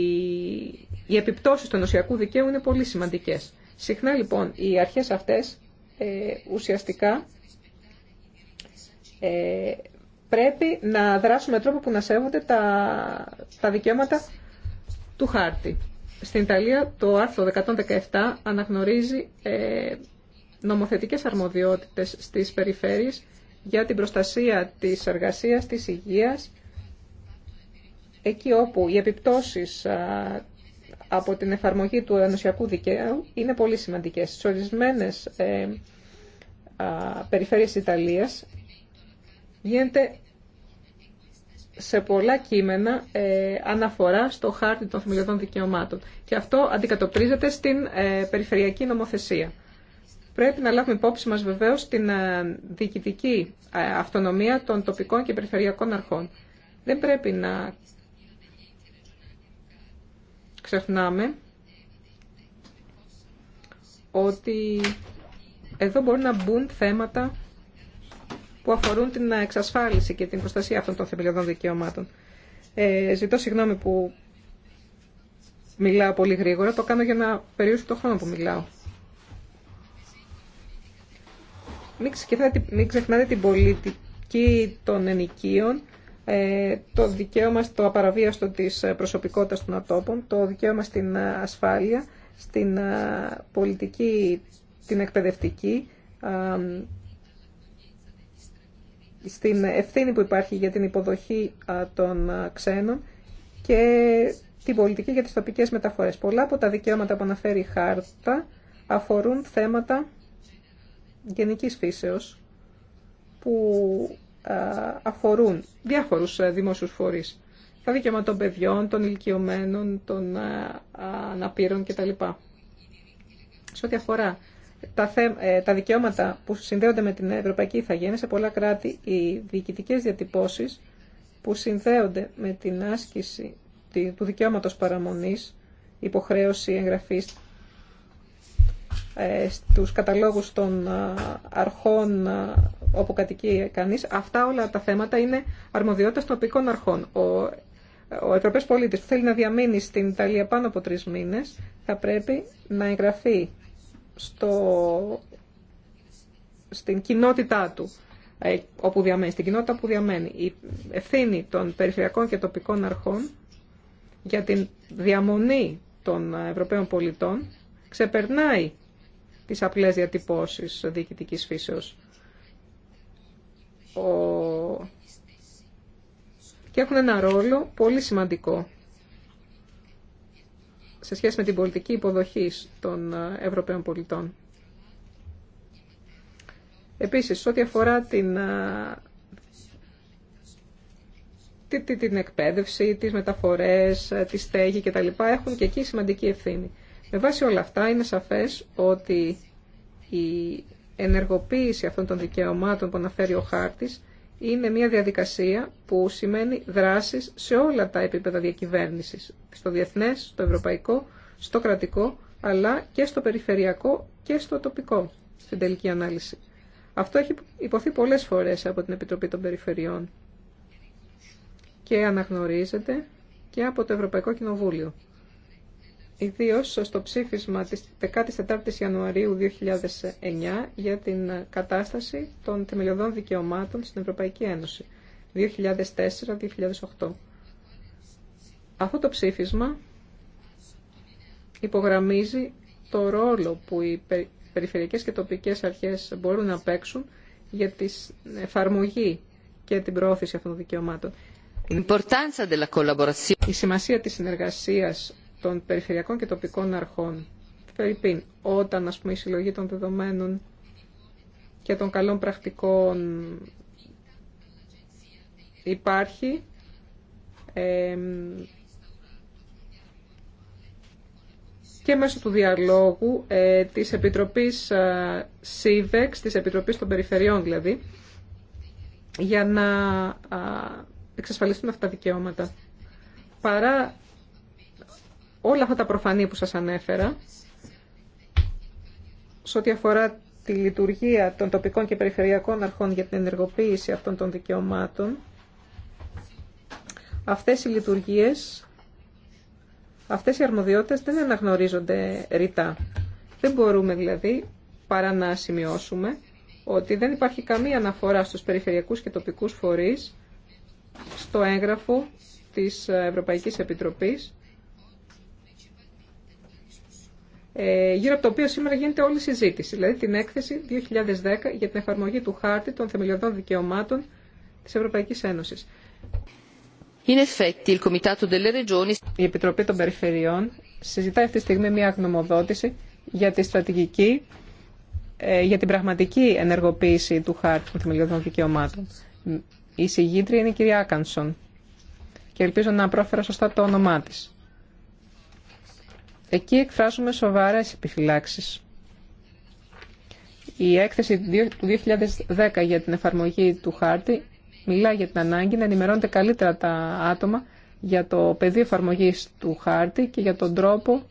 οι επιπτώσεις του νοσιακού δικαίου είναι πολύ σημαντικές. Συχνά, λοιπόν, οι αρχές αυτές ε, ουσιαστικά ε, πρέπει να δράσουμε τρόπο που να σέβονται τα, τα δικαιώματα του χάρτη. Στην Ιταλία το άρθρο 117 αναγνωρίζει ε, νομοθετικές αρμοδιότητες στις περιφέρειες για την προστασία της εργασίας, της υγείας, εκεί όπου οι επιπτώσεις από την εφαρμογή του ενωσιακού δικαίου είναι πολύ σημαντικές. Στις ορισμένες ε, α, περιφέρειες Ιταλίας γίνεται σε πολλά κείμενα ε, αναφορά στο χάρτη των θεμελιωδών δικαιωμάτων. Και αυτό αντικατοπτρίζεται στην ε, περιφερειακή νομοθεσία. Πρέπει να λάβουμε υπόψη μας βεβαίως την ε, διοικητική ε, αυτονομία των τοπικών και περιφερειακών αρχών. Δεν πρέπει να ξεχνάμε ότι εδώ μπορεί να μπουν θέματα που αφορούν την εξασφάλιση και την προστασία αυτών των θεμελιωδών δικαιωμάτων. Ε, ζητώ συγγνώμη που μιλάω πολύ γρήγορα. Το κάνω για να περιορίσω το χρόνο που μιλάω. Μην ξεχνάτε την πολιτική των ενοικίων, ε, το δικαίωμα στο απαραβίαστο της προσωπικότητας των ατόπων, το δικαίωμα στην ασφάλεια, στην ε, πολιτική, την εκπαιδευτική, ε, στην ευθύνη που υπάρχει για την υποδοχή των ξένων και την πολιτική για τις τοπικές μεταφορές. Πολλά από τα δικαιώματα που αναφέρει η χάρτα αφορούν θέματα γενικής φύσεως που αφορούν διάφορους δημόσιους φορείς. Τα δικαιώματα των παιδιών, των ηλικιωμένων, των αναπήρων κτλ. Σε ό,τι αφορά τα, ε, τα δικαιώματα που συνδέονται με την Ευρωπαϊκή Ιθαγένεια σε πολλά κράτη, οι διοικητικές διατυπώσεις που συνδέονται με την άσκηση του δικαιώματος παραμονής, υποχρέωση εγγραφής ε, στους καταλόγους των ε, αρχών όπου κατοικεί κανείς. Αυτά όλα τα θέματα είναι αρμοδιότητα των τοπικών αρχών. Ο, ο Ευρωπαίος πολίτης που θέλει να διαμείνει στην Ιταλία πάνω από τρει μήνες θα πρέπει να εγγραφεί στο, στην κοινότητά του, ε, όπου διαμένει, στην κοινότητα που διαμένει. Η ευθύνη των περιφερειακών και τοπικών αρχών για την διαμονή των Ευρωπαίων πολιτών ξεπερνάει τις απλές διατυπώσεις διοικητικής φύσεως. Ο... Και έχουν ένα ρόλο πολύ σημαντικό σε σχέση με την πολιτική υποδοχή των ε, Ευρωπαίων πολιτών. Επίσης, ό,τι αφορά την, ε, την, την εκπαίδευση, τις μεταφορές, ε, τη στέγη κτλ. έχουν και εκεί σημαντική ευθύνη. Με βάση όλα αυτά είναι σαφές ότι η ενεργοποίηση αυτών των δικαιωμάτων που αναφέρει ο χάρτης είναι μια διαδικασία που σημαίνει δράσεις σε όλα τα επίπεδα διακυβέρνησης, στο διεθνές, στο ευρωπαϊκό, στο κρατικό, αλλά και στο περιφερειακό και στο τοπικό, στην τελική ανάλυση. Αυτό έχει υποθεί πολλές φορές από την Επιτροπή των Περιφερειών και αναγνωρίζεται και από το Ευρωπαϊκό Κοινοβούλιο ιδίω στο ψήφισμα της 14ης Ιανουαρίου 2009 για την κατάσταση των θεμελιωδών δικαιωμάτων στην Ευρωπαϊκή Ένωση 2004-2008. Αυτό το ψήφισμα υπογραμμίζει το ρόλο που οι περιφερειακές και τοπικές αρχές μπορούν να παίξουν για την εφαρμογή και την προώθηση αυτών των δικαιωμάτων. Η σημασία της συνεργασίας των περιφερειακών και τοπικών αρχών. Φερρυπίν, όταν ας πούμε, η συλλογή των δεδομένων και των καλών πρακτικών υπάρχει, και μέσω του διαλόγου ε, της Επιτροπής ε, ΣΥΒΕΞ, της Επιτροπής των Περιφερειών δηλαδή, για να εξασφαλιστούν αυτά τα δικαιώματα. Παρά όλα αυτά τα προφανή που σας ανέφερα, σε ό,τι αφορά τη λειτουργία των τοπικών και περιφερειακών αρχών για την ενεργοποίηση αυτών των δικαιωμάτων, αυτές οι λειτουργίες, αυτές οι αρμοδιότητες δεν αναγνωρίζονται ρητά. Δεν μπορούμε δηλαδή παρά να σημειώσουμε ότι δεν υπάρχει καμία αναφορά στους περιφερειακούς και τοπικούς φορείς στο έγγραφο της Ευρωπαϊκής Επιτροπής Ε, γύρω από το οποίο σήμερα γίνεται όλη η συζήτηση, δηλαδή την έκθεση 2010 για την εφαρμογή του χάρτη των θεμελιωδών δικαιωμάτων της Ευρωπαϊκής Ένωσης. Η Επιτροπή των Περιφερειών συζητάει αυτή τη στιγμή μια γνωμοδότηση για τη στρατηγική, ε, για την πραγματική ενεργοποίηση του χάρτη των θεμελιωδών δικαιωμάτων. Η συγγήτρια είναι η κυρία Άκανσον και ελπίζω να πρόφερα σωστά το όνομά της. Εκεί εκφράζουμε σοβαρές επιφυλάξεις. Η έκθεση του 2010 για την εφαρμογή του χάρτη μιλά για την ανάγκη να ενημερώνεται καλύτερα τα άτομα για το πεδίο εφαρμογής του χάρτη και για τον τρόπο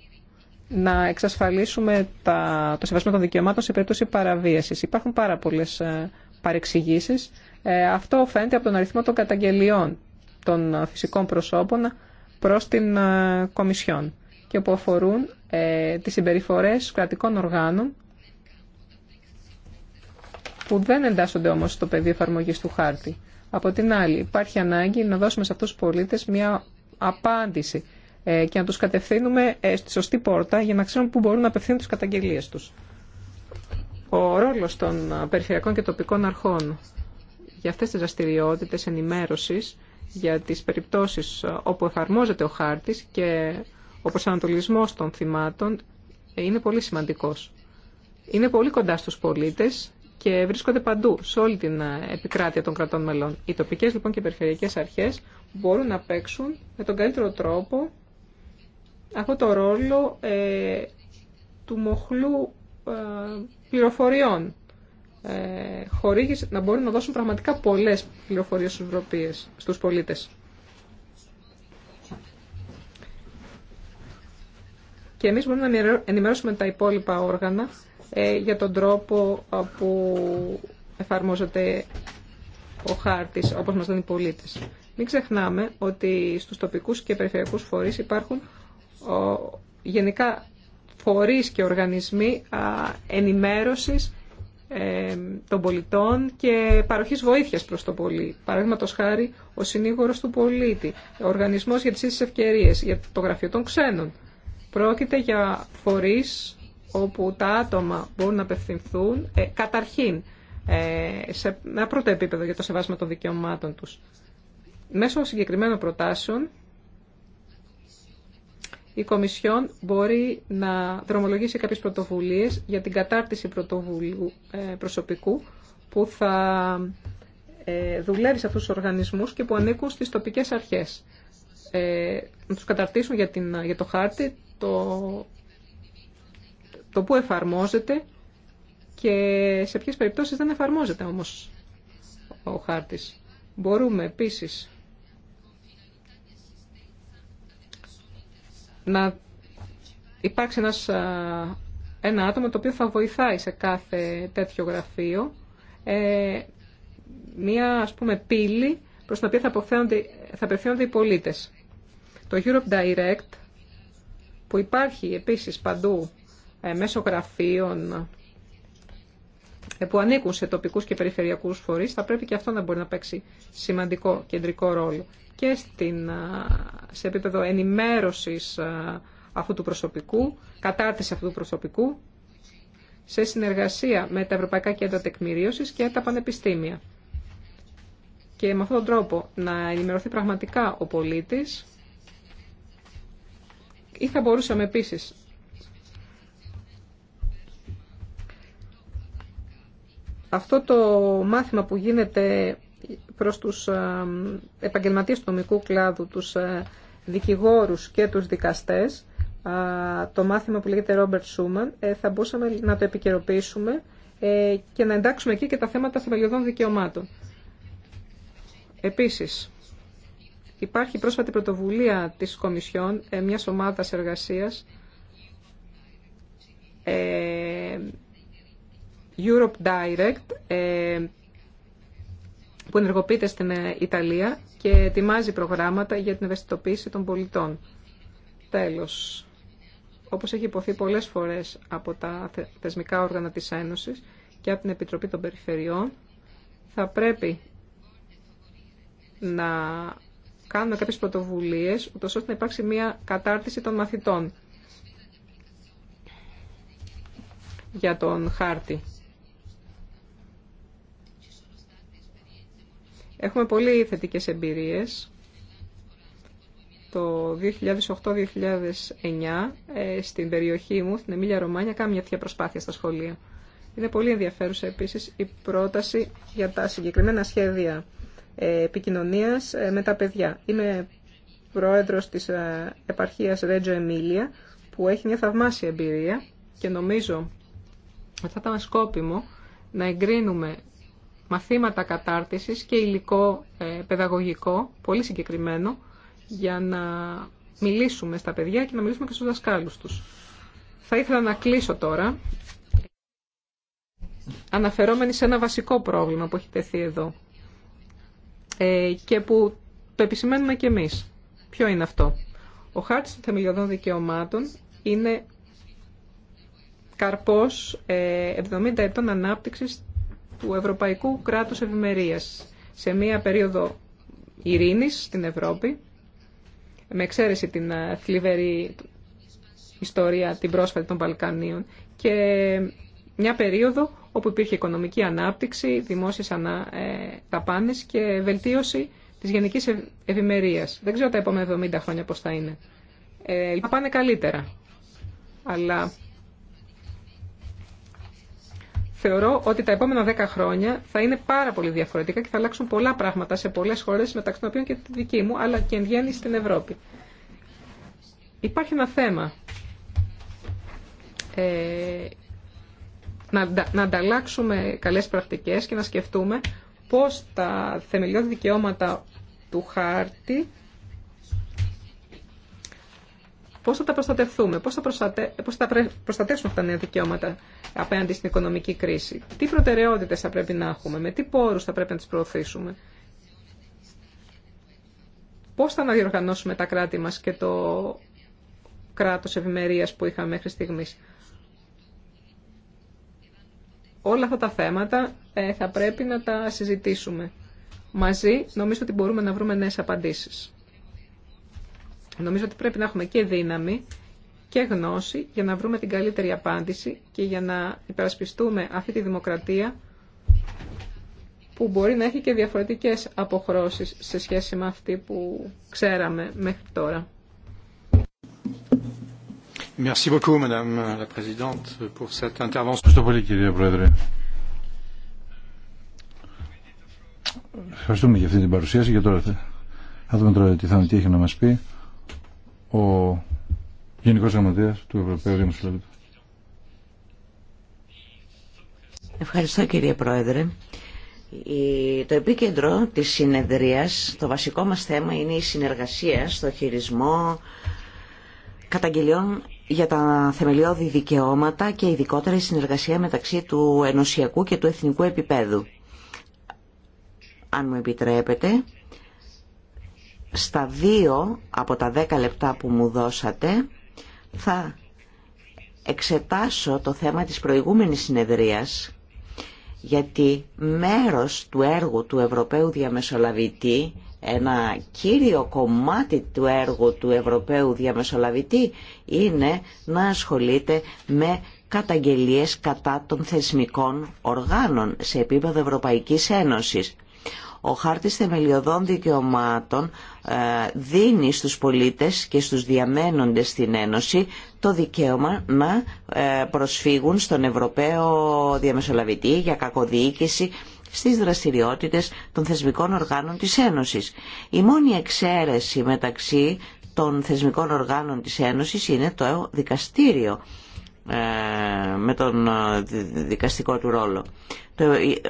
να εξασφαλίσουμε τα, το σεβασμό των δικαιωμάτων σε περίπτωση παραβίασης. Υπάρχουν πάρα πολλές ε, παρεξηγήσεις. Ε, αυτό φαίνεται από τον αριθμό των καταγγελιών των ε, φυσικών προσώπων προς την Κομισιόν και που αφορούν ε, τις συμπεριφορές κρατικών οργάνων που δεν εντάσσονται όμως στο πεδίο εφαρμογή του χάρτη. Από την άλλη, υπάρχει ανάγκη να δώσουμε σε αυτούς τους πολίτες μια απάντηση ε, και να τους κατευθύνουμε ε, στη σωστή πόρτα για να ξέρουν πού μπορούν να απευθύνουν τις καταγγελίες τους. Ο ρόλος των περιφερειακών και τοπικών αρχών για αυτές τις δραστηριότητε ενημέρωσης για τις περιπτώσεις όπου εφαρμόζεται ο χάρτης και ο προσανατολισμός των θυμάτων είναι πολύ σημαντικός. Είναι πολύ κοντά στους πολίτες και βρίσκονται παντού, σε όλη την ε, επικράτεια των κρατών μελών. Οι τοπικές λοιπόν και περιφερειακές αρχές μπορούν να παίξουν με τον καλύτερο τρόπο αυτό το ρόλο ε, του μοχλού ε, πληροφοριών. Ε, χωρίς να μπορούν να δώσουν πραγματικά πολλές πληροφορίες στους, στους πολίτες. και εμείς μπορούμε να ενημερώσουμε τα υπόλοιπα όργανα ε, για τον τρόπο ε, που εφαρμόζεται ο χάρτης, όπως μας λένε οι πολίτες. Μην ξεχνάμε ότι στους τοπικούς και περιφερειακούς φορείς υπάρχουν γενικά φορείς και οργανισμοί ενημέρωσης ε, των πολιτών και παροχής βοήθειας προς τον πολίτη. Παραδείγματο χάρη, ο συνήγορος του πολίτη, ο οργανισμός για τις ίδιες ευκαιρίες, για το γραφείο των ξένων. Πρόκειται για φορείς όπου τα άτομα μπορούν να απευθυνθούν ε, καταρχήν ε, σε ένα πρώτο επίπεδο για το σεβάσμα των δικαιωμάτων τους. Μέσω συγκεκριμένων προτάσεων η Κομισιόν μπορεί να δρομολογήσει κάποιες πρωτοβουλίες για την κατάρτιση πρωτοβουλίου ε, προσωπικού που θα ε, δουλεύει σε αυτούς τους οργανισμούς και που ανήκουν στις τοπικές αρχές. Ε, να τους καταρτήσουν για, την, για το χάρτη το, που εφαρμόζεται και σε ποιες περιπτώσεις δεν εφαρμόζεται όμως ο χάρτης. Μπορούμε επίσης να υπάρξει ένα άτομο το οποίο θα βοηθάει σε κάθε τέτοιο γραφείο ε, μία ας πούμε πύλη προς την οποία θα, θα απευθύνονται οι πολίτες. Το Europe Direct που υπάρχει επίσης παντού ε, μέσω γραφείων ε, που ανήκουν σε τοπικούς και περιφερειακούς φορείς, θα πρέπει και αυτό να μπορεί να παίξει σημαντικό κεντρικό ρόλο και στην, σε επίπεδο ενημέρωσης αυτού του προσωπικού, κατάρτιση αυτού του προσωπικού, σε συνεργασία με τα Ευρωπαϊκά Κέντρα Τεκμηρίωσης και τα Πανεπιστήμια. Και με αυτόν τον τρόπο να ενημερωθεί πραγματικά ο πολίτης ή θα μπορούσαμε επίσης αυτό το μάθημα που γίνεται προς τους επαγγελματίες του νομικού κλάδου, τους δικηγόρους και τους δικαστές, το μάθημα που λέγεται Ρόμπερτ Σούμαν, θα μπορούσαμε να το επικαιροποιήσουμε ε, και να εντάξουμε εκεί και τα θέματα θεμελιωδών δικαιωμάτων. Επίσης, Υπάρχει πρόσφατη πρωτοβουλία της Κομισιόν, ε, μιας ομάδας εργασίας, ε, Europe Direct, ε, που ενεργοποιείται στην Ιταλία και ετοιμάζει προγράμματα για την ευαισθητοποίηση των πολιτών. Τέλος, όπως έχει υποθεί πολλές φορές από τα θεσμικά όργανα της Ένωσης και από την Επιτροπή των Περιφερειών, θα πρέπει να κάνουμε κάποιες πρωτοβουλίες, ούτως ώστε να υπάρξει μια κατάρτιση των μαθητών για τον χάρτη. Έχουμε πολύ θετικές εμπειρίες. Το 2008-2009 ε, στην περιοχή μου, στην Εμίλια Ρωμάνια, κάνουμε μια τέτοια προσπάθεια στα σχολεία. Είναι πολύ ενδιαφέρουσα επίσης η πρόταση για τα συγκεκριμένα σχέδια επικοινωνίας ε, με τα παιδιά. Είμαι πρόεδρος της ε, επαρχίας Ρέτζο Εμίλια, που έχει μια θαυμάσια εμπειρία και νομίζω ότι θα ήταν σκόπιμο να εγκρίνουμε μαθήματα κατάρτισης και υλικό ε, παιδαγωγικό, πολύ συγκεκριμένο, για να μιλήσουμε στα παιδιά και να μιλήσουμε και στους δασκάλους τους. Θα ήθελα να κλείσω τώρα, αναφερόμενοι σε ένα βασικό πρόβλημα που έχει τεθεί εδώ. Ε, και που το επισημαίνουμε και εμείς. Ποιο είναι αυτό. Ο χάρτης των θεμελιωδών δικαιωμάτων είναι καρπός 70 ε, ετών ανάπτυξης του Ευρωπαϊκού Κράτους Ευημερίας σε μία περίοδο ειρήνης στην Ευρώπη, με εξαίρεση την ε, θλιβερή ιστορία την πρόσφατη των Βαλκανίων και μια περίοδο όπου υπήρχε οικονομική ανάπτυξη, δημόσιες ανα... Ε, ταπάνες και βελτίωση της γενικής ευημερίας. Δεν ξέρω τα επόμενα 70 χρόνια πώς θα είναι. Ε, θα λοιπόν, πάνε καλύτερα. Αλλά θεωρώ ότι τα επόμενα 10 χρόνια θα είναι πάρα πολύ διαφορετικά και θα αλλάξουν πολλά πράγματα σε πολλές χώρες, μεταξύ των οποίων και τη δική μου, αλλά και εν γέννη στην Ευρώπη. Υπάρχει ένα θέμα ε, να, να ανταλλάξουμε καλές πρακτικές και να σκεφτούμε πώς τα θεμελιώδη δικαιώματα του χάρτη πώς θα τα προστατευτούμε, πώς θα, προστατε... πώς θα προστατεύσουμε αυτά τα νέα δικαιώματα απέναντι στην οικονομική κρίση. Τι προτεραιότητες θα πρέπει να έχουμε, με τι πόρους θα πρέπει να τις προωθήσουμε. Πώς θα αναδιοργανώσουμε τα κράτη μας και το κράτος ευημερίας που είχαμε μέχρι στιγμής όλα αυτά τα θέματα ε, θα πρέπει να τα συζητήσουμε. Μαζί νομίζω ότι μπορούμε να βρούμε νέες απαντήσεις. Νομίζω ότι πρέπει να έχουμε και δύναμη και γνώση για να βρούμε την καλύτερη απάντηση και για να υπερασπιστούμε αυτή τη δημοκρατία που μπορεί να έχει και διαφορετικές αποχρώσεις σε σχέση με αυτή που ξέραμε μέχρι τώρα. Ευχαριστώ πολύ, κύριε Πρόεδρε. Ευχαριστούμε για αυτή την παρουσίαση και τώρα θα δούμε τώρα τι θα τι έχει να μας πει ο Γενικός Γραμματέας του Ευρωπαίου Δημοσιολόγου. Ευχαριστώ κύριε Πρόεδρε. Το επίκεντρο της συνεδρίας, το βασικό μας θέμα είναι η συνεργασία στο χειρισμό καταγγελιών για τα θεμελιώδη δικαιώματα και ειδικότερα η συνεργασία μεταξύ του ενωσιακού και του εθνικού επίπεδου. Αν μου επιτρέπετε, στα δύο από τα δέκα λεπτά που μου δώσατε θα εξετάσω το θέμα της προηγούμενης συνεδρίας γιατί μέρος του έργου του Ευρωπαίου Διαμεσολαβητή ένα κύριο κομμάτι του έργου του Ευρωπαίου Διαμεσολαβητή είναι να ασχολείται με καταγγελίες κατά των θεσμικών οργάνων σε επίπεδο Ευρωπαϊκής Ένωσης. Ο χάρτης θεμελιωδών δικαιωμάτων ε, δίνει στους πολίτες και στους διαμένοντες στην Ένωση το δικαίωμα να ε, προσφύγουν στον Ευρωπαίο Διαμεσολαβητή για κακοδιοίκηση στις δραστηριότητες των θεσμικών οργάνων της Ένωσης. Η μόνη εξαίρεση μεταξύ των θεσμικών οργάνων της Ένωσης είναι το δικαστήριο ε, με τον ε, δικαστικό του ρόλο.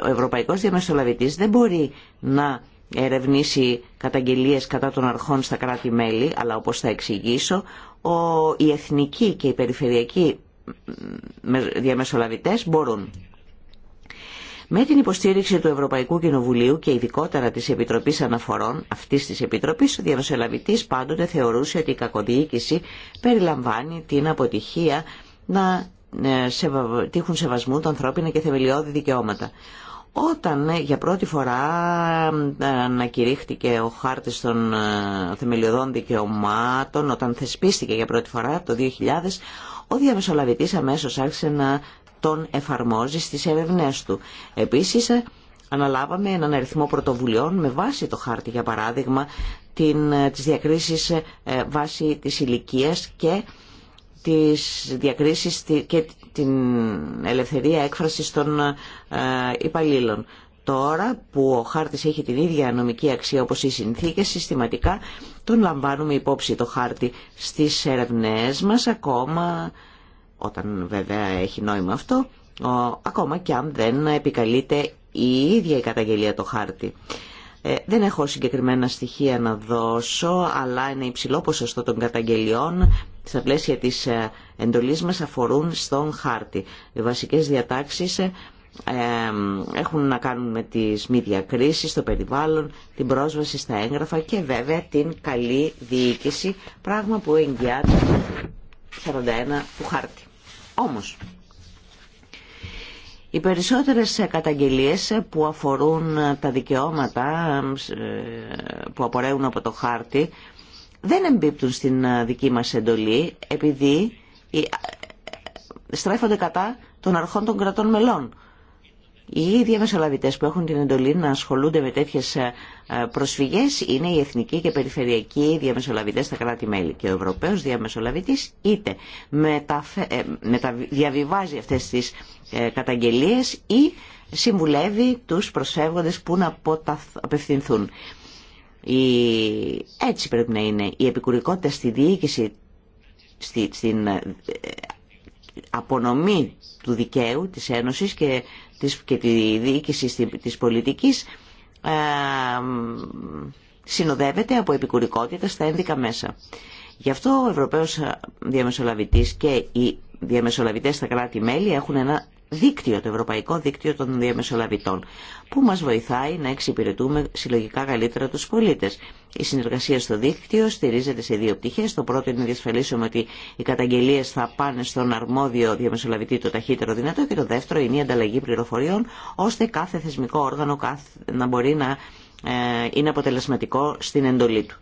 Ο Ευρωπαϊκός Διαμεσολαβητής δεν μπορεί να ερευνήσει καταγγελίες κατά των αρχών στα κράτη-μέλη, αλλά όπως θα εξηγήσω, οι εθνικοί και οι περιφερειακοί διαμεσολαβητές μπορούν. Με την υποστήριξη του Ευρωπαϊκού Κοινοβουλίου και ειδικότερα της Επιτροπής Αναφορών αυτής της Επιτροπής, ο διαμεσολαβητής πάντοτε θεωρούσε ότι η κακοδιοίκηση περιλαμβάνει την αποτυχία να ε, τύχουν σεβασμού τα ανθρώπινα και θεμελιώδη δικαιώματα. Όταν ε, για πρώτη φορά ε, ανακηρύχθηκε ο χάρτης των θεμελιωδών δικαιωμάτων, όταν θεσπίστηκε για πρώτη φορά το 2000, ο διαμεσολαβητής αμέσως άρχισε να τον εφαρμόζει στις ερευνές του. Επίσης, ε, αναλάβαμε έναν αριθμό πρωτοβουλειών με βάση το χάρτη, για παράδειγμα, την, ε, τις διακρίσεις ε, βάσει της ηλικία και τις διακρίσεις και την ελευθερία έκφρασης των υπαλλήλων. Τώρα που ο χάρτης έχει την ίδια νομική αξία όπως οι συνθήκες, συστηματικά τον λαμβάνουμε υπόψη το χάρτη στις ερευνές μας ακόμα όταν βέβαια έχει νόημα αυτό, ακόμα και αν δεν επικαλείται η ίδια η καταγγελία το χάρτη. Ε, δεν έχω συγκεκριμένα στοιχεία να δώσω, αλλά είναι υψηλό ποσοστό των καταγγελιών στα πλαίσια της ε, εντολής μας αφορούν στον χάρτη. Οι βασικές διατάξεις ε, έχουν να κάνουν με τις μη διακρίσεις, το περιβάλλον, την πρόσβαση στα έγγραφα και βέβαια την καλή διοίκηση, πράγμα που εγγυάται 41 του χάρτη. Όμως, οι περισσότερες καταγγελίες που αφορούν τα δικαιώματα ε, που απορρέουν από το χάρτη δεν εμπίπτουν στην ε, δική μας εντολή επειδή ε, στρέφονται κατά των αρχών των κρατών μελών οι διαμεσολαβητές που έχουν την εντολή να ασχολούνται με τέτοιε ε, προσφυγές είναι οι εθνικοί και περιφερειακοί διαμεσολαβητές στα κράτη-μέλη. Και ο Ευρωπαίο διαμεσολαβητής είτε ε, μετα... διαβιβάζει αυτές τις ε, καταγγελίες ή συμβουλεύει τους προσφεύγοντε που να απευθυνθούν. Έτσι πρέπει να είναι η επικουρικότητα στη διοίκηση, στην απονομή του δικαίου της Ένωσης και και τη διοίκηση της πολιτικής ε, συνοδεύεται από επικουρικότητα στα ένδικα μέσα. Γι' αυτό ο Ευρωπαίος Διαμεσολαβητής και οι διαμεσολαβητές στα κράτη-μέλη έχουν ένα δίκτυο, το Ευρωπαϊκό Δίκτυο των Διαμεσολαβητών, που μας βοηθάει να εξυπηρετούμε συλλογικά καλύτερα τους πολίτες. Η συνεργασία στο δίκτυο στηρίζεται σε δύο πτυχές. Το πρώτο είναι να διασφαλίσουμε ότι οι καταγγελίες θα πάνε στον αρμόδιο διαμεσολαβητή το ταχύτερο δυνατό και το δεύτερο είναι η ανταλλαγή πληροφοριών, ώστε κάθε θεσμικό όργανο να μπορεί να ε, είναι αποτελεσματικό στην εντολή του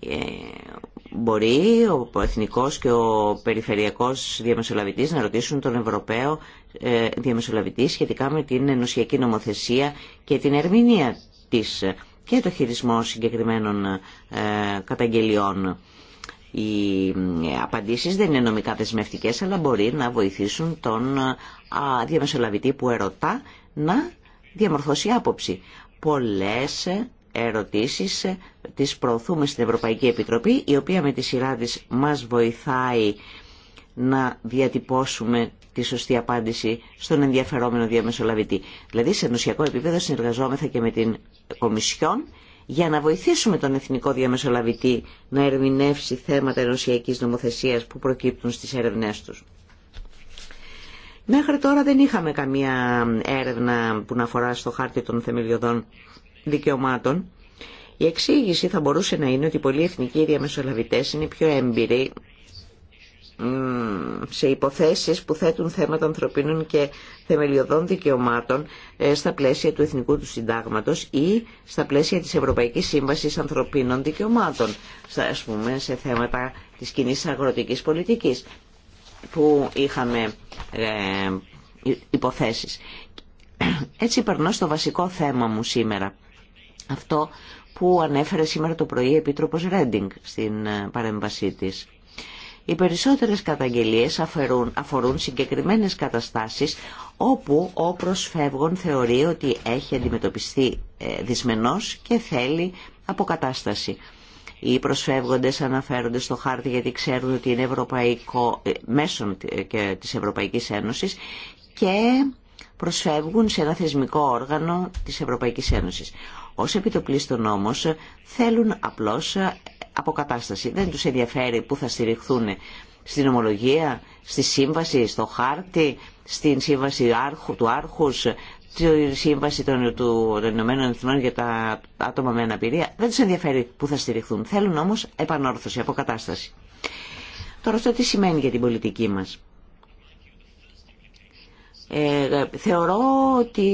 ε, Μπορεί ο εθνικός και ο περιφερειακός διαμεσολαβητής να ρωτήσουν τον Ευρωπαίο ε, διαμεσολαβητή σχετικά με την ενωσιακή νομοθεσία και την ερμηνεία της και το χειρισμό συγκεκριμένων ε, καταγγελιών. Οι ε, απαντήσεις δεν είναι νομικά δεσμευτικές, αλλά μπορεί να βοηθήσουν τον διαμεσολαβητή που ερωτά να διαμορφώσει άποψη. Πολλές ερωτήσεις τις προωθούμε στην Ευρωπαϊκή Επιτροπή, η οποία με τη σειρά της μας βοηθάει να διατυπώσουμε τη σωστή απάντηση στον ενδιαφερόμενο διαμεσολαβητή. Δηλαδή σε ενωσιακό επίπεδο συνεργαζόμεθα και με την Κομισιόν για να βοηθήσουμε τον εθνικό διαμεσολαβητή να ερμηνεύσει θέματα ενωσιακής νομοθεσίας που προκύπτουν στις έρευνές τους. Μέχρι τώρα δεν είχαμε καμία έρευνα που να αφορά στο χάρτη των θεμελιωδών δικαιωμάτων η εξήγηση θα μπορούσε να είναι ότι οι εθνικοί διαμεσολαβητέ είναι πιο έμπειροι σε υποθέσεις που θέτουν θέματα ανθρωπίνων και θεμελιωδών δικαιωμάτων ε, στα πλαίσια του Εθνικού του Συντάγματος ή στα πλαίσια της Ευρωπαϊκής Σύμβασης Ανθρωπίνων Δικαιωμάτων, ας πούμε σε θέματα της κοινή αγροτικής πολιτικής που είχαμε ε, υποθέσεις. Έτσι περνώ στο βασικό θέμα μου σήμερα αυτό που ανέφερε σήμερα το πρωί η Επίτροπος Ρέντινγκ στην ε, παρέμβασή της. Οι περισσότερες καταγγελίες αφορούν, αφορούν συγκεκριμένες καταστάσεις όπου ο προσφεύγων θεωρεί ότι έχει αντιμετωπιστεί ε, δυσμενός και θέλει αποκατάσταση. Οι προσφεύγοντες αναφέρονται στο χάρτη γιατί ξέρουν ότι είναι ευρωπαϊκό, ε, μέσω της Ευρωπαϊκής Ένωσης και προσφεύγουν σε ένα θεσμικό όργανο της Ευρωπαϊκής Ένωσης ως επιτοπλίστων όμως θέλουν απλώς ε, αποκατάσταση. Δεν τους ενδιαφέρει που θα στηριχθούν στην ομολογία, στη σύμβαση, στο χάρτη, στην σύμβαση του άρχους, τη σύμβαση των, του, των Ηνωμένων Εθνών για τα άτομα με αναπηρία. Δεν τους ενδιαφέρει που θα στηριχθούν. Θέλουν όμως επανόρθωση, αποκατάσταση. Τώρα αυτό τι σημαίνει για την πολιτική μας. Ε, θεωρώ ότι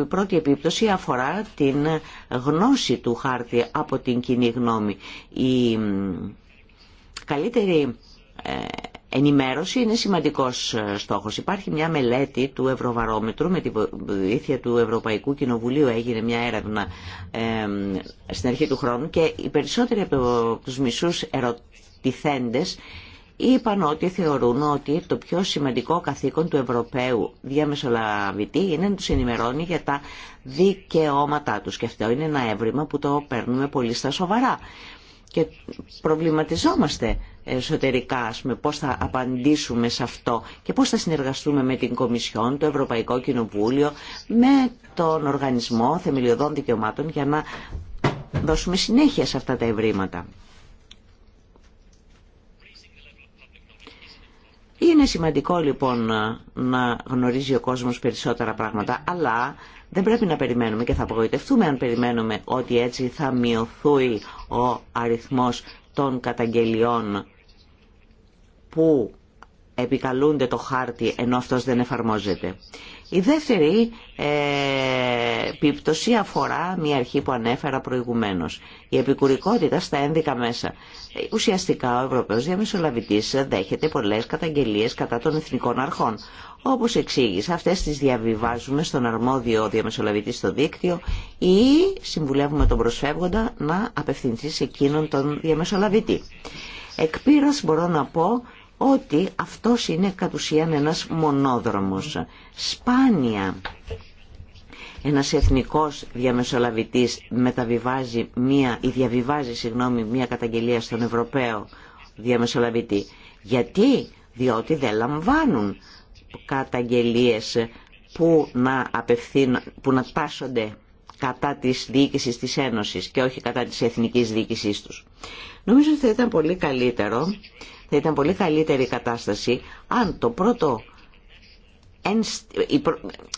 η πρώτη επίπτωση αφορά την γνώση του χάρτη από την κοινή γνώμη. Η καλύτερη ε, ενημέρωση είναι σημαντικός ε, στόχος. Υπάρχει μια μελέτη του Ευρωβαρόμετρου, με τη βοήθεια του Ευρωπαϊκού Κοινοβουλίου έγινε μια έρευνα ε, στην αρχή του χρόνου και οι περισσότεροι από τους μισούς ερωτηθέντες είπαν ότι θεωρούν ότι το πιο σημαντικό καθήκον του Ευρωπαίου διαμεσολαβητή είναι να τους ενημερώνει για τα δικαιώματά τους. Και αυτό είναι ένα έβριμα που το παίρνουμε πολύ στα σοβαρά. Και προβληματιζόμαστε εσωτερικά, ας πούμε, πώς θα απαντήσουμε σε αυτό και πώς θα συνεργαστούμε με την Κομισιόν, το Ευρωπαϊκό Κοινοβούλιο, με τον Οργανισμό Θεμελιωδών Δικαιωμάτων για να δώσουμε συνέχεια σε αυτά τα ευρήματα. Είναι σημαντικό λοιπόν να γνωρίζει ο κόσμος περισσότερα πράγματα, αλλά δεν πρέπει να περιμένουμε και θα απογοητευτούμε αν περιμένουμε ότι έτσι θα μειωθεί ο αριθμός των καταγγελιών που επικαλούνται το χάρτη ενώ αυτός δεν εφαρμόζεται. Η δεύτερη ε, πίπτωση αφορά μια αρχή που ανέφερα προηγουμένως. Η επικουρικότητα στα ένδικα μέσα. Ουσιαστικά ο Ευρωπαίος Διαμεσολαβητής δέχεται πολλές καταγγελίες κατά των εθνικών αρχών. Όπως εξήγησα, αυτές τις διαβιβάζουμε στον αρμόδιο διαμεσολαβητή στο δίκτυο ή συμβουλεύουμε τον προσφεύγοντα να απευθυνθεί σε εκείνον τον διαμεσολαβητή. Εκ μπορώ να πω ότι αυτός είναι κατ' ουσίαν ένας μονόδρομος. Σπάνια ένας εθνικός διαμεσολαβητής μεταβιβάζει μία, διαβιβάζει συγγνώμη, μία καταγγελία στον Ευρωπαίο διαμεσολαβητή. Γιατί, διότι δεν λαμβάνουν καταγγελίες που να, απευθύνουν, που να τάσσονται κατά της διοίκησης της Ένωσης και όχι κατά της εθνικής διοίκησής τους. Νομίζω ότι θα ήταν πολύ καλύτερο, θα ήταν πολύ καλύτερη η κατάσταση αν το πρώτο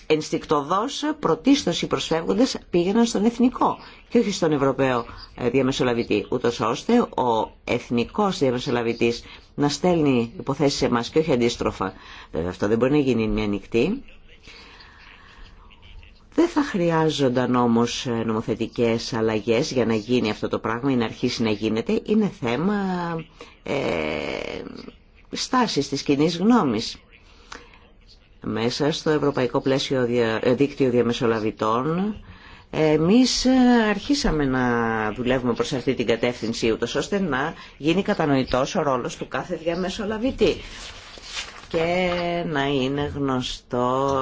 ενστικτοδός πρωτίστως οι προσφεύγοντες πήγαιναν στον εθνικό και όχι στον Ευρωπαίο ε, διαμεσολαβητή, ούτως ώστε ο εθνικός διαμεσολαβητής να στέλνει υποθέσεις σε εμάς και όχι αντίστροφα. Βέβαια αυτό δεν μπορεί να γίνει μια νυχτή. Δεν θα χρειάζονταν όμως ε, νομοθετικές αλλαγές για να γίνει αυτό το πράγμα ή να αρχίσει να γίνεται. Είναι θέμα ε, στάσης της κοινή γνώμης μέσα στο Ευρωπαϊκό Πλαίσιο ε, Δίκτυο Διαμεσολαβητών εμείς ε, αρχίσαμε να δουλεύουμε προς αυτή την κατεύθυνση ούτως ώστε να γίνει κατανοητός ο ρόλος του κάθε διαμεσολαβητή και να είναι γνωστό.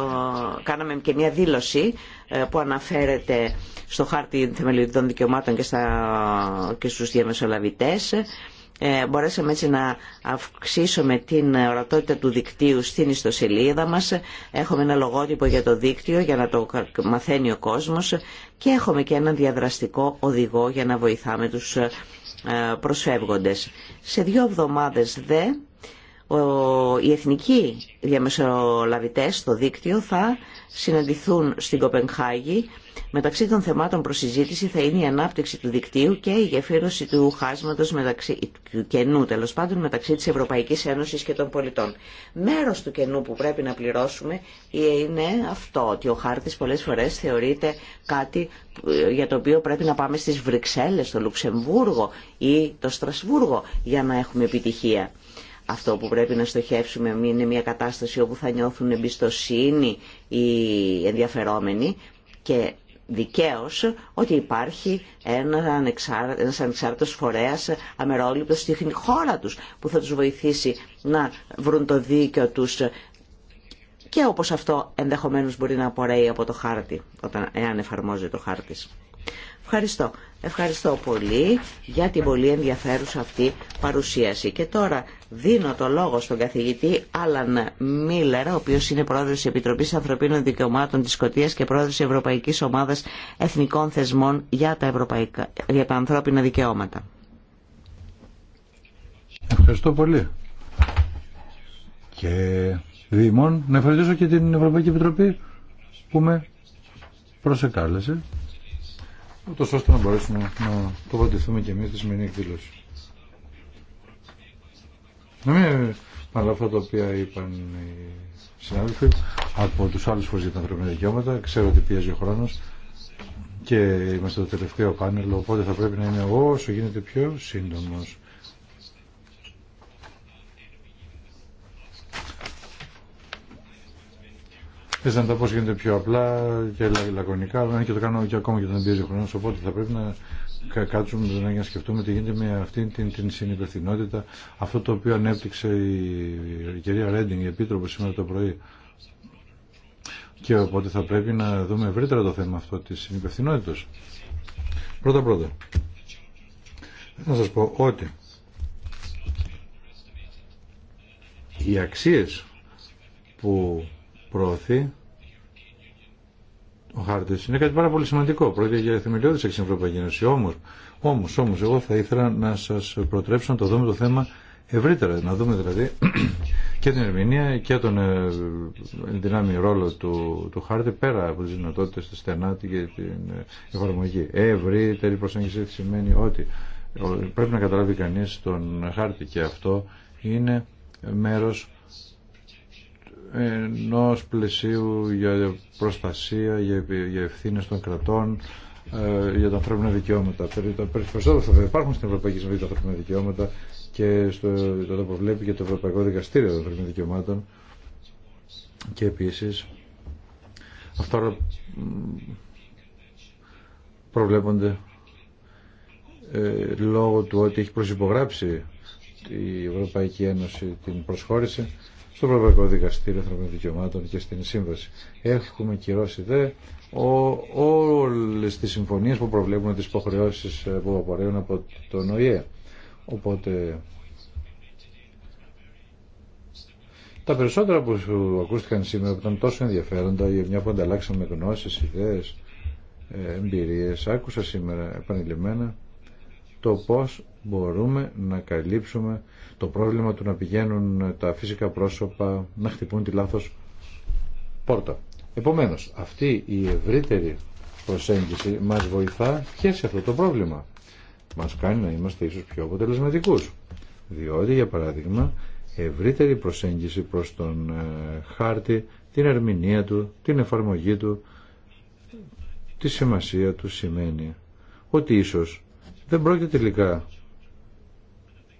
Κάναμε και μια δήλωση ε, που αναφέρεται στο χάρτη θεμελιωδών δικαιωμάτων και, στα, και στους διαμεσολαβητές ε, μπορέσαμε έτσι να αυξήσουμε την ορατότητα του δικτύου στην ιστοσελίδα μας. Έχουμε ένα λογότυπο για το δίκτυο για να το μαθαίνει ο κόσμος και έχουμε και έναν διαδραστικό οδηγό για να βοηθάμε τους ε, προσφεύγοντες. Σε δύο εβδομάδες δε Ό οι εθνικοί διαμεσολαβητές στο δίκτυο θα συναντηθούν στην Κοπενχάγη. Μεταξύ των θεμάτων προς συζήτηση θα είναι η ανάπτυξη του δικτύου και η γεφύρωση του χάσματος μεταξύ, του κενού τέλος πάντων μεταξύ της Ευρωπαϊκής Ένωσης και των πολιτών. Μέρος του κενού που πρέπει να πληρώσουμε είναι αυτό ότι ο χάρτης πολλές φορές θεωρείται κάτι για το οποίο πρέπει να πάμε στις Βρυξέλλες, στο Λουξεμβούργο ή το Στρασβούργο για να έχουμε επιτυχία. Αυτό που πρέπει να στοχεύσουμε είναι μια κατάσταση όπου θα νιώθουν εμπιστοσύνη οι ενδιαφερόμενοι και δικαίως ότι υπάρχει ένα ανεξάρτητος φορέας αμερόληπτος στη χώρα τους που θα τους βοηθήσει να βρουν το δίκαιο τους και όπως αυτό ενδεχομένως μπορεί να απορρέει από το χάρτη, όταν, εάν εφαρμόζει το χάρτη. Ευχαριστώ. Ευχαριστώ πολύ για την πολύ ενδιαφέρουσα αυτή παρουσίαση. Και τώρα δίνω το λόγο στον καθηγητή Άλαν Μίλλερ, ο οποίος είναι πρόεδρος τη Επιτροπής Ανθρωπίνων Δικαιωμάτων της Σκωτία και πρόεδρος τη Ευρωπαϊκής Ομάδας Εθνικών Θεσμών για τα, Ευρωπαϊκά, για τα ανθρώπινα δικαιώματα. Ευχαριστώ πολύ. Και Δήμων, να ευχαριστήσω και την Ευρωπαϊκή Επιτροπή που με προσεκάλεσε ούτως ώστε να μπορέσουμε να το τοποθετηθούμε και εμείς στη σημερινή εκδήλωση. Να μην παρά αυτά τα οποία είπαν οι συνάδελφοι από τους άλλους φορείς για τα ανθρωπινά δικαιώματα. Ξέρω ότι πιέζει ο χρόνος και είμαστε το τελευταίο πάνελ, οπότε θα πρέπει να είναι όσο γίνεται πιο σύντομος. Θε να τα πω γίνεται πιο απλά και λακωνικά, αλλά και το κάνω και ακόμα και τον πιέζει χρόνο, οπότε θα πρέπει να κάτσουμε να σκεφτούμε τι γίνεται με αυτή την, την συνυπευθυνότητα, αυτό το οποίο ανέπτυξε η, κυρία Ρέντινγκ, η Επίτροπο σήμερα το πρωί. Και οπότε θα πρέπει να δούμε ευρύτερα το θέμα αυτό τη συνυπευθυνότητα. Πρώτα πρώτα. Θα σας πω ότι οι αξίες που προωθεί ο Χάρτη. Είναι κάτι πάρα πολύ σημαντικό. Πρόκειται για θεμελιώδη έξι Ευρωπαϊκή Ένωση. όμω όμως, όμως, εγώ θα ήθελα να σα προτρέψω να το δούμε το θέμα ευρύτερα. Να δούμε δηλαδή και την ερμηνεία και τον ε, δυνάμει ρόλο του, του χάρτη πέρα από τι δυνατότητε τη στενάτη και την ε, εφαρμογή. Ευρύτερη προσέγγιση σημαίνει ότι ε, πρέπει να καταλάβει κανεί τον χάρτη και αυτό είναι μέρος Ενό πλαισίου για προστασία, για ευθύνε των κρατών, ε, για τα ανθρώπινα δικαιώματα. Τα θα υπάρχουν στην Ευρωπαϊκή Συμβουλή τα ανθρώπινα δικαιώματα και στο, το προβλέπει και το Ευρωπαϊκό Δικαστήριο των Ανθρωπίνων Δικαιωμάτων. Και επίση αυτά προβλέπονται ε, λόγω του ότι έχει προσυπογράψει η Ευρωπαϊκή Ένωση την προσχώρηση στο Ευρωπαϊκό Δικαστήριο Ανθρωπίνων Δικαιωμάτων και στην Σύμβαση. Έχουμε κυρώσει δε όλε τι συμφωνίε που προβλέπουν τι υποχρεώσει ε, που απορρέουν από τον ΟΗΕ. Οπότε τα περισσότερα που σου ακούστηκαν σήμερα που ήταν τόσο ενδιαφέροντα για μια που ανταλλάξαμε γνώσει, ιδέε, εμπειρίε, άκουσα σήμερα επανειλημμένα το πώ μπορούμε να καλύψουμε το πρόβλημα του να πηγαίνουν τα φυσικά πρόσωπα να χτυπούν τη λάθος πόρτα. Επομένως, αυτή η ευρύτερη προσέγγιση μας βοηθά και σε αυτό το πρόβλημα. Μας κάνει να είμαστε ίσως πιο αποτελεσματικούς. Διότι, για παράδειγμα, ευρύτερη προσέγγιση προς τον ε, χάρτη, την ερμηνεία του, την εφαρμογή του, τη σημασία του σημαίνει ότι ίσως δεν πρόκειται τελικά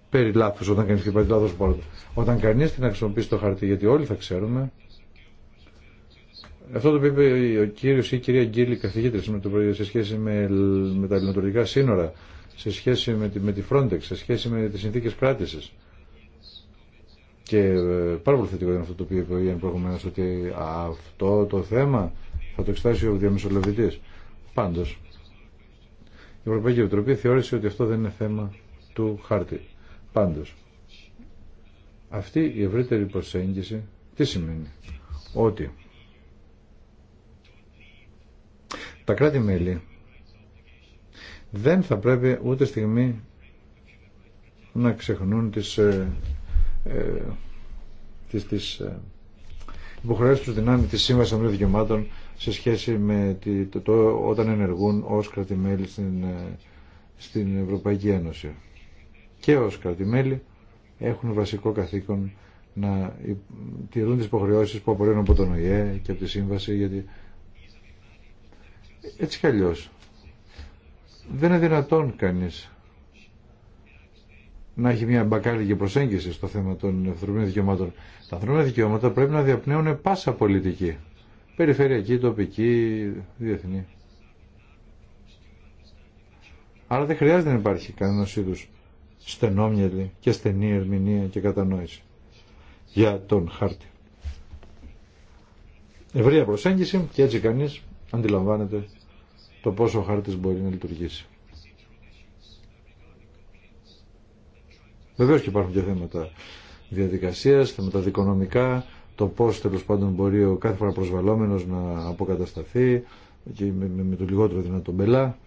περί λάθο, όταν κανείς χτυπάει λάθο πόρτα. Όταν κανεί την αξιοποιήσει το χαρτί, γιατί όλοι θα ξέρουμε, αυτό το οποίο είπε ο κύριο ή η κυρία Γκίλη, καθηγήτρια με το πρωί, σε σχέση με, με τα ελληνοτουρκικά σύνορα, σε σχέση με τη, με τη Frontex, σε σχέση με τι συνθήκε κράτηση. Και ε, πάρα πολύ θετικό είναι αυτό το οποίο είπε ο Ιάννη προηγουμένω, ότι αυτό το θέμα θα το εξετάσει ο διαμεσολαβητή. Πάντω, η Ευρωπαϊκή Επιτροπή θεώρησε ότι αυτό δεν είναι θέμα του χάρτη. Πάντως, αυτή η ευρύτερη προσέγγιση τι σημαίνει. Ότι τα κράτη-μέλη δεν θα πρέπει ούτε στιγμή να ξεχνούν τις, ε, ε, τις, τις ε, υποχρεώσεις τους δυνάμει της Σύμβασης των Δικαιωμάτων σε σχέση με το, όταν ενεργούν ως μέλη στην, ε, στην Ευρωπαϊκή Ένωση και ως κρατημέλη έχουν βασικό καθήκον να τηρούν τις υποχρεώσεις που απορρέουν από τον ΟΗΕ και από τη Σύμβαση γιατί έτσι κι αλλιώς δεν είναι δυνατόν κανείς να έχει μια μπακάλικη προσέγγιση στο θέμα των ανθρωπίνων δικαιωμάτων. Τα ανθρωπίνα δικαιώματα πρέπει να διαπνέουν πάσα πολιτική. Περιφερειακή, τοπική, διεθνή. Άρα δεν χρειάζεται να υπάρχει κανένα είδου στενόμυαλη και στενή ερμηνεία και κατανόηση για τον χάρτη. Ευρεία προσέγγιση και έτσι κανείς αντιλαμβάνεται το πόσο ο χάρτης μπορεί να λειτουργήσει. Βεβαίως και υπάρχουν και θέματα διαδικασίας, θέματα δικονομικά, το πώς τέλος πάντων μπορεί ο κάθε φορά προσβαλόμενος να αποκατασταθεί και με, με, με το λιγότερο δυνατό μπελά.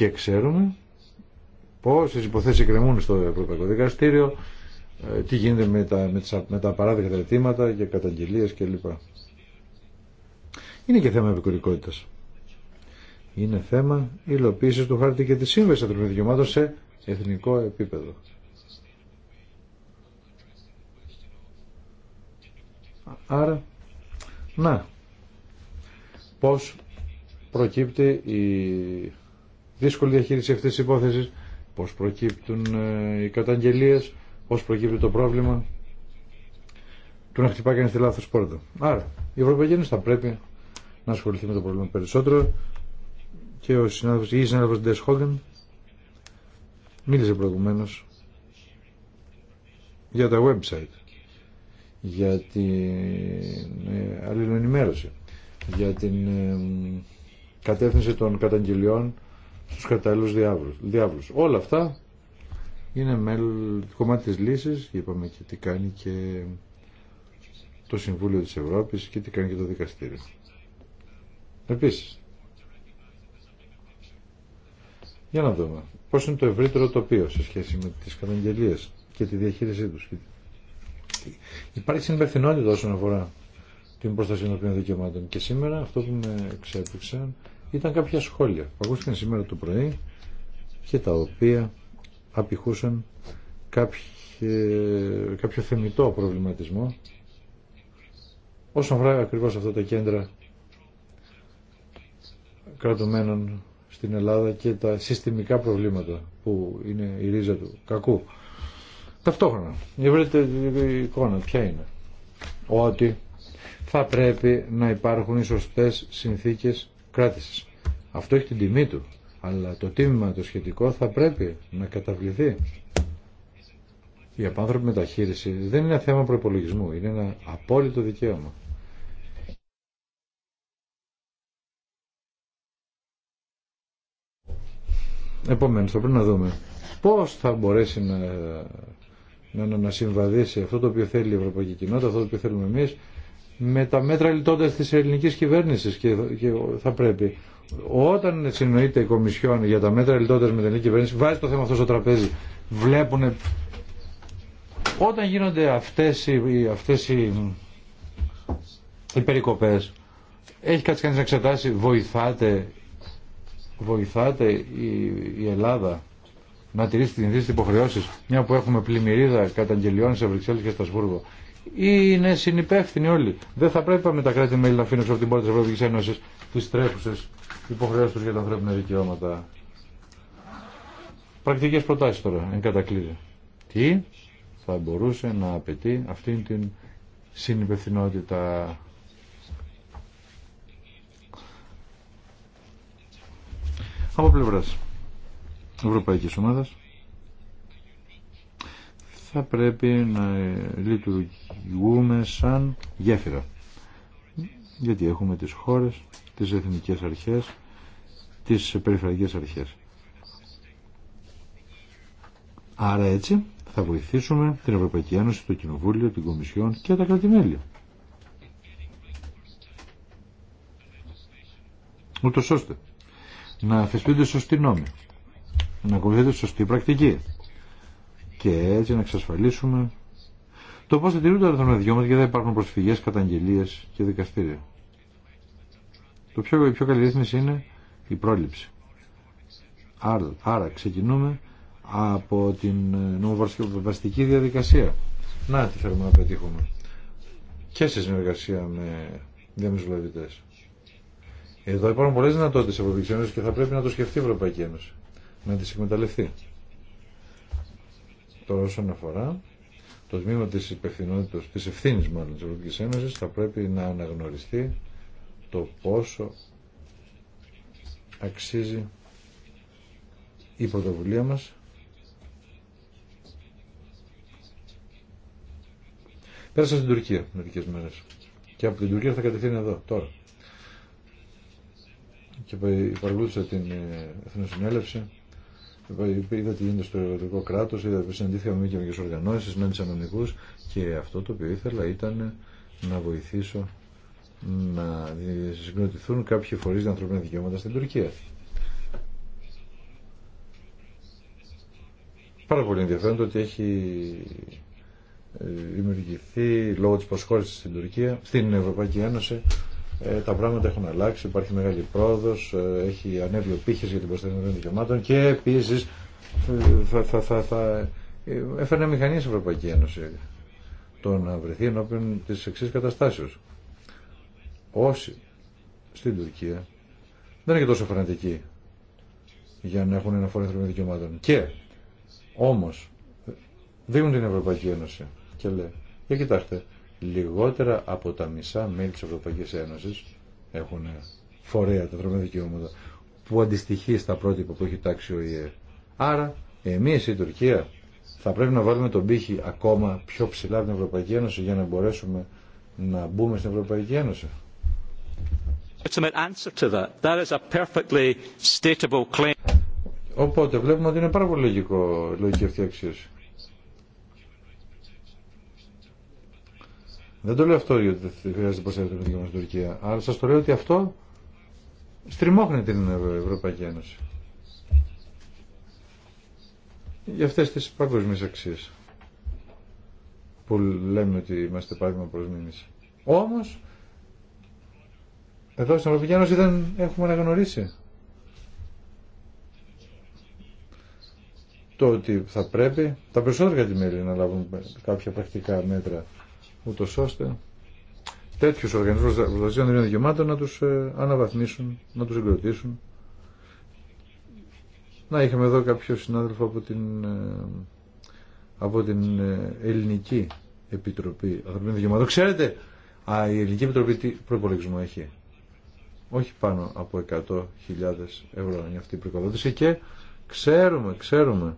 και ξέρουμε πόσες υποθέσεις εκκρεμούν στο Ευρωπαϊκό Δικαστήριο, ε, τι γίνεται με τα, με, τις, τα αιτήματα και καταγγελίες κλπ. Είναι και θέμα επικουρικότητας. Είναι θέμα υλοποίησης του χάρτη και της σύμβασης ανθρωπινών δικαιωμάτων σε εθνικό επίπεδο. Άρα, να, πώς προκύπτει η δύσκολη διαχείριση αυτής της υπόθεσης, πώς προκύπτουν ε, οι καταγγελίες, πώς προκύπτει το πρόβλημα του να χτυπάει κανείς τη λάθος πόρτα. Άρα, η Ευρωπαϊκή Ένωση θα πρέπει να ασχοληθεί με το πρόβλημα περισσότερο και ο συνάδελφος, η συνάδελφος Ντες Χόγκεν μίλησε προηγουμένως για τα website, για την ε, αλληλοενημέρωση, για την ε, κατεύθυνση των καταγγελιών στους κατάλληλους διάβλους. Όλα αυτά είναι κομμάτι της λύσης, είπαμε και τι κάνει και το Συμβούλιο της Ευρώπης και τι κάνει και το Δικαστήριο. Επίσης, για να δούμε πώς είναι το ευρύτερο τοπίο σε σχέση με τις καταγγελίες και τη διαχείρισή τους. Υπάρχει συμπευθυνότητα όσον αφορά την προστασία των δικαιωμάτων και σήμερα αυτό που με εξέπληξαν ήταν κάποια σχόλια που ακούστηκαν σήμερα το πρωί και τα οποία απηχούσαν κάποιο, κάποιο θεμητό προβληματισμό όσον αφορά ακριβώς αυτά τα κέντρα κρατουμένων στην Ελλάδα και τα συστημικά προβλήματα που είναι η ρίζα του κακού. Ταυτόχρονα, για βρείτε την εικόνα, ποια είναι. Ότι θα πρέπει να υπάρχουν οι σωστές συνθήκες αυτό έχει την τιμή του, αλλά το τίμημα το σχετικό θα πρέπει να καταβληθεί. Η απάνθρωπη μεταχείριση δεν είναι θέμα προπολογισμού, είναι ένα απόλυτο δικαίωμα. Επομένω, θα πρέπει να δούμε πώς θα μπορέσει να, να, να συμβαδίσει αυτό το οποίο θέλει η Ευρωπαϊκή Κοινότητα, αυτό το οποίο θέλουμε εμείς με τα μέτρα λιτότητας της ελληνικής κυβέρνησης και, και θα πρέπει όταν συνοείται η Κομισιόν για τα μέτρα λιτότητας με την ελληνική κυβέρνηση βάζει το θέμα αυτό στο τραπέζι βλέπουν όταν γίνονται αυτές οι, αυτές οι, οι περικοπές έχει κάτι κανείς να εξετάσει βοηθάτε βοηθάτε η, η Ελλάδα να τηρήσει την υποχρεώσει, μια που έχουμε πλημμυρίδα καταγγελιών σε Βρυξέλλες και Στασβούργο είναι συνυπεύθυνοι όλοι. Δεν θα πρέπει με τα κράτη-μέλη να αφήνουν από την πόρτα τη Ευρωπαϊκή Ένωση τι τρέχουσε υποχρεώσει του για τα ανθρώπινα δικαιώματα. Πρακτικέ προτάσει τώρα, εν κατακλείδη. Τι θα μπορούσε να απαιτεί αυτήν την συνυπευθυνότητα. Από πλευρά Ευρωπαϊκή Ομάδα θα πρέπει να λειτουργούμε σαν γέφυρα. Γιατί έχουμε τις χώρες, τις εθνικές αρχές, τις περιφερειακές αρχές. Άρα έτσι θα βοηθήσουμε την Ευρωπαϊκή Ένωση, το Κοινοβούλιο, την Κομισιόν και τα κρατημέλια. Ούτως ώστε να θεσπίδεται σωστοί νόμοι, να ακολουθείτε σωστή πρακτική, και έτσι να εξασφαλίσουμε το πώ θα τηρούνται τα αρθροναδιό μα γιατί δεν υπάρχουν προσφυγέ, καταγγελίε και δικαστήρια. Το πιο, η πιο καλή ρύθμιση είναι η πρόληψη. Άρα, άρα ξεκινούμε από την νομοβαστική διαδικασία. Να τι θέλουμε να πετύχουμε. Και σε συνεργασία με διαμεσολαβητέ. Εδώ υπάρχουν πολλές δυνατότητες Ευρωπαϊκή Ένωση και θα πρέπει να το σκεφτεί η Ευρωπαϊκή Ένωση. Να τι εκμεταλλευτεί. Τώρα όσον αφορά το τμήμα της υπευθυνότητας, της ευθύνης μάλλον της Ευρωπαϊκής Ένωσης θα πρέπει να αναγνωριστεί το πόσο αξίζει η πρωτοβουλία μας Πέρασα στην Τουρκία μερικές μέρες και από την Τουρκία θα κατευθύνει εδώ τώρα και παρακολούθησα την ε, Εθνοσυνέλευση Είδα τι γίνεται στο Ευρωπαϊκό κράτο, συναντήθηκαμε και με οργανώσει, με αντισανομικού και αυτό το οποίο ήθελα ήταν να βοηθήσω να συγκροτηθούν κάποιοι φορεί για ανθρώπινα δικαιώματα στην Τουρκία. Πάρα πολύ ενδιαφέρον το ότι έχει ε, δημιουργηθεί λόγω τη προσχώρηση στην Τουρκία, στην Ευρωπαϊκή Ένωση, ε, τα πράγματα έχουν αλλάξει, υπάρχει μεγάλη πρόοδος, ε, έχει ανέβει ο πύχη για την προστασία των δικαιωμάτων και επίσης ε, θα, θα, έφερνε μηχανή στην Ευρωπαϊκή Ένωση το να βρεθεί ενώπιον τη εξή καταστάσεω. Όσοι στην Τουρκία δεν είναι και τόσο φανατικοί για να έχουν ένα φόρο δικαιωμάτων και όμως δίνουν την Ευρωπαϊκή Ένωση και λέει, για κοιτάξτε, λιγότερα από τα μισά μέλη της Ευρωπαϊκής Ένωσης έχουν φορέα τα δρομένα δικαιώματα που αντιστοιχεί στα πρότυπα που έχει τάξει ο ΙΕ. Άρα εμείς η Τουρκία θα πρέπει να βάλουμε τον πύχη ακόμα πιο ψηλά από την Ευρωπαϊκή Ένωση για να μπορέσουμε να μπούμε στην Ευρωπαϊκή Ένωση. Οπότε βλέπουμε ότι είναι πάρα πολύ λογικό, λογική αυτή η αξίωση. Δεν το λέω αυτό γιατί δεν χρειάζεται προσέγγιση με μας στην Τουρκία, αλλά σας το λέω ότι αυτό στριμώχνει την Ευρωπαϊκή Ένωση. Για αυτέ τις παγκοσμίες αξίες που λέμε ότι είμαστε παράδειγμα προ μήνυση. Όμως, εδώ στην Ευρωπαϊκή Ένωση δεν έχουμε αναγνωρίσει το ότι θα πρέπει τα περισσότερα μέλη να λάβουν κάποια πρακτικά μέτρα ούτως ώστε τέτοιους οργανισμούς προστασία να τους ε, αναβαθμίσουν, να τους εγκροτήσουν. Να είχαμε εδώ κάποιο συνάδελφο από την, ε, από την ε, Ελληνική Επιτροπή Ανθρωπίνων Δικαιωμάτων. Ξέρετε, η Ελληνική Επιτροπή τι προπολογισμό έχει. Όχι πάνω από 100.000 ευρώ είναι αυτή η προκολότηση και ξέρουμε, ξέρουμε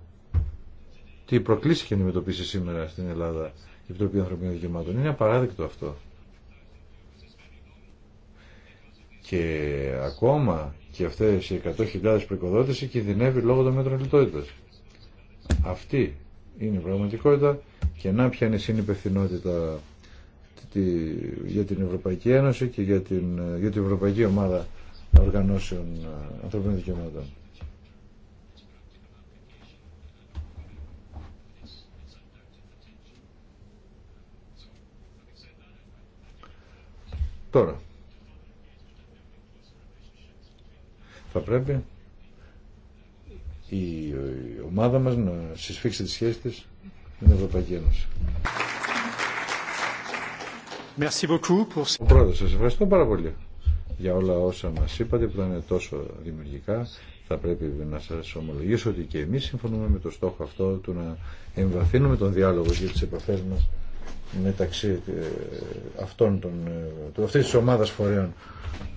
τι προκλήσει έχει αντιμετωπίσει σήμερα στην Ελλάδα Επιτροπή Ανθρωπίνων Δικαιωμάτων. Είναι απαράδεκτο αυτό. Και ακόμα και αυτές οι 100.000 προοικοδότηση κινδυνεύει λόγω των μέτρων λιτότητας. Αυτή είναι η πραγματικότητα και να πιάνει είναι η συνυπευθυνότητα για την Ευρωπαϊκή Ένωση και για την, για την Ευρωπαϊκή Ομάδα Οργανώσεων ε, Ανθρωπίνων Δικαιωμάτων. Τώρα, θα πρέπει η ομάδα μας να συσφίξει τις σχέσεις της με την Ευρωπαϊκή Ένωση. Merci beaucoup pour... Ο πρόεδρος, σας ευχαριστώ πάρα πολύ για όλα όσα μας είπατε που είναι τόσο δημιουργικά. Θα πρέπει να σας ομολογήσω ότι και εμείς συμφωνούμε με το στόχο αυτό του να εμβαθύνουμε τον διάλογο για τις επαφές μας μεταξύ ε, αυτών των, ε, αυτής της ομάδας φορέων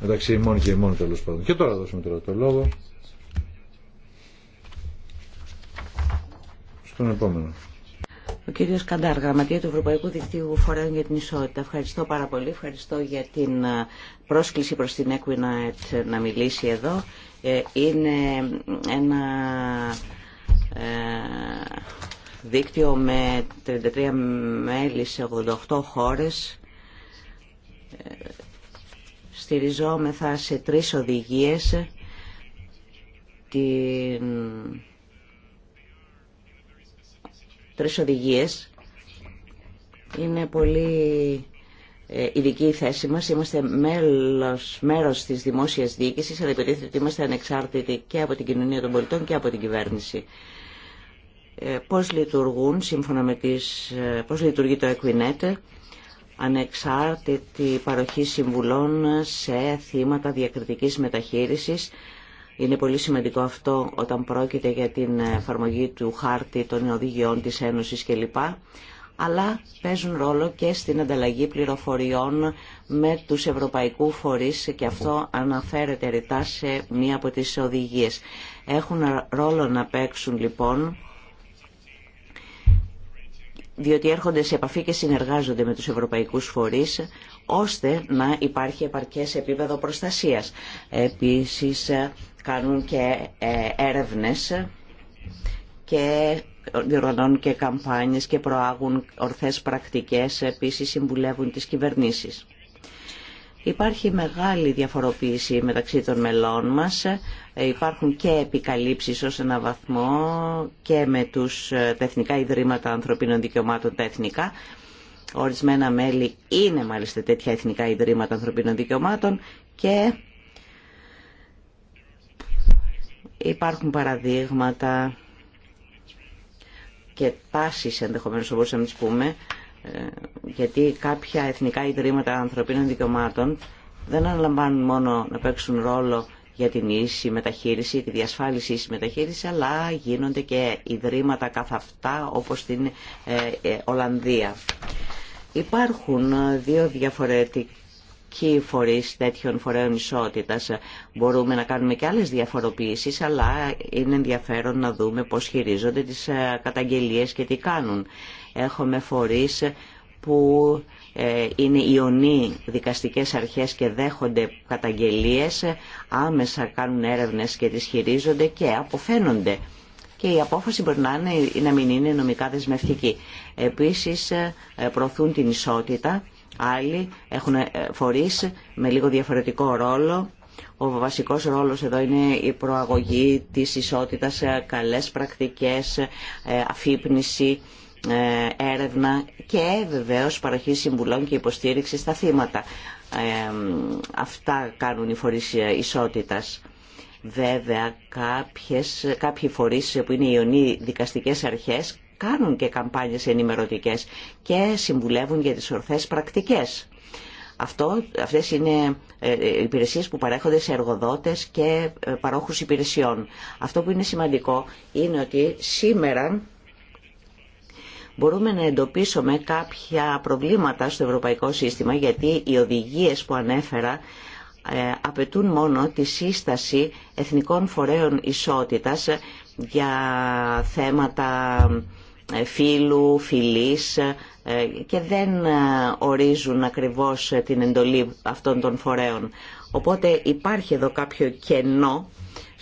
μεταξύ ημών και ημών τέλος πάντων. Και τώρα δώσουμε τώρα το λόγο στον επόμενο. Ο κύριος Καντάρ, Γραμματεία του Ευρωπαϊκού Δικτύου Φορέων για την Ισότητα. Ευχαριστώ πάρα πολύ. Ευχαριστώ για την ε, πρόσκληση προς την Equinet να μιλήσει εδώ. Είναι ένα δίκτυο με 33 μέλη σε 88 χώρες. Στηριζόμεθα σε τρεις οδηγίες την... τρεις οδηγίες είναι πολύ ε, ειδική η θέση μας. Είμαστε μέλος, μέρος της δημόσιας διοίκησης, αλλά υποτίθεται ότι είμαστε ανεξάρτητοι και από την κοινωνία των πολιτών και από την κυβέρνηση. Ε, πώς λειτουργούν σύμφωνα με τις, ε, πώς λειτουργεί το Equinet ανεξάρτητη παροχή συμβουλών σε θύματα διακριτικής μεταχείρισης. Είναι πολύ σημαντικό αυτό όταν πρόκειται για την εφαρμογή του χάρτη των οδηγιών της Ένωσης κλπ. Αλλά παίζουν ρόλο και στην ανταλλαγή πληροφοριών με τους ευρωπαϊκού φορείς και αυτό αναφέρεται ρητά σε μία από τις οδηγίες. Έχουν ρόλο να παίξουν λοιπόν διότι έρχονται σε επαφή και συνεργάζονται με τους ευρωπαϊκούς φορείς ώστε να υπάρχει επαρκές επίπεδο προστασίας. Επίσης ε, κάνουν και ε, έρευνες και διοργανώνουν και καμπάνιες και προάγουν ορθές πρακτικές, επίσης συμβουλεύουν τις κυβερνήσεις. Υπάρχει μεγάλη διαφοροποίηση μεταξύ των μελών μας. Ε, υπάρχουν και επικαλύψεις ως ένα βαθμό και με τους ε, Εθνικά Ιδρύματα Ανθρωπίνων Δικαιωμάτων τα εθνικά. Ορισμένα μέλη είναι μάλιστα τέτοια Εθνικά Ιδρύματα Ανθρωπίνων Δικαιωμάτων και υπάρχουν παραδείγματα και τάσεις ενδεχομένως όπως να τις πούμε ε, γιατί κάποια εθνικά ιδρύματα ανθρωπίνων δικαιωμάτων δεν αναλαμβάνουν μόνο να παίξουν ρόλο για την ίση μεταχείριση, τη διασφάλιση ίση μεταχείριση, αλλά γίνονται και ιδρύματα καθ' αυτά όπως στην ε, ε, Ολλανδία. Υπάρχουν ε, δύο διαφορετικοί φορείς τέτοιων φορέων ισότητας. Μπορούμε να κάνουμε και άλλες διαφοροποιήσεις, αλλά είναι ενδιαφέρον να δούμε πώς χειρίζονται τις καταγγελίες και τι κάνουν. Έχουμε φορείς που ε, είναι ιονοί δικαστικές αρχές και δέχονται καταγγελίες, άμεσα κάνουν έρευνες και τις χειρίζονται και αποφαίνονται. Και η απόφαση μπορεί να είναι να μην είναι νομικά δεσμευτική. Επίσης ε, προωθούν την ισότητα. Άλλοι έχουν ε, φορείς με λίγο διαφορετικό ρόλο. Ο βασικός ρόλος εδώ είναι η προαγωγή της ισότητας, καλές πρακτικές, αφύπνιση, ε, έρευνα και βεβαίως παροχή συμβουλών και υποστήριξη στα θύματα. Ε, αυτά κάνουν οι φορείς ε, ισότητας. Βέβαια κάποιες, κάποιοι φορείς που είναι οι ιονοί δικαστικές αρχές κάνουν και καμπάνιες ενημερωτικές και συμβουλεύουν για τις ορθές πρακτικές. Αυτό, αυτές είναι υπηρεσίες που παρέχονται σε εργοδότες και παρόχους υπηρεσιών. Αυτό που είναι σημαντικό είναι ότι σήμερα μπορούμε να εντοπίσουμε κάποια προβλήματα στο ευρωπαϊκό σύστημα γιατί οι οδηγίες που ανέφερα ε, απαιτούν μόνο τη σύσταση εθνικών φορέων ισότητας για θέματα ε, φίλου, φιλής ε, και δεν ορίζουν ακριβώς την εντολή αυτών των φορέων. Οπότε υπάρχει εδώ κάποιο κενό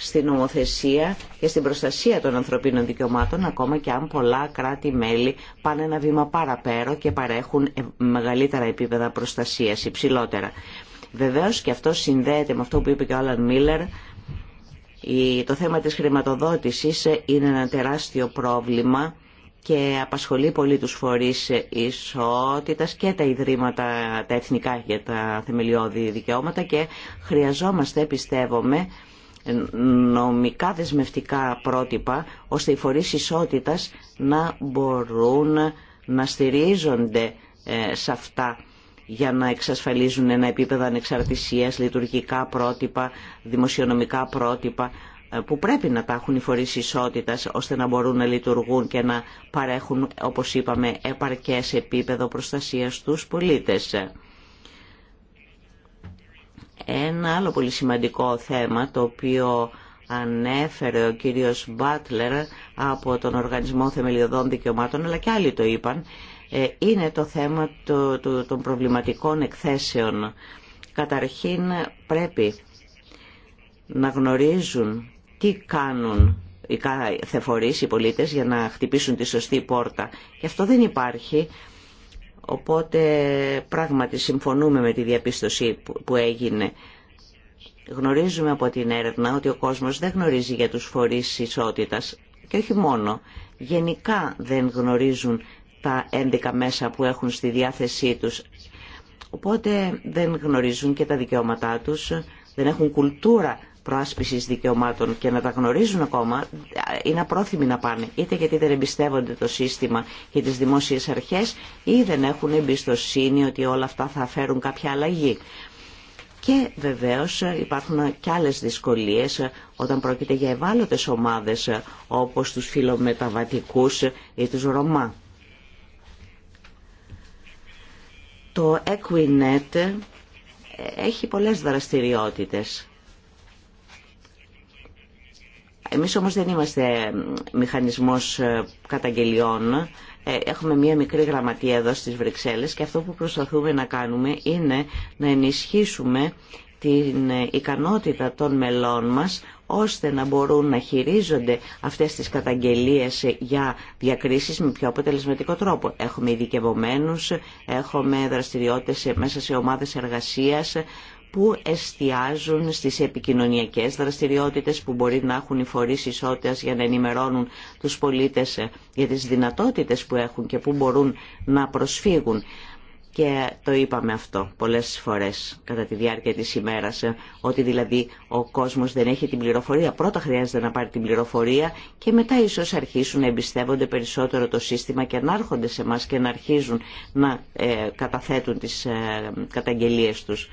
στην νομοθεσία και στην προστασία των ανθρωπίνων δικαιωμάτων, ακόμα και αν πολλά κράτη-μέλη πάνε ένα βήμα παραπέρα και παρέχουν μεγαλύτερα επίπεδα προστασίας, υψηλότερα. Βεβαίως και αυτό συνδέεται με αυτό που είπε και ο Άλαν Μίλλερ, το θέμα της χρηματοδότησης είναι ένα τεράστιο πρόβλημα και απασχολεί πολύ τους φορείς ισότητας και τα ιδρύματα τα εθνικά για τα θεμελιώδη δικαιώματα και χρειαζόμαστε, πιστεύομαι, νομικά δεσμευτικά πρότυπα ώστε οι φορείς ισότητας να μπορούν να στηρίζονται ε, σε αυτά για να εξασφαλίζουν ένα επίπεδο ανεξαρτησίας, λειτουργικά πρότυπα, δημοσιονομικά πρότυπα ε, που πρέπει να τα έχουν οι φορείς ισότητας ώστε να μπορούν να λειτουργούν και να παρέχουν, όπως είπαμε, επαρκές επίπεδο προστασίας στους πολίτες. Ένα άλλο πολύ σημαντικό θέμα το οποίο ανέφερε ο κύριος Μπάτλερ από τον Οργανισμό Θεμελιωδών Δικαιωμάτων αλλά και άλλοι το είπαν ε, είναι το θέμα των προβληματικών εκθέσεων. Καταρχήν πρέπει να γνωρίζουν τι κάνουν οι θεφορείς, οι πολίτες για να χτυπήσουν τη σωστή πόρτα. Και αυτό δεν υπάρχει Οπότε πράγματι συμφωνούμε με τη διαπίστωση που έγινε. Γνωρίζουμε από την έρευνα ότι ο κόσμος δεν γνωρίζει για τους φορείς ισότητας και όχι μόνο. Γενικά δεν γνωρίζουν τα ένδικα μέσα που έχουν στη διάθεσή τους. Οπότε δεν γνωρίζουν και τα δικαιώματά τους, δεν έχουν κουλτούρα προάσπιση δικαιωμάτων και να τα γνωρίζουν ακόμα είναι απρόθυμοι να πάνε είτε γιατί δεν εμπιστεύονται το σύστημα και τις δημόσιες αρχές ή δεν έχουν εμπιστοσύνη ότι όλα αυτά θα φέρουν κάποια αλλαγή. Και βεβαίω υπάρχουν και άλλες δυσκολίες όταν πρόκειται για ευάλωτε ομάδες όπως τους φιλομεταβατικού ή του Ρωμά. Το Equinet έχει πολλές δραστηριότητες εμείς όμως δεν είμαστε μηχανισμός ε, καταγγελιών. Ε, έχουμε μία μικρή γραμματεία εδώ στις Βρυξέλλες και αυτό που προσπαθούμε να κάνουμε είναι να ενισχύσουμε την ε, ικανότητα των μελών μας ώστε να μπορούν να χειρίζονται αυτές τις καταγγελίες για διακρίσεις με πιο αποτελεσματικό τρόπο. Έχουμε ειδικευμένους, έχουμε δραστηριότητες μέσα σε ομάδες εργασίας, που εστιάζουν στις επικοινωνιακές δραστηριότητες που μπορεί να έχουν οι φορείς ισότητας για να ενημερώνουν τους πολίτες ε, για τις δυνατότητες που έχουν και που μπορούν να προσφύγουν. Και το είπαμε αυτό πολλές φορές κατά τη διάρκεια της ημέρας, ε, ότι δηλαδή ο κόσμος δεν έχει την πληροφορία. Πρώτα χρειάζεται να πάρει την πληροφορία και μετά ίσως αρχίσουν να εμπιστεύονται περισσότερο το σύστημα και να έρχονται σε εμά και να αρχίζουν να ε, καταθέτουν τις καταγγελίες τους.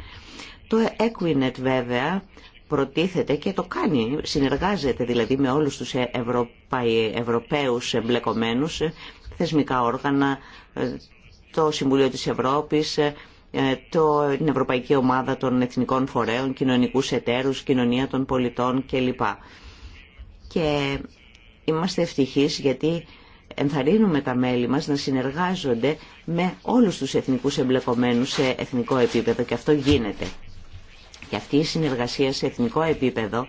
Το Equinet βέβαια προτίθεται και το κάνει, συνεργάζεται δηλαδή με όλους τους ε, Ευρωπαϊ, Ευρωπαίους εμπλεκομένους, ε, θεσμικά όργανα, ε, το Συμβουλίο της Ευρώπης, το, την Ευρωπαϊκή Ομάδα των Εθνικών Φορέων, κοινωνικούς εταίρους, κοινωνία των πολιτών κλπ. Και είμαστε ευτυχείς γιατί ενθαρρύνουμε τα μέλη μας να συνεργάζονται με όλους τους εθνικούς εμπλεκομένους σε εθνικό επίπεδο και αυτό γίνεται. Και αυτή η συνεργασία σε εθνικό επίπεδο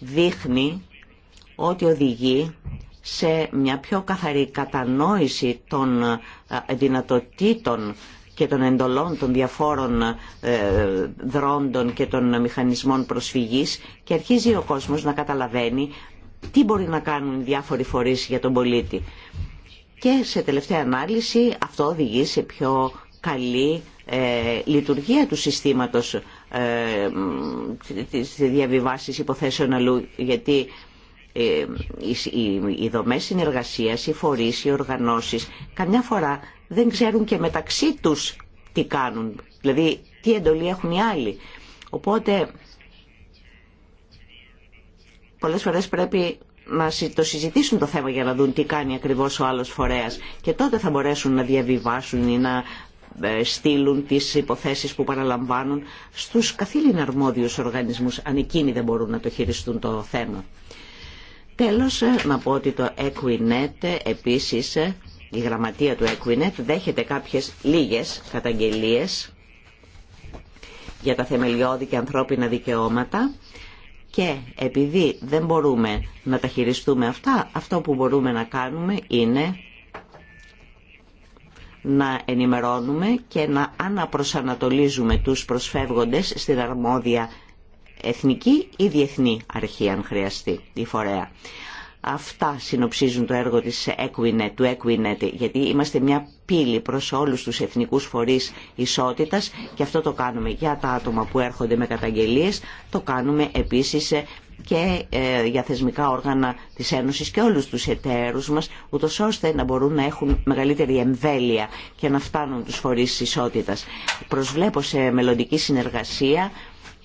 δείχνει ότι οδηγεί σε μια πιο καθαρή κατανόηση των ε, δυνατοτήτων και των εντολών των διαφόρων ε, δρόντων και των μηχανισμών προσφυγής και αρχίζει ο κόσμος να καταλαβαίνει τι μπορεί να κάνουν οι διάφοροι φορείς για τον πολίτη. Και σε τελευταία ανάλυση αυτό οδηγεί σε πιο καλή ε, λειτουργία του συστήματος ε, της διαβιβάσεις υποθέσεων αλλού, γιατί ε, οι δομές συνεργασίας, οι φορείς, οι οργανώσεις, καμιά φορά δεν ξέρουν και μεταξύ τους τι κάνουν, δηλαδή τι εντολή έχουν οι άλλοι. Οπότε πολλές φορές πρέπει να το συζητήσουν το θέμα για να δουν τι κάνει ακριβώς ο άλλος φορέας και τότε θα μπορέσουν να διαβιβάσουν ή να ε, στείλουν τις υποθέσεις που παραλαμβάνουν στους καθήλυν αρμόδιους οργανισμούς, αν εκείνοι δεν μπορούν να το χειριστούν το θέμα. Τέλος, ε, να πω ότι το Equinet ε, επίσης, η γραμματεία του Equinet δέχεται κάποιες λίγες καταγγελίες για τα θεμελιώδη και ανθρώπινα δικαιώματα και επειδή δεν μπορούμε να τα χειριστούμε αυτά, αυτό που μπορούμε να κάνουμε είναι να ενημερώνουμε και να αναπροσανατολίζουμε τους προσφεύγοντες στην αρμόδια εθνική ή διεθνή αρχή αν χρειαστεί η φορέα. Αυτά συνοψίζουν το έργο της Equinet, του Equinet, γιατί είμαστε μια πύλη προς όλους τους εθνικούς φορείς ισότητας και αυτό το κάνουμε για τα άτομα που έρχονται με καταγγελίες, το κάνουμε επίσης και ε, για θεσμικά όργανα της Ένωσης και όλους τους εταίρους μας, ούτω ώστε να μπορούν να έχουν μεγαλύτερη εμβέλεια και να φτάνουν τους φορείς ισότητας. Προσβλέπω σε μελλοντική συνεργασία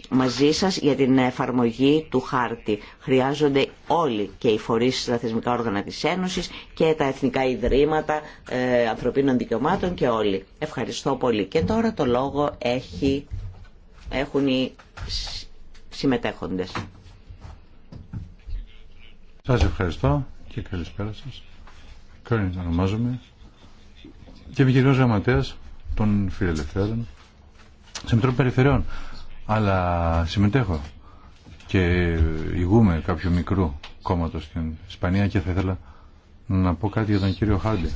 μαζί σας για την εφαρμογή του χάρτη. Χρειάζονται όλοι και οι φορείς στα θεσμικά όργανα της Ένωσης και τα Εθνικά Ιδρύματα ε, Ανθρωπίνων Δικαιωμάτων και όλοι. Ευχαριστώ πολύ. Και τώρα το λόγο έχει, έχουν οι συμμετέχοντες. Σας ευχαριστώ και καλησπέρα σας. να ονομάζομαι και κυρίως γραμματέας των φιλελευθέρων σε Μητρό Περιφερειών. Αλλά συμμετέχω και ηγούμε κάποιο μικρού κόμματο στην Ισπανία και θα ήθελα να πω κάτι για τον κύριο Χάντι.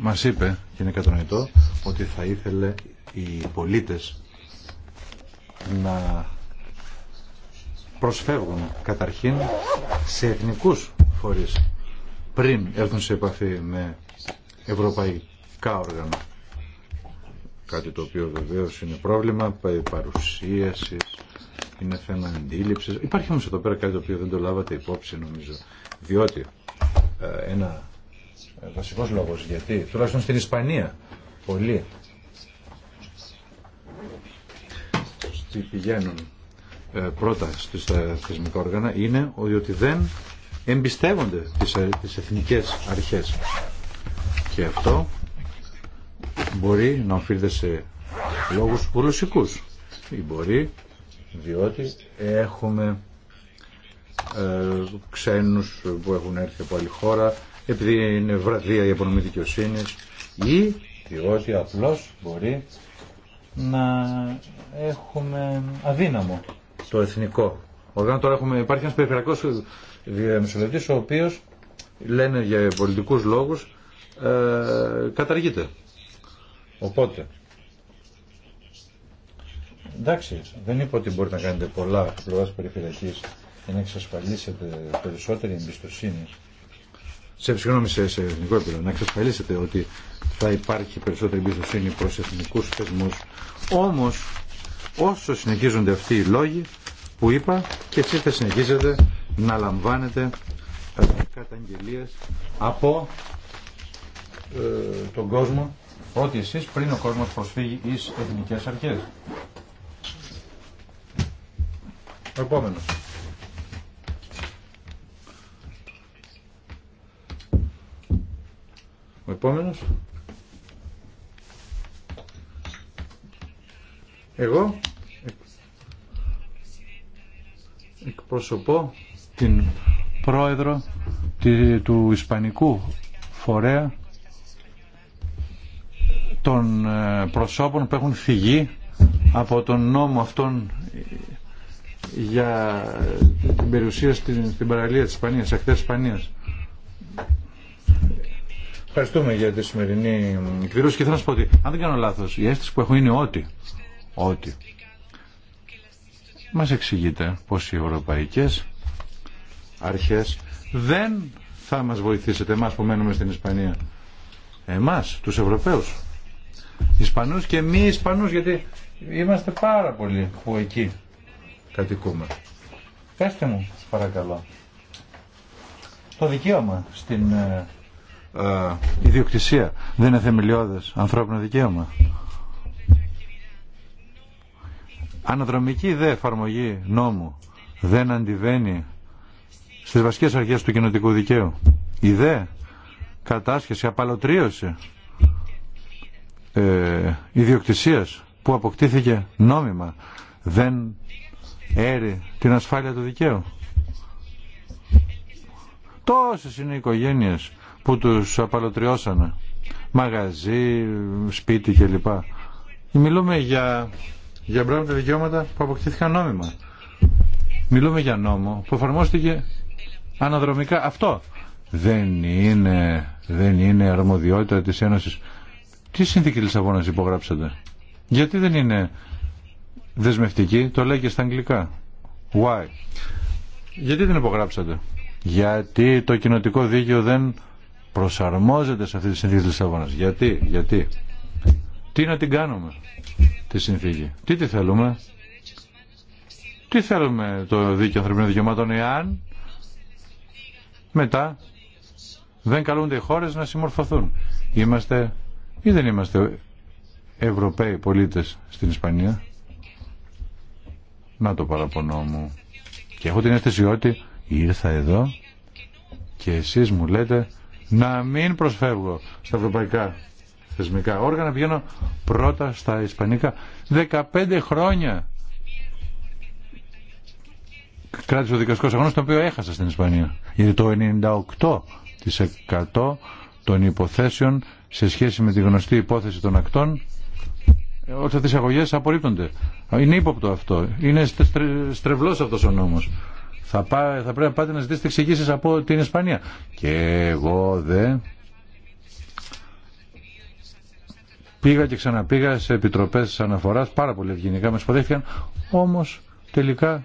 Μας είπε και είναι κατανοητό ότι θα ήθελε οι πολίτες να προσφεύγουν καταρχήν σε εθνικούς φορείς πριν έρθουν σε επαφή με ευρωπαϊκά όργανα. Κάτι το οποίο βεβαίω είναι πρόβλημα παρουσίαση, είναι θέμα αντίληψη. Υπάρχει όμω εδώ πέρα κάτι το οποίο δεν το λάβατε υπόψη νομίζω. Διότι ε, ένα ε, βασικό λόγο. γιατί, τουλάχιστον στην Ισπανία, πολλοί ε, πηγαίνουν ε, πρώτα στις ε, θεσμικά όργανα είναι ότι δεν εμπιστεύονται ε, τις, εθνικές αρχές. Και αυτό μπορεί να οφείλεται σε λόγους γλωσσικούς ή μπορεί διότι έχουμε ε, ξένους που έχουν έρθει από άλλη χώρα επειδή είναι βραδία η απονομή δικαιοσύνη ή διότι απλώς μπορεί να έχουμε αδύναμο το εθνικό Όταν Τώρα έχουμε, υπάρχει ένας περιφερειακός ο οποίος λένε για πολιτικούς λόγους ε, καταργείται. Οπότε, εντάξει, δεν είπα ότι μπορείτε να κάνετε πολλά πλευράς περιφερειακής για να εξασφαλίσετε περισσότερη εμπιστοσύνη σε, συγγνώμη, σε, εθνικό επίπεδο, να εξασφαλίσετε ότι θα υπάρχει περισσότερη εμπιστοσύνη προς εθνικούς θεσμούς. Όμως, όσο συνεχίζονται αυτοί οι λόγοι που είπα και εσείς θα συνεχίζετε να λαμβάνετε ε, καταγγελίες από ε, τον κόσμο ότι εσείς πριν ο κόσμος προσφύγει εις εθνικές αρχές. Επόμενος. Ο επόμενος. Εγώ εκπροσωπώ την πρόεδρο του Ισπανικού Φορέα των ε, προσώπων που έχουν φυγεί από τον νόμο αυτόν για την περιουσία στην, στην παραλία της Ισπανίας, εχθές Ισπανίας. Ευχαριστούμε για τη σημερινή εκδήλωση και θέλω να σας πω ότι αν δεν κάνω λάθος η αίσθηση που έχω είναι ότι ότι μας εξηγείται πως οι ευρωπαϊκές αρχές δεν θα μας βοηθήσετε εμάς που μένουμε στην Ισπανία εμάς, τους Ευρωπαίους Ισπανούς και μη Ισπανούς γιατί είμαστε πάρα πολύ που εκεί κατοικούμε πέστε μου παρακαλώ το δικαίωμα στην ε, ε ιδιοκτησία δεν είναι θεμελιώδες ανθρώπινο δικαίωμα αναδρομική δε εφαρμογή νόμου δεν αντιβαίνει στις βασικές αρχές του κοινοτικού δικαίου. Η δε κατάσχεση, απαλωτρίωση ε, ιδιοκτησίας που αποκτήθηκε νόμιμα δεν έρει την ασφάλεια του δικαίου. Τόσες είναι οι οικογένειες που τους απαλωτριώσανε. Μαγαζί, σπίτι κλπ. Μιλούμε για για πράγματα δικαιώματα που αποκτήθηκαν νόμιμα. Μιλούμε για νόμο που εφαρμόστηκε αναδρομικά. Αυτό δεν είναι, δεν είναι αρμοδιότητα της Ένωσης. Τι συνθήκη Λισαβόνας υπογράψατε. Γιατί δεν είναι δεσμευτική, το λέει και στα αγγλικά. Why. Γιατί δεν υπογράψατε. Γιατί το κοινοτικό δίκαιο δεν προσαρμόζεται σε αυτή τη συνθήκη της Λισαβόνας. Γιατί, γιατί. Τι να την κάνουμε, τη συνθήκη. Τι τη θέλουμε. Τι θέλουμε το δίκαιο ανθρωπίνων δικαιωμάτων εάν μετά δεν καλούνται οι χώρες να συμμορφωθούν. Είμαστε ή δεν είμαστε Ευρωπαίοι πολίτες στην Ισπανία. Να το παραπονώ μου. Και έχω την αίσθηση ότι ήρθα εδώ και εσείς μου λέτε να μην προσφεύγω στα ευρωπαϊκά θεσμικά όργανα, πηγαίνω πρώτα στα ισπανικά. 15 χρόνια κράτησε ο δικαστικό αγώνα, τον οποίο έχασα στην Ισπανία. Γιατί το 98% των υποθέσεων σε σχέση με τη γνωστή υπόθεση των ακτών, όλε τις οι αγωγέ απορρίπτονται. Είναι ύποπτο αυτό. Είναι στρεβλός αυτός ο νόμος. Θα, πρέπει να πάτε να ζητήσετε εξηγήσει από την Ισπανία. Και εγώ δεν πήγα και ξαναπήγα σε επιτροπές αναφοράς, πάρα πολύ ευγενικά με σποδέχτηκαν, όμως τελικά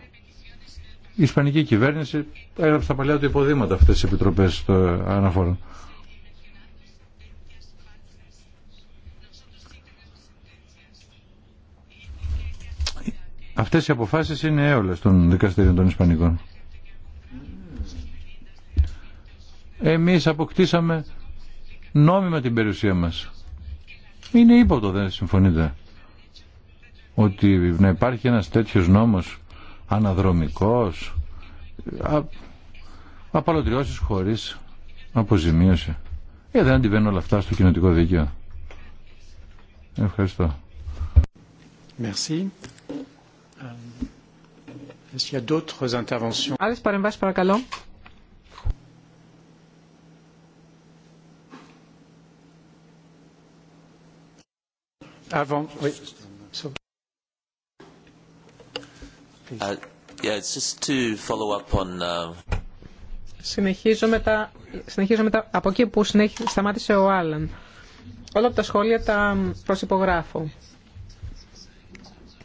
η Ισπανική κυβέρνηση έγραψε τα παλιά του υποδήματα αυτές τις επιτροπές αναφορών. Αυτές οι αποφάσεις είναι έολες των δικαστήριων των Ισπανικών. Εμείς αποκτήσαμε νόμιμα την περιουσία μας. Είναι ύποπτο, δεν συμφωνείτε, ότι να υπάρχει ένας τέτοιος νόμος αναδρομικός, α, απαλωτριώσεις χωρίς αποζημίωση. Ε, δεν αντιβαίνουν όλα αυτά στο κοινωτικό δίκαιο. Ευχαριστώ. Merci. Euh, Άλλες παρεμβάσεις παρακαλώ. Συνεχίζω, μετά, συνεχίζω μετά από εκεί που σταμάτησε ο Άλαν. Όλα από τα σχόλια τα προσυπογράφω.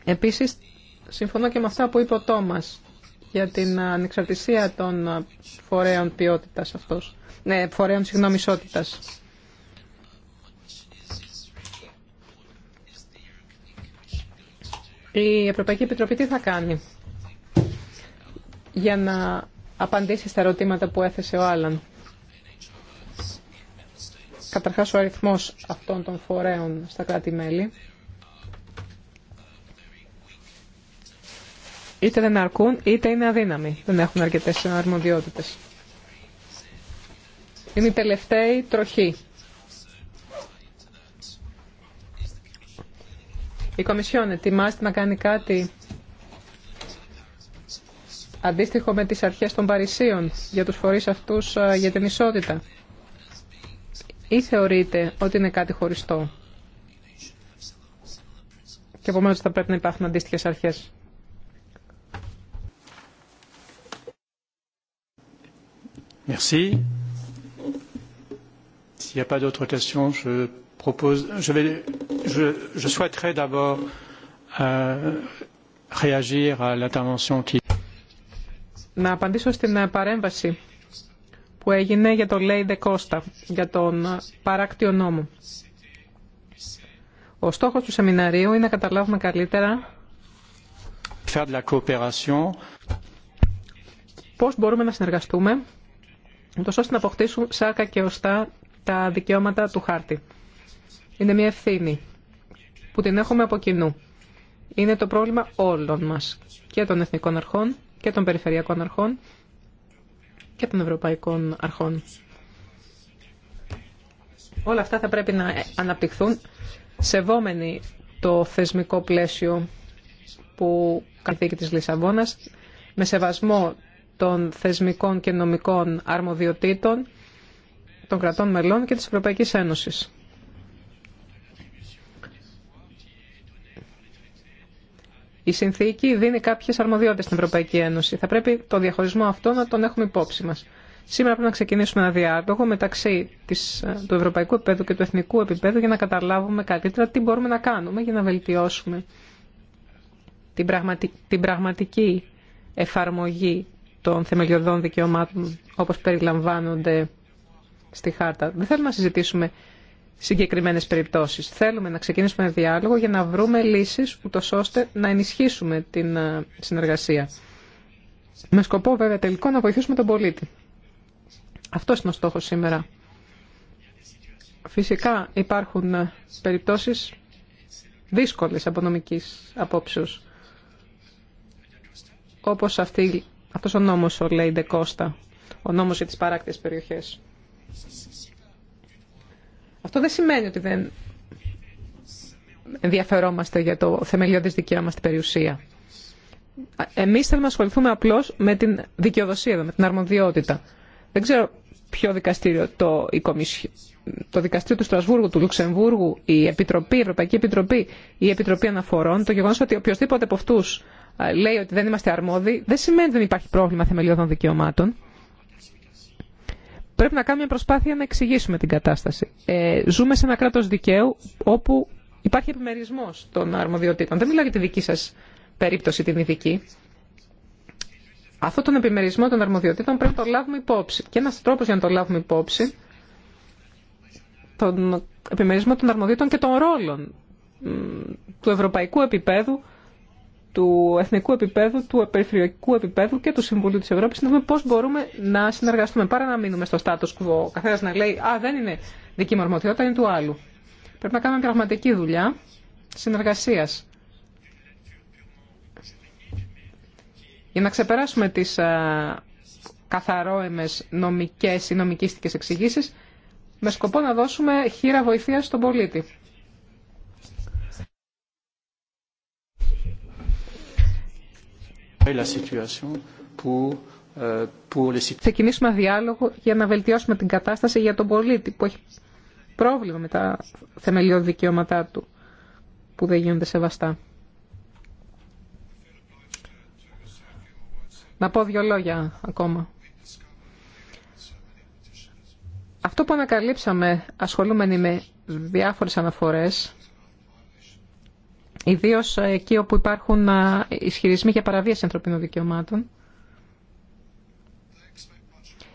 Επίσης, συμφωνώ και με αυτά που είπε ο Τόμας για την ανεξαρτησία των ε, φορέων ποιότητας αυτός. Ναι, φορέων συγγνώμη ισότητας. Η Ευρωπαϊκή Επιτροπή τι θα κάνει για να απαντήσει στα ερωτήματα που έθεσε ο Άλαν. Καταρχάς ο αριθμός αυτών των φορέων στα κράτη-μέλη. Είτε δεν αρκούν, είτε είναι αδύναμοι. Δεν έχουν αρκετές αρμοδιότητες. Είναι η τελευταία τροχή Η Κομισιόν ετοιμάζεται να κάνει κάτι αντίστοιχο με τις αρχές των Παρισίων για τους φορείς αυτούς ε, για την ισότητα ή θεωρείτε ότι είναι κάτι χωριστό και επομένως θα πρέπει να υπάρχουν αντίστοιχες αρχές. Merci. S'il n'y a pas propose. Je souhaiterais euh, Να απαντήσω στην ε, παρέμβαση που έγινε για τον Λέιντε Κώστα, για τον ε, παράκτιο νόμο. Ο στόχος του σεμιναρίου είναι να καταλάβουμε καλύτερα faire πώς μπορούμε να συνεργαστούμε, ώστε να αποκτήσουν σάκα και οστά τα δικαιώματα του χάρτη είναι μια ευθύνη που την έχουμε από κοινού. Είναι το πρόβλημα όλων μας και των εθνικών αρχών και των περιφερειακών αρχών και των ευρωπαϊκών αρχών. Όλα αυτά θα πρέπει να αναπτυχθούν σεβόμενοι το θεσμικό πλαίσιο που καθήκη της Λισαβόνας, με σεβασμό των θεσμικών και νομικών αρμοδιοτήτων των κρατών μελών και της Ευρωπαϊκής Ένωσης. Η συνθήκη δίνει κάποιε αρμοδιότητε στην Ευρωπαϊκή Ένωση. Θα πρέπει το διαχωρισμό αυτό να τον έχουμε υπόψη μα. Σήμερα πρέπει να ξεκινήσουμε ένα διάλογο μεταξύ της, ε, του ευρωπαϊκού επίπεδου και του εθνικού επίπεδου για να καταλάβουμε καλύτερα τι μπορούμε να κάνουμε για να βελτιώσουμε την, πραγματι, την πραγματική εφαρμογή των θεμελιωδών δικαιωμάτων όπως περιλαμβάνονται στη χάρτα. Δεν θέλουμε να συζητήσουμε Συγκεκριμένε περιπτώσεις. Θέλουμε να ξεκινήσουμε διάλογο για να βρούμε λύσεις ούτω ώστε να ενισχύσουμε την ε, συνεργασία. Με σκοπό βέβαια τελικό να βοηθήσουμε τον πολίτη. Αυτός είναι ο στόχος σήμερα. Φυσικά υπάρχουν ε, περιπτώσεις δύσκολες από νομικής απόψεως. Όπως αυτή, αυτός ο νόμος, ο Λέιντε Κώστα, ο νόμος για τις παράκτες περιοχές. Αυτό δεν σημαίνει ότι δεν ενδιαφερόμαστε για το θεμελιώδες δικαίωμα στην περιουσία. Εμείς θέλουμε να ασχοληθούμε απλώς με την δικαιοδοσία, με την αρμοδιότητα. Δεν ξέρω ποιο δικαστήριο, το, η Κομισιο... το δικαστήριο του Στρασβούργου, του Λουξεμβούργου, η Επιτροπή, Ευρωπαϊκή Επιτροπή, η Επιτροπή Αναφορών, το γεγονός ότι οποιοδήποτε από αυτούς ε, λέει ότι δεν είμαστε αρμόδιοι, δεν σημαίνει ότι δεν υπάρχει πρόβλημα θεμελιώδων δικαιωμάτων. Πρέπει να κάνουμε μια προσπάθεια να εξηγήσουμε την κατάσταση. Ε, ζούμε σε ένα κράτο δικαίου όπου υπάρχει επιμερισμό των αρμοδιοτήτων. Δεν μιλάω για τη δική σα περίπτωση, την ειδική. Αυτό τον επιμερισμό των αρμοδιοτήτων πρέπει να το λάβουμε υπόψη. Και ένα τρόπο για να το λάβουμε υπόψη, τον επιμερισμό των αρμοδιοτήτων και των ρόλων του ευρωπαϊκού επίπεδου του εθνικού επίπεδου, του περιφερειακού επίπεδου και του Συμβουλίου τη Ευρώπη, να δούμε πώ μπορούμε να συνεργαστούμε παρά να μείνουμε στο status ο καθένα να λέει «Α, δεν είναι δική μου αρμοδιότητα, είναι του άλλου». Πρέπει να κάνουμε πραγματική δουλειά συνεργασία. για να ξεπεράσουμε τι καθαρόεμε νομικέ ή νομικίστικες εξηγήσει, με σκοπό να δώσουμε χείρα βοηθεία στον πολίτη. Euh, Ξεκινήσουμε διάλογο για να βελτιώσουμε την κατάσταση για τον πολίτη που έχει πρόβλημα με τα θεμελιώδη δικαιώματά του που δεν γίνονται σεβαστά. Να πω δύο λόγια ακόμα. Αυτό που ανακαλύψαμε ασχολούμενοι με διάφορες αναφορές Ιδίω εκεί όπου υπάρχουν ισχυρισμοί για παραβίαση ανθρωπίνων δικαιωμάτων.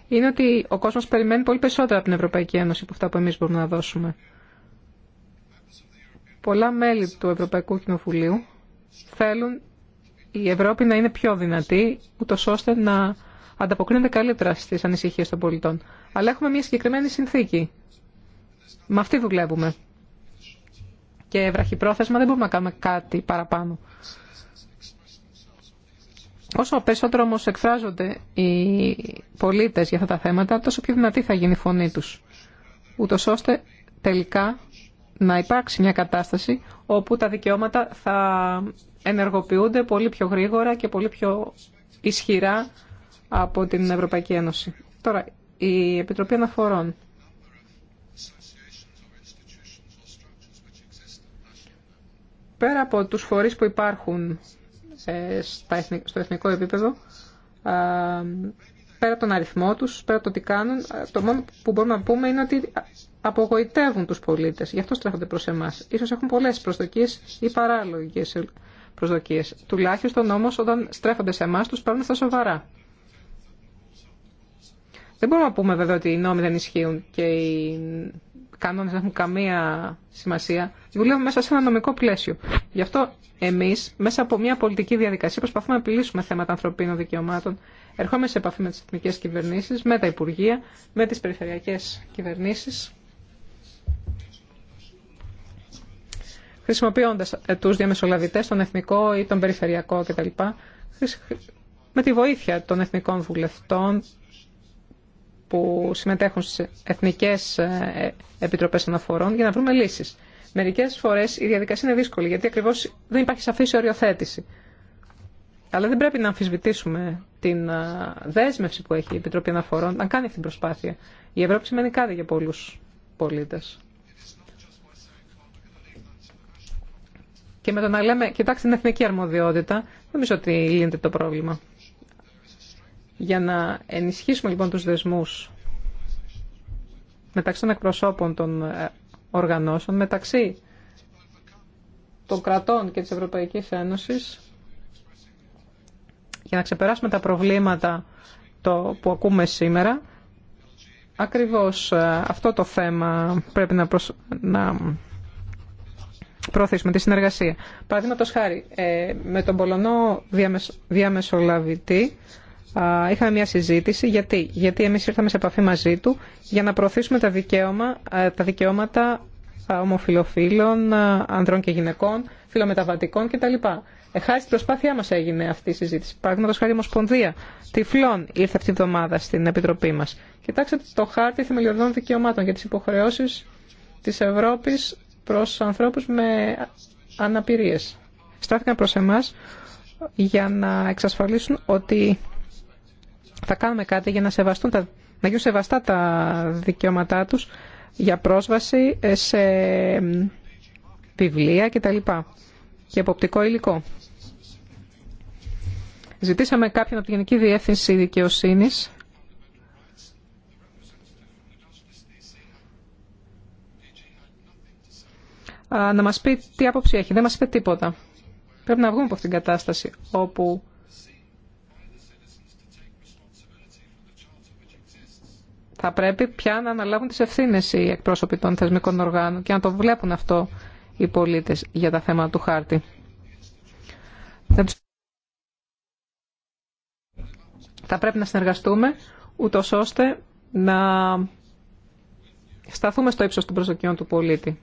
Είναι ότι ο κόσμος περιμένει πολύ περισσότερα από την Ευρωπαϊκή Ένωση από αυτά που εμείς μπορούμε να δώσουμε. Πολλά μέλη του Ευρωπαϊκού Κοινοβουλίου θέλουν η Ευρώπη να είναι πιο δυνατή, ούτω ώστε να ανταποκρίνεται καλύτερα στι ανησυχίε των πολιτών. Αλλά έχουμε μια συγκεκριμένη συνθήκη. Με αυτή δουλεύουμε και βραχυπρόθεσμα δεν μπορούμε να κάνουμε κάτι παραπάνω. Όσο περισσότερο όμω εκφράζονται οι πολίτες για αυτά τα θέματα, τόσο πιο δυνατή θα γίνει η φωνή τους. Ούτω ώστε τελικά να υπάρξει μια κατάσταση όπου τα δικαιώματα θα ενεργοποιούνται πολύ πιο γρήγορα και πολύ πιο ισχυρά από την Ευρωπαϊκή Ένωση. Τώρα, η Επιτροπή Αναφορών Πέρα από τους φορείς που υπάρχουν στο εθνικό επίπεδο, πέρα από τον αριθμό τους, πέρα από το τι κάνουν, το μόνο που μπορούμε να πούμε είναι ότι απογοητεύουν τους πολίτες. Γι' αυτό στρέφονται προς εμάς. Ίσως έχουν πολλές προσδοκίες ή παράλογες προσδοκίες. Τουλάχιστον όμως όταν στρέφονται σε εμάς τους παίρνουν στα σοβαρά. Δεν μπορούμε να πούμε βέβαια ότι οι νόμοι δεν ισχύουν και οι κανόνε δεν έχουν καμία σημασία. Δουλεύουμε μέσα σε ένα νομικό πλαίσιο. Γι' αυτό εμείς, μέσα από μια πολιτική διαδικασία, προσπαθούμε να επιλύσουμε θέματα ανθρωπίνων δικαιωμάτων. Ερχόμαστε σε επαφή με τι εθνικές κυβερνήσεις, με τα Υπουργεία, με τις περιφερειακές κυβερνήσεις. Χρησιμοποιώντας τους διαμεσολαβητέ τον εθνικό ή τον περιφερειακό κτλ. Με τη βοήθεια των εθνικών βουλευτών, που συμμετέχουν στι εθνικές ε, επιτροπές αναφορών για να βρούμε λύσεις. Μερικές φορές η διαδικασία είναι δύσκολη γιατί ακριβώς δεν υπάρχει σαφής οριοθέτηση. Αλλά δεν πρέπει να αμφισβητήσουμε την ε, δέσμευση που έχει η Επιτροπή Αναφορών να κάνει αυτή την προσπάθεια. Η Ευρώπη σημαίνει κάτι για πολλού πολίτε. Και με το να λέμε, κοιτάξτε την εθνική αρμοδιότητα, νομίζω ότι λύνεται το πρόβλημα. Για να ενισχύσουμε λοιπόν τους δεσμούς μεταξύ των εκπροσώπων των ε, οργανώσεων, μεταξύ των κρατών και της Ευρωπαϊκής Ένωσης, για να ξεπεράσουμε τα προβλήματα το που ακούμε σήμερα, ακριβώς ε, αυτό το θέμα πρέπει να, να προωθήσουμε, τη συνεργασία. Παραδείγματος χάρη, ε, με τον Πολωνό διαμεσολαβητή Είχαμε μια συζήτηση. Γιατί, Γιατί εμείς ήρθαμε σε επαφή μαζί του για να προωθήσουμε τα, δικαίωμα, ε, τα δικαιώματα ομοφιλοφίλων, ανδρών και γυναικών, φιλομεταβατικών κτλ. Ε, χάρη στην προσπάθειά μα έγινε αυτή η συζήτηση. Παραδείγματο χάρη η Ομοσπονδία Τυφλών ήρθε αυτή τη βδομάδα στην Επιτροπή μα. Κοιτάξτε το χάρτη θεμελιωδών δικαιωμάτων για τι υποχρεώσει τη Ευρώπη προ ανθρώπου με αναπηρίε. Στάθηκαν προ εμά για να εξασφαλίσουν ότι θα κάνουμε κάτι για να, σεβαστούν τα, να γίνουν σεβαστά τα δικαιώματά τους για πρόσβαση σε βιβλία κτλ. και εποπτικό υλικό. Ζητήσαμε κάποιον από τη Γενική Διεύθυνση Δικαιοσύνης να μας πει τι άποψη έχει. Δεν μας είπε τίποτα. Πρέπει να βγούμε από αυτήν την κατάσταση όπου Θα πρέπει πια να αναλάβουν τις ευθύνες οι εκπρόσωποι των θεσμικών οργάνων και να το βλέπουν αυτό οι πολίτες για τα θέματα του χάρτη. Θα πρέπει να συνεργαστούμε ούτω ώστε να σταθούμε στο ύψος των προσδοκιών του πολίτη.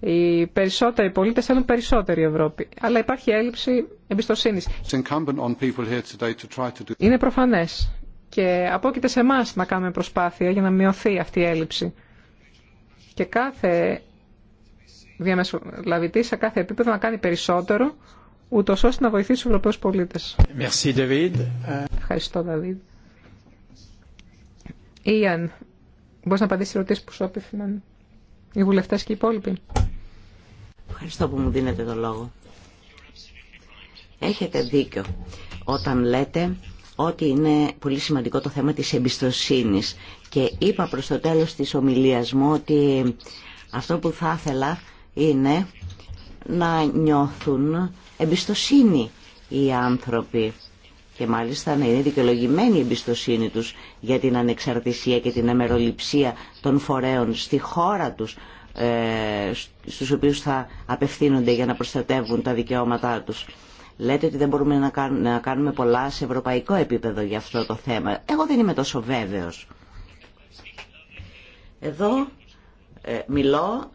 Οι περισσότεροι πολίτες θέλουν περισσότερη Ευρώπη, αλλά υπάρχει έλλειψη εμπιστοσύνης. Είναι προφανές και απόκειται σε εμά να κάνουμε προσπάθεια για να μειωθεί αυτή η έλλειψη. Και κάθε διαμεσολαβητή σε κάθε επίπεδο να κάνει περισσότερο, ούτω ώστε να βοηθήσει του Ευρωπαίου πολίτε. Ευχαριστώ, Δαβίδ. Ιαν, μπορεί να απαντήσει ερωτήσει που σου οι βουλευτέ και οι υπόλοιποι. Ευχαριστώ που μου δίνετε το λόγο. Έχετε δίκιο όταν λέτε ότι είναι πολύ σημαντικό το θέμα της εμπιστοσύνης και είπα προς το τέλος της ομιλίας μου ότι αυτό που θα ήθελα είναι να νιώθουν εμπιστοσύνη οι άνθρωποι και μάλιστα να είναι δικαιολογημένη η εμπιστοσύνη τους για την ανεξαρτησία και την αμεροληψία των φορέων στη χώρα τους ε, στους οποίους θα απευθύνονται για να προστατεύουν τα δικαιώματά τους. Λέτε ότι δεν μπορούμε να κάνουμε πολλά σε ευρωπαϊκό επίπεδο για αυτό το θέμα. Εγώ δεν είμαι τόσο βέβαιος. Εδώ ε, μιλώ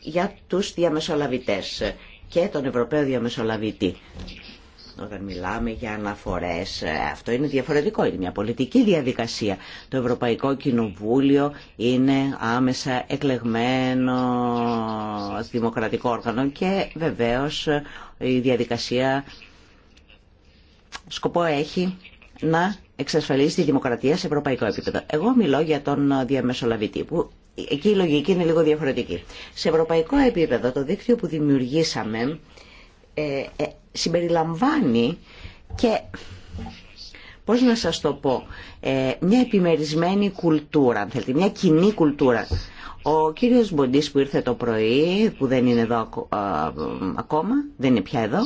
για τους διαμεσολαβητές και τον Ευρωπαίο Διαμεσολαβητή. Όταν μιλάμε για αναφορές, ε, αυτό είναι διαφορετικό, είναι μια πολιτική διαδικασία. Το Ευρωπαϊκό Κοινοβούλιο είναι άμεσα εκλεγμένο δημοκρατικό όργανο και βεβαίως ε, η διαδικασία σκοπό έχει να εξασφαλίσει τη δημοκρατία σε ευρωπαϊκό επίπεδο. Εγώ μιλώ για τον διαμεσολαβητή, που εκεί η λογική είναι λίγο διαφορετική. Σε ευρωπαϊκό επίπεδο το δίκτυο που δημιουργήσαμε ε, ε, συμπεριλαμβάνει και πώς να σας το πω, ε, μια επιμερισμένη κουλτούρα, αν μια κοινή κουλτούρα. Ο κύριος Μποντής που ήρθε το πρωί, που δεν είναι εδώ ακόμα, δεν είναι πια εδώ,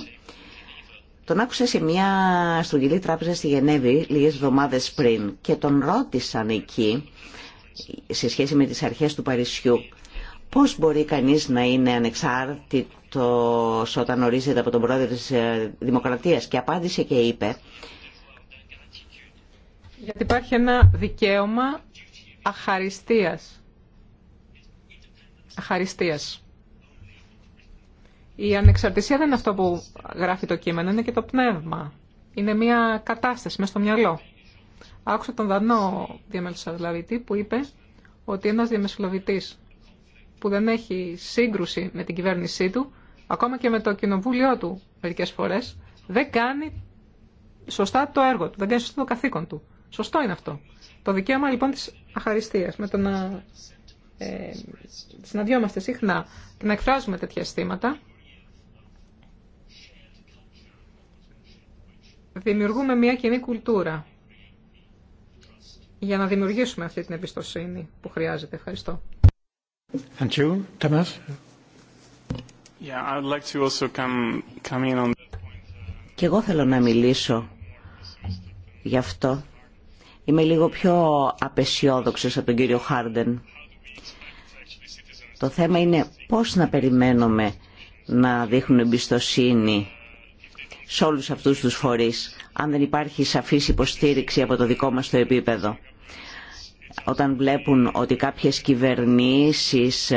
τον άκουσα σε μια στρογγυλή τράπεζα στη Γενέβη λίγες εβδομάδες πριν και τον ρώτησαν εκεί, σε σχέση με τις αρχές του Παρισιού, πώς μπορεί κανείς να είναι ανεξάρτητο αυτός όταν ορίζεται από τον πρόεδρο της ε, Δημοκρατίας και απάντησε και είπε γιατί υπάρχει ένα δικαίωμα αχαριστίας. Αχαριστίας. Η ανεξαρτησία δεν είναι αυτό που γράφει το κείμενο, είναι και το πνεύμα. Είναι μια κατάσταση μέσα στο μυαλό. Άκουσα τον Δανό διαμεσολαβητή δηλαδή, που είπε ότι ένας διαμεσολαβητής που δεν έχει σύγκρουση με την κυβέρνησή του ακόμα και με το κοινοβούλιο του μερικέ φορέ, δεν κάνει σωστά το έργο του, δεν κάνει σωστά το καθήκον του. Σωστό είναι αυτό. Το δικαίωμα λοιπόν τη αχαριστίας, με το να ε, συναντιόμαστε συχνά και να εκφράζουμε τέτοια αισθήματα, δημιουργούμε μια κοινή κουλτούρα για να δημιουργήσουμε αυτή την εμπιστοσύνη που χρειάζεται. Ευχαριστώ. you. Και εγώ θέλω να μιλήσω γι' αυτό. Είμαι λίγο πιο απεσιόδοξος από τον κύριο Χάρντεν. Το θέμα είναι πώς να περιμένουμε να δείχνουν εμπιστοσύνη σε όλους αυτούς τους φορείς, αν δεν υπάρχει σαφής υποστήριξη από το δικό μας το επίπεδο. Όταν βλέπουν ότι κάποιες κυβερνήσεις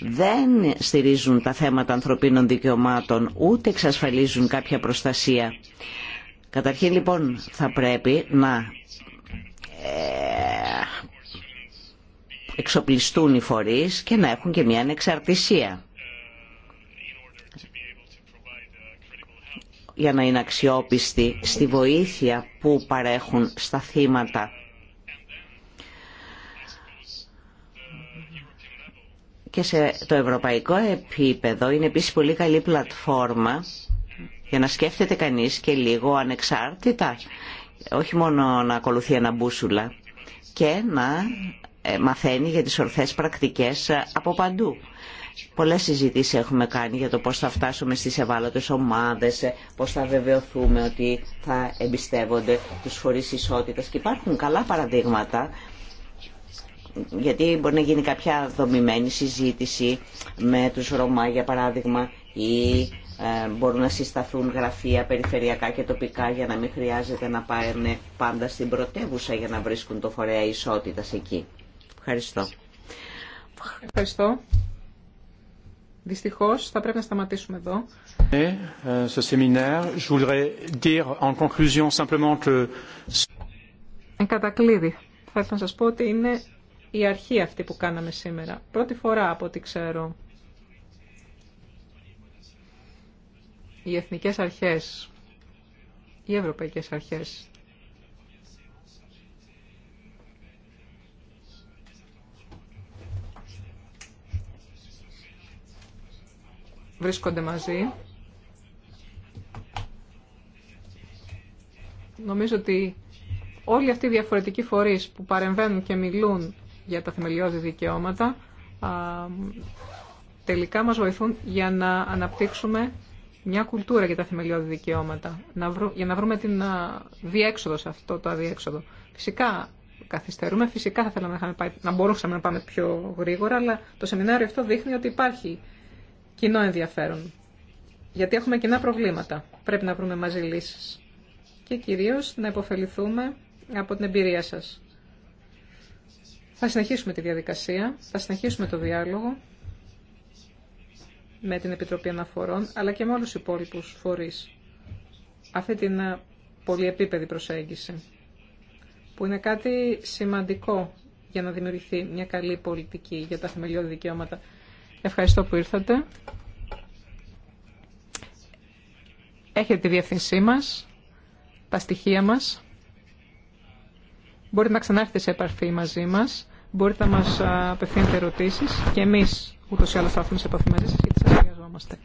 δεν στηρίζουν τα θέματα ανθρωπίνων δικαιωμάτων ούτε εξασφαλίζουν κάποια προστασία. Καταρχήν λοιπόν θα πρέπει να ε, εξοπλιστούν οι φορείς και να έχουν και μια ανεξαρτησία. για να είναι αξιόπιστοι στη βοήθεια που παρέχουν στα θύματα. και σε το ευρωπαϊκό επίπεδο είναι επίσης πολύ καλή πλατφόρμα για να σκέφτεται κανείς και λίγο ανεξάρτητα, όχι μόνο να ακολουθεί ένα μπούσουλα και να ε, μαθαίνει για τις ορθές πρακτικές από παντού. Πολλές συζητήσεις έχουμε κάνει για το πώς θα φτάσουμε στις ευάλωτες ομάδες, πώς θα βεβαιωθούμε ότι θα εμπιστεύονται τους φορείς ισότητας. Και υπάρχουν καλά παραδείγματα γιατί μπορεί να γίνει κάποια δομημένη συζήτηση με τους Ρωμά για παράδειγμα ή ε, μπορούν να συσταθούν γραφεία περιφερειακά και τοπικά για να μην χρειάζεται να πάνε πάντα στην πρωτεύουσα για να βρίσκουν το φορέα ισότητας εκεί. Ευχαριστώ. Ευχαριστώ. Δυστυχώς θα πρέπει να σταματήσουμε εδώ. Ε, ε, ce Εν κατακλείδη, θα ήθελα να σας πω ότι είναι η αρχή αυτή που κάναμε σήμερα. Πρώτη φορά από ό,τι ξέρω. Οι εθνικές αρχές, οι ευρωπαϊκές αρχές βρίσκονται μαζί. Νομίζω ότι όλοι αυτοί οι διαφορετικοί φορείς που παρεμβαίνουν και μιλούν για τα θεμελιώδη δικαιώματα τελικά μας βοηθούν για να αναπτύξουμε μια κουλτούρα για τα θεμελιώδη δικαιώματα, για να βρούμε την διέξοδο σε αυτό το αδιέξοδο. Φυσικά καθυστερούμε, φυσικά θα θέλαμε να, πάει, να μπορούσαμε να πάμε πιο γρήγορα, αλλά το σεμινάριο αυτό δείχνει ότι υπάρχει κοινό ενδιαφέρον. Γιατί έχουμε κοινά προβλήματα. Πρέπει να βρούμε μαζί λύσεις. Και κυρίως να υποφεληθούμε από την εμπειρία σας. Θα συνεχίσουμε τη διαδικασία, θα συνεχίσουμε το διάλογο με την Επιτροπή Αναφορών, αλλά και με όλους τους υπόλοιπους φορείς. Αυτή την ε, πολυεπίπεδη προσέγγιση, που είναι κάτι σημαντικό για να δημιουργηθεί μια καλή πολιτική για τα θεμελιώδη δικαιώματα. Ευχαριστώ που ήρθατε. Έχετε τη διευθυνσή μας, τα στοιχεία μας. Μπορείτε να ξανάρθετε σε επαρφή μαζί μας μπορείτε να μας απευθύνετε ερωτήσεις και εμείς ούτως ή άλλως θα έρθουμε σε επαφή μαζί σας γιατί σας χρειαζόμαστε.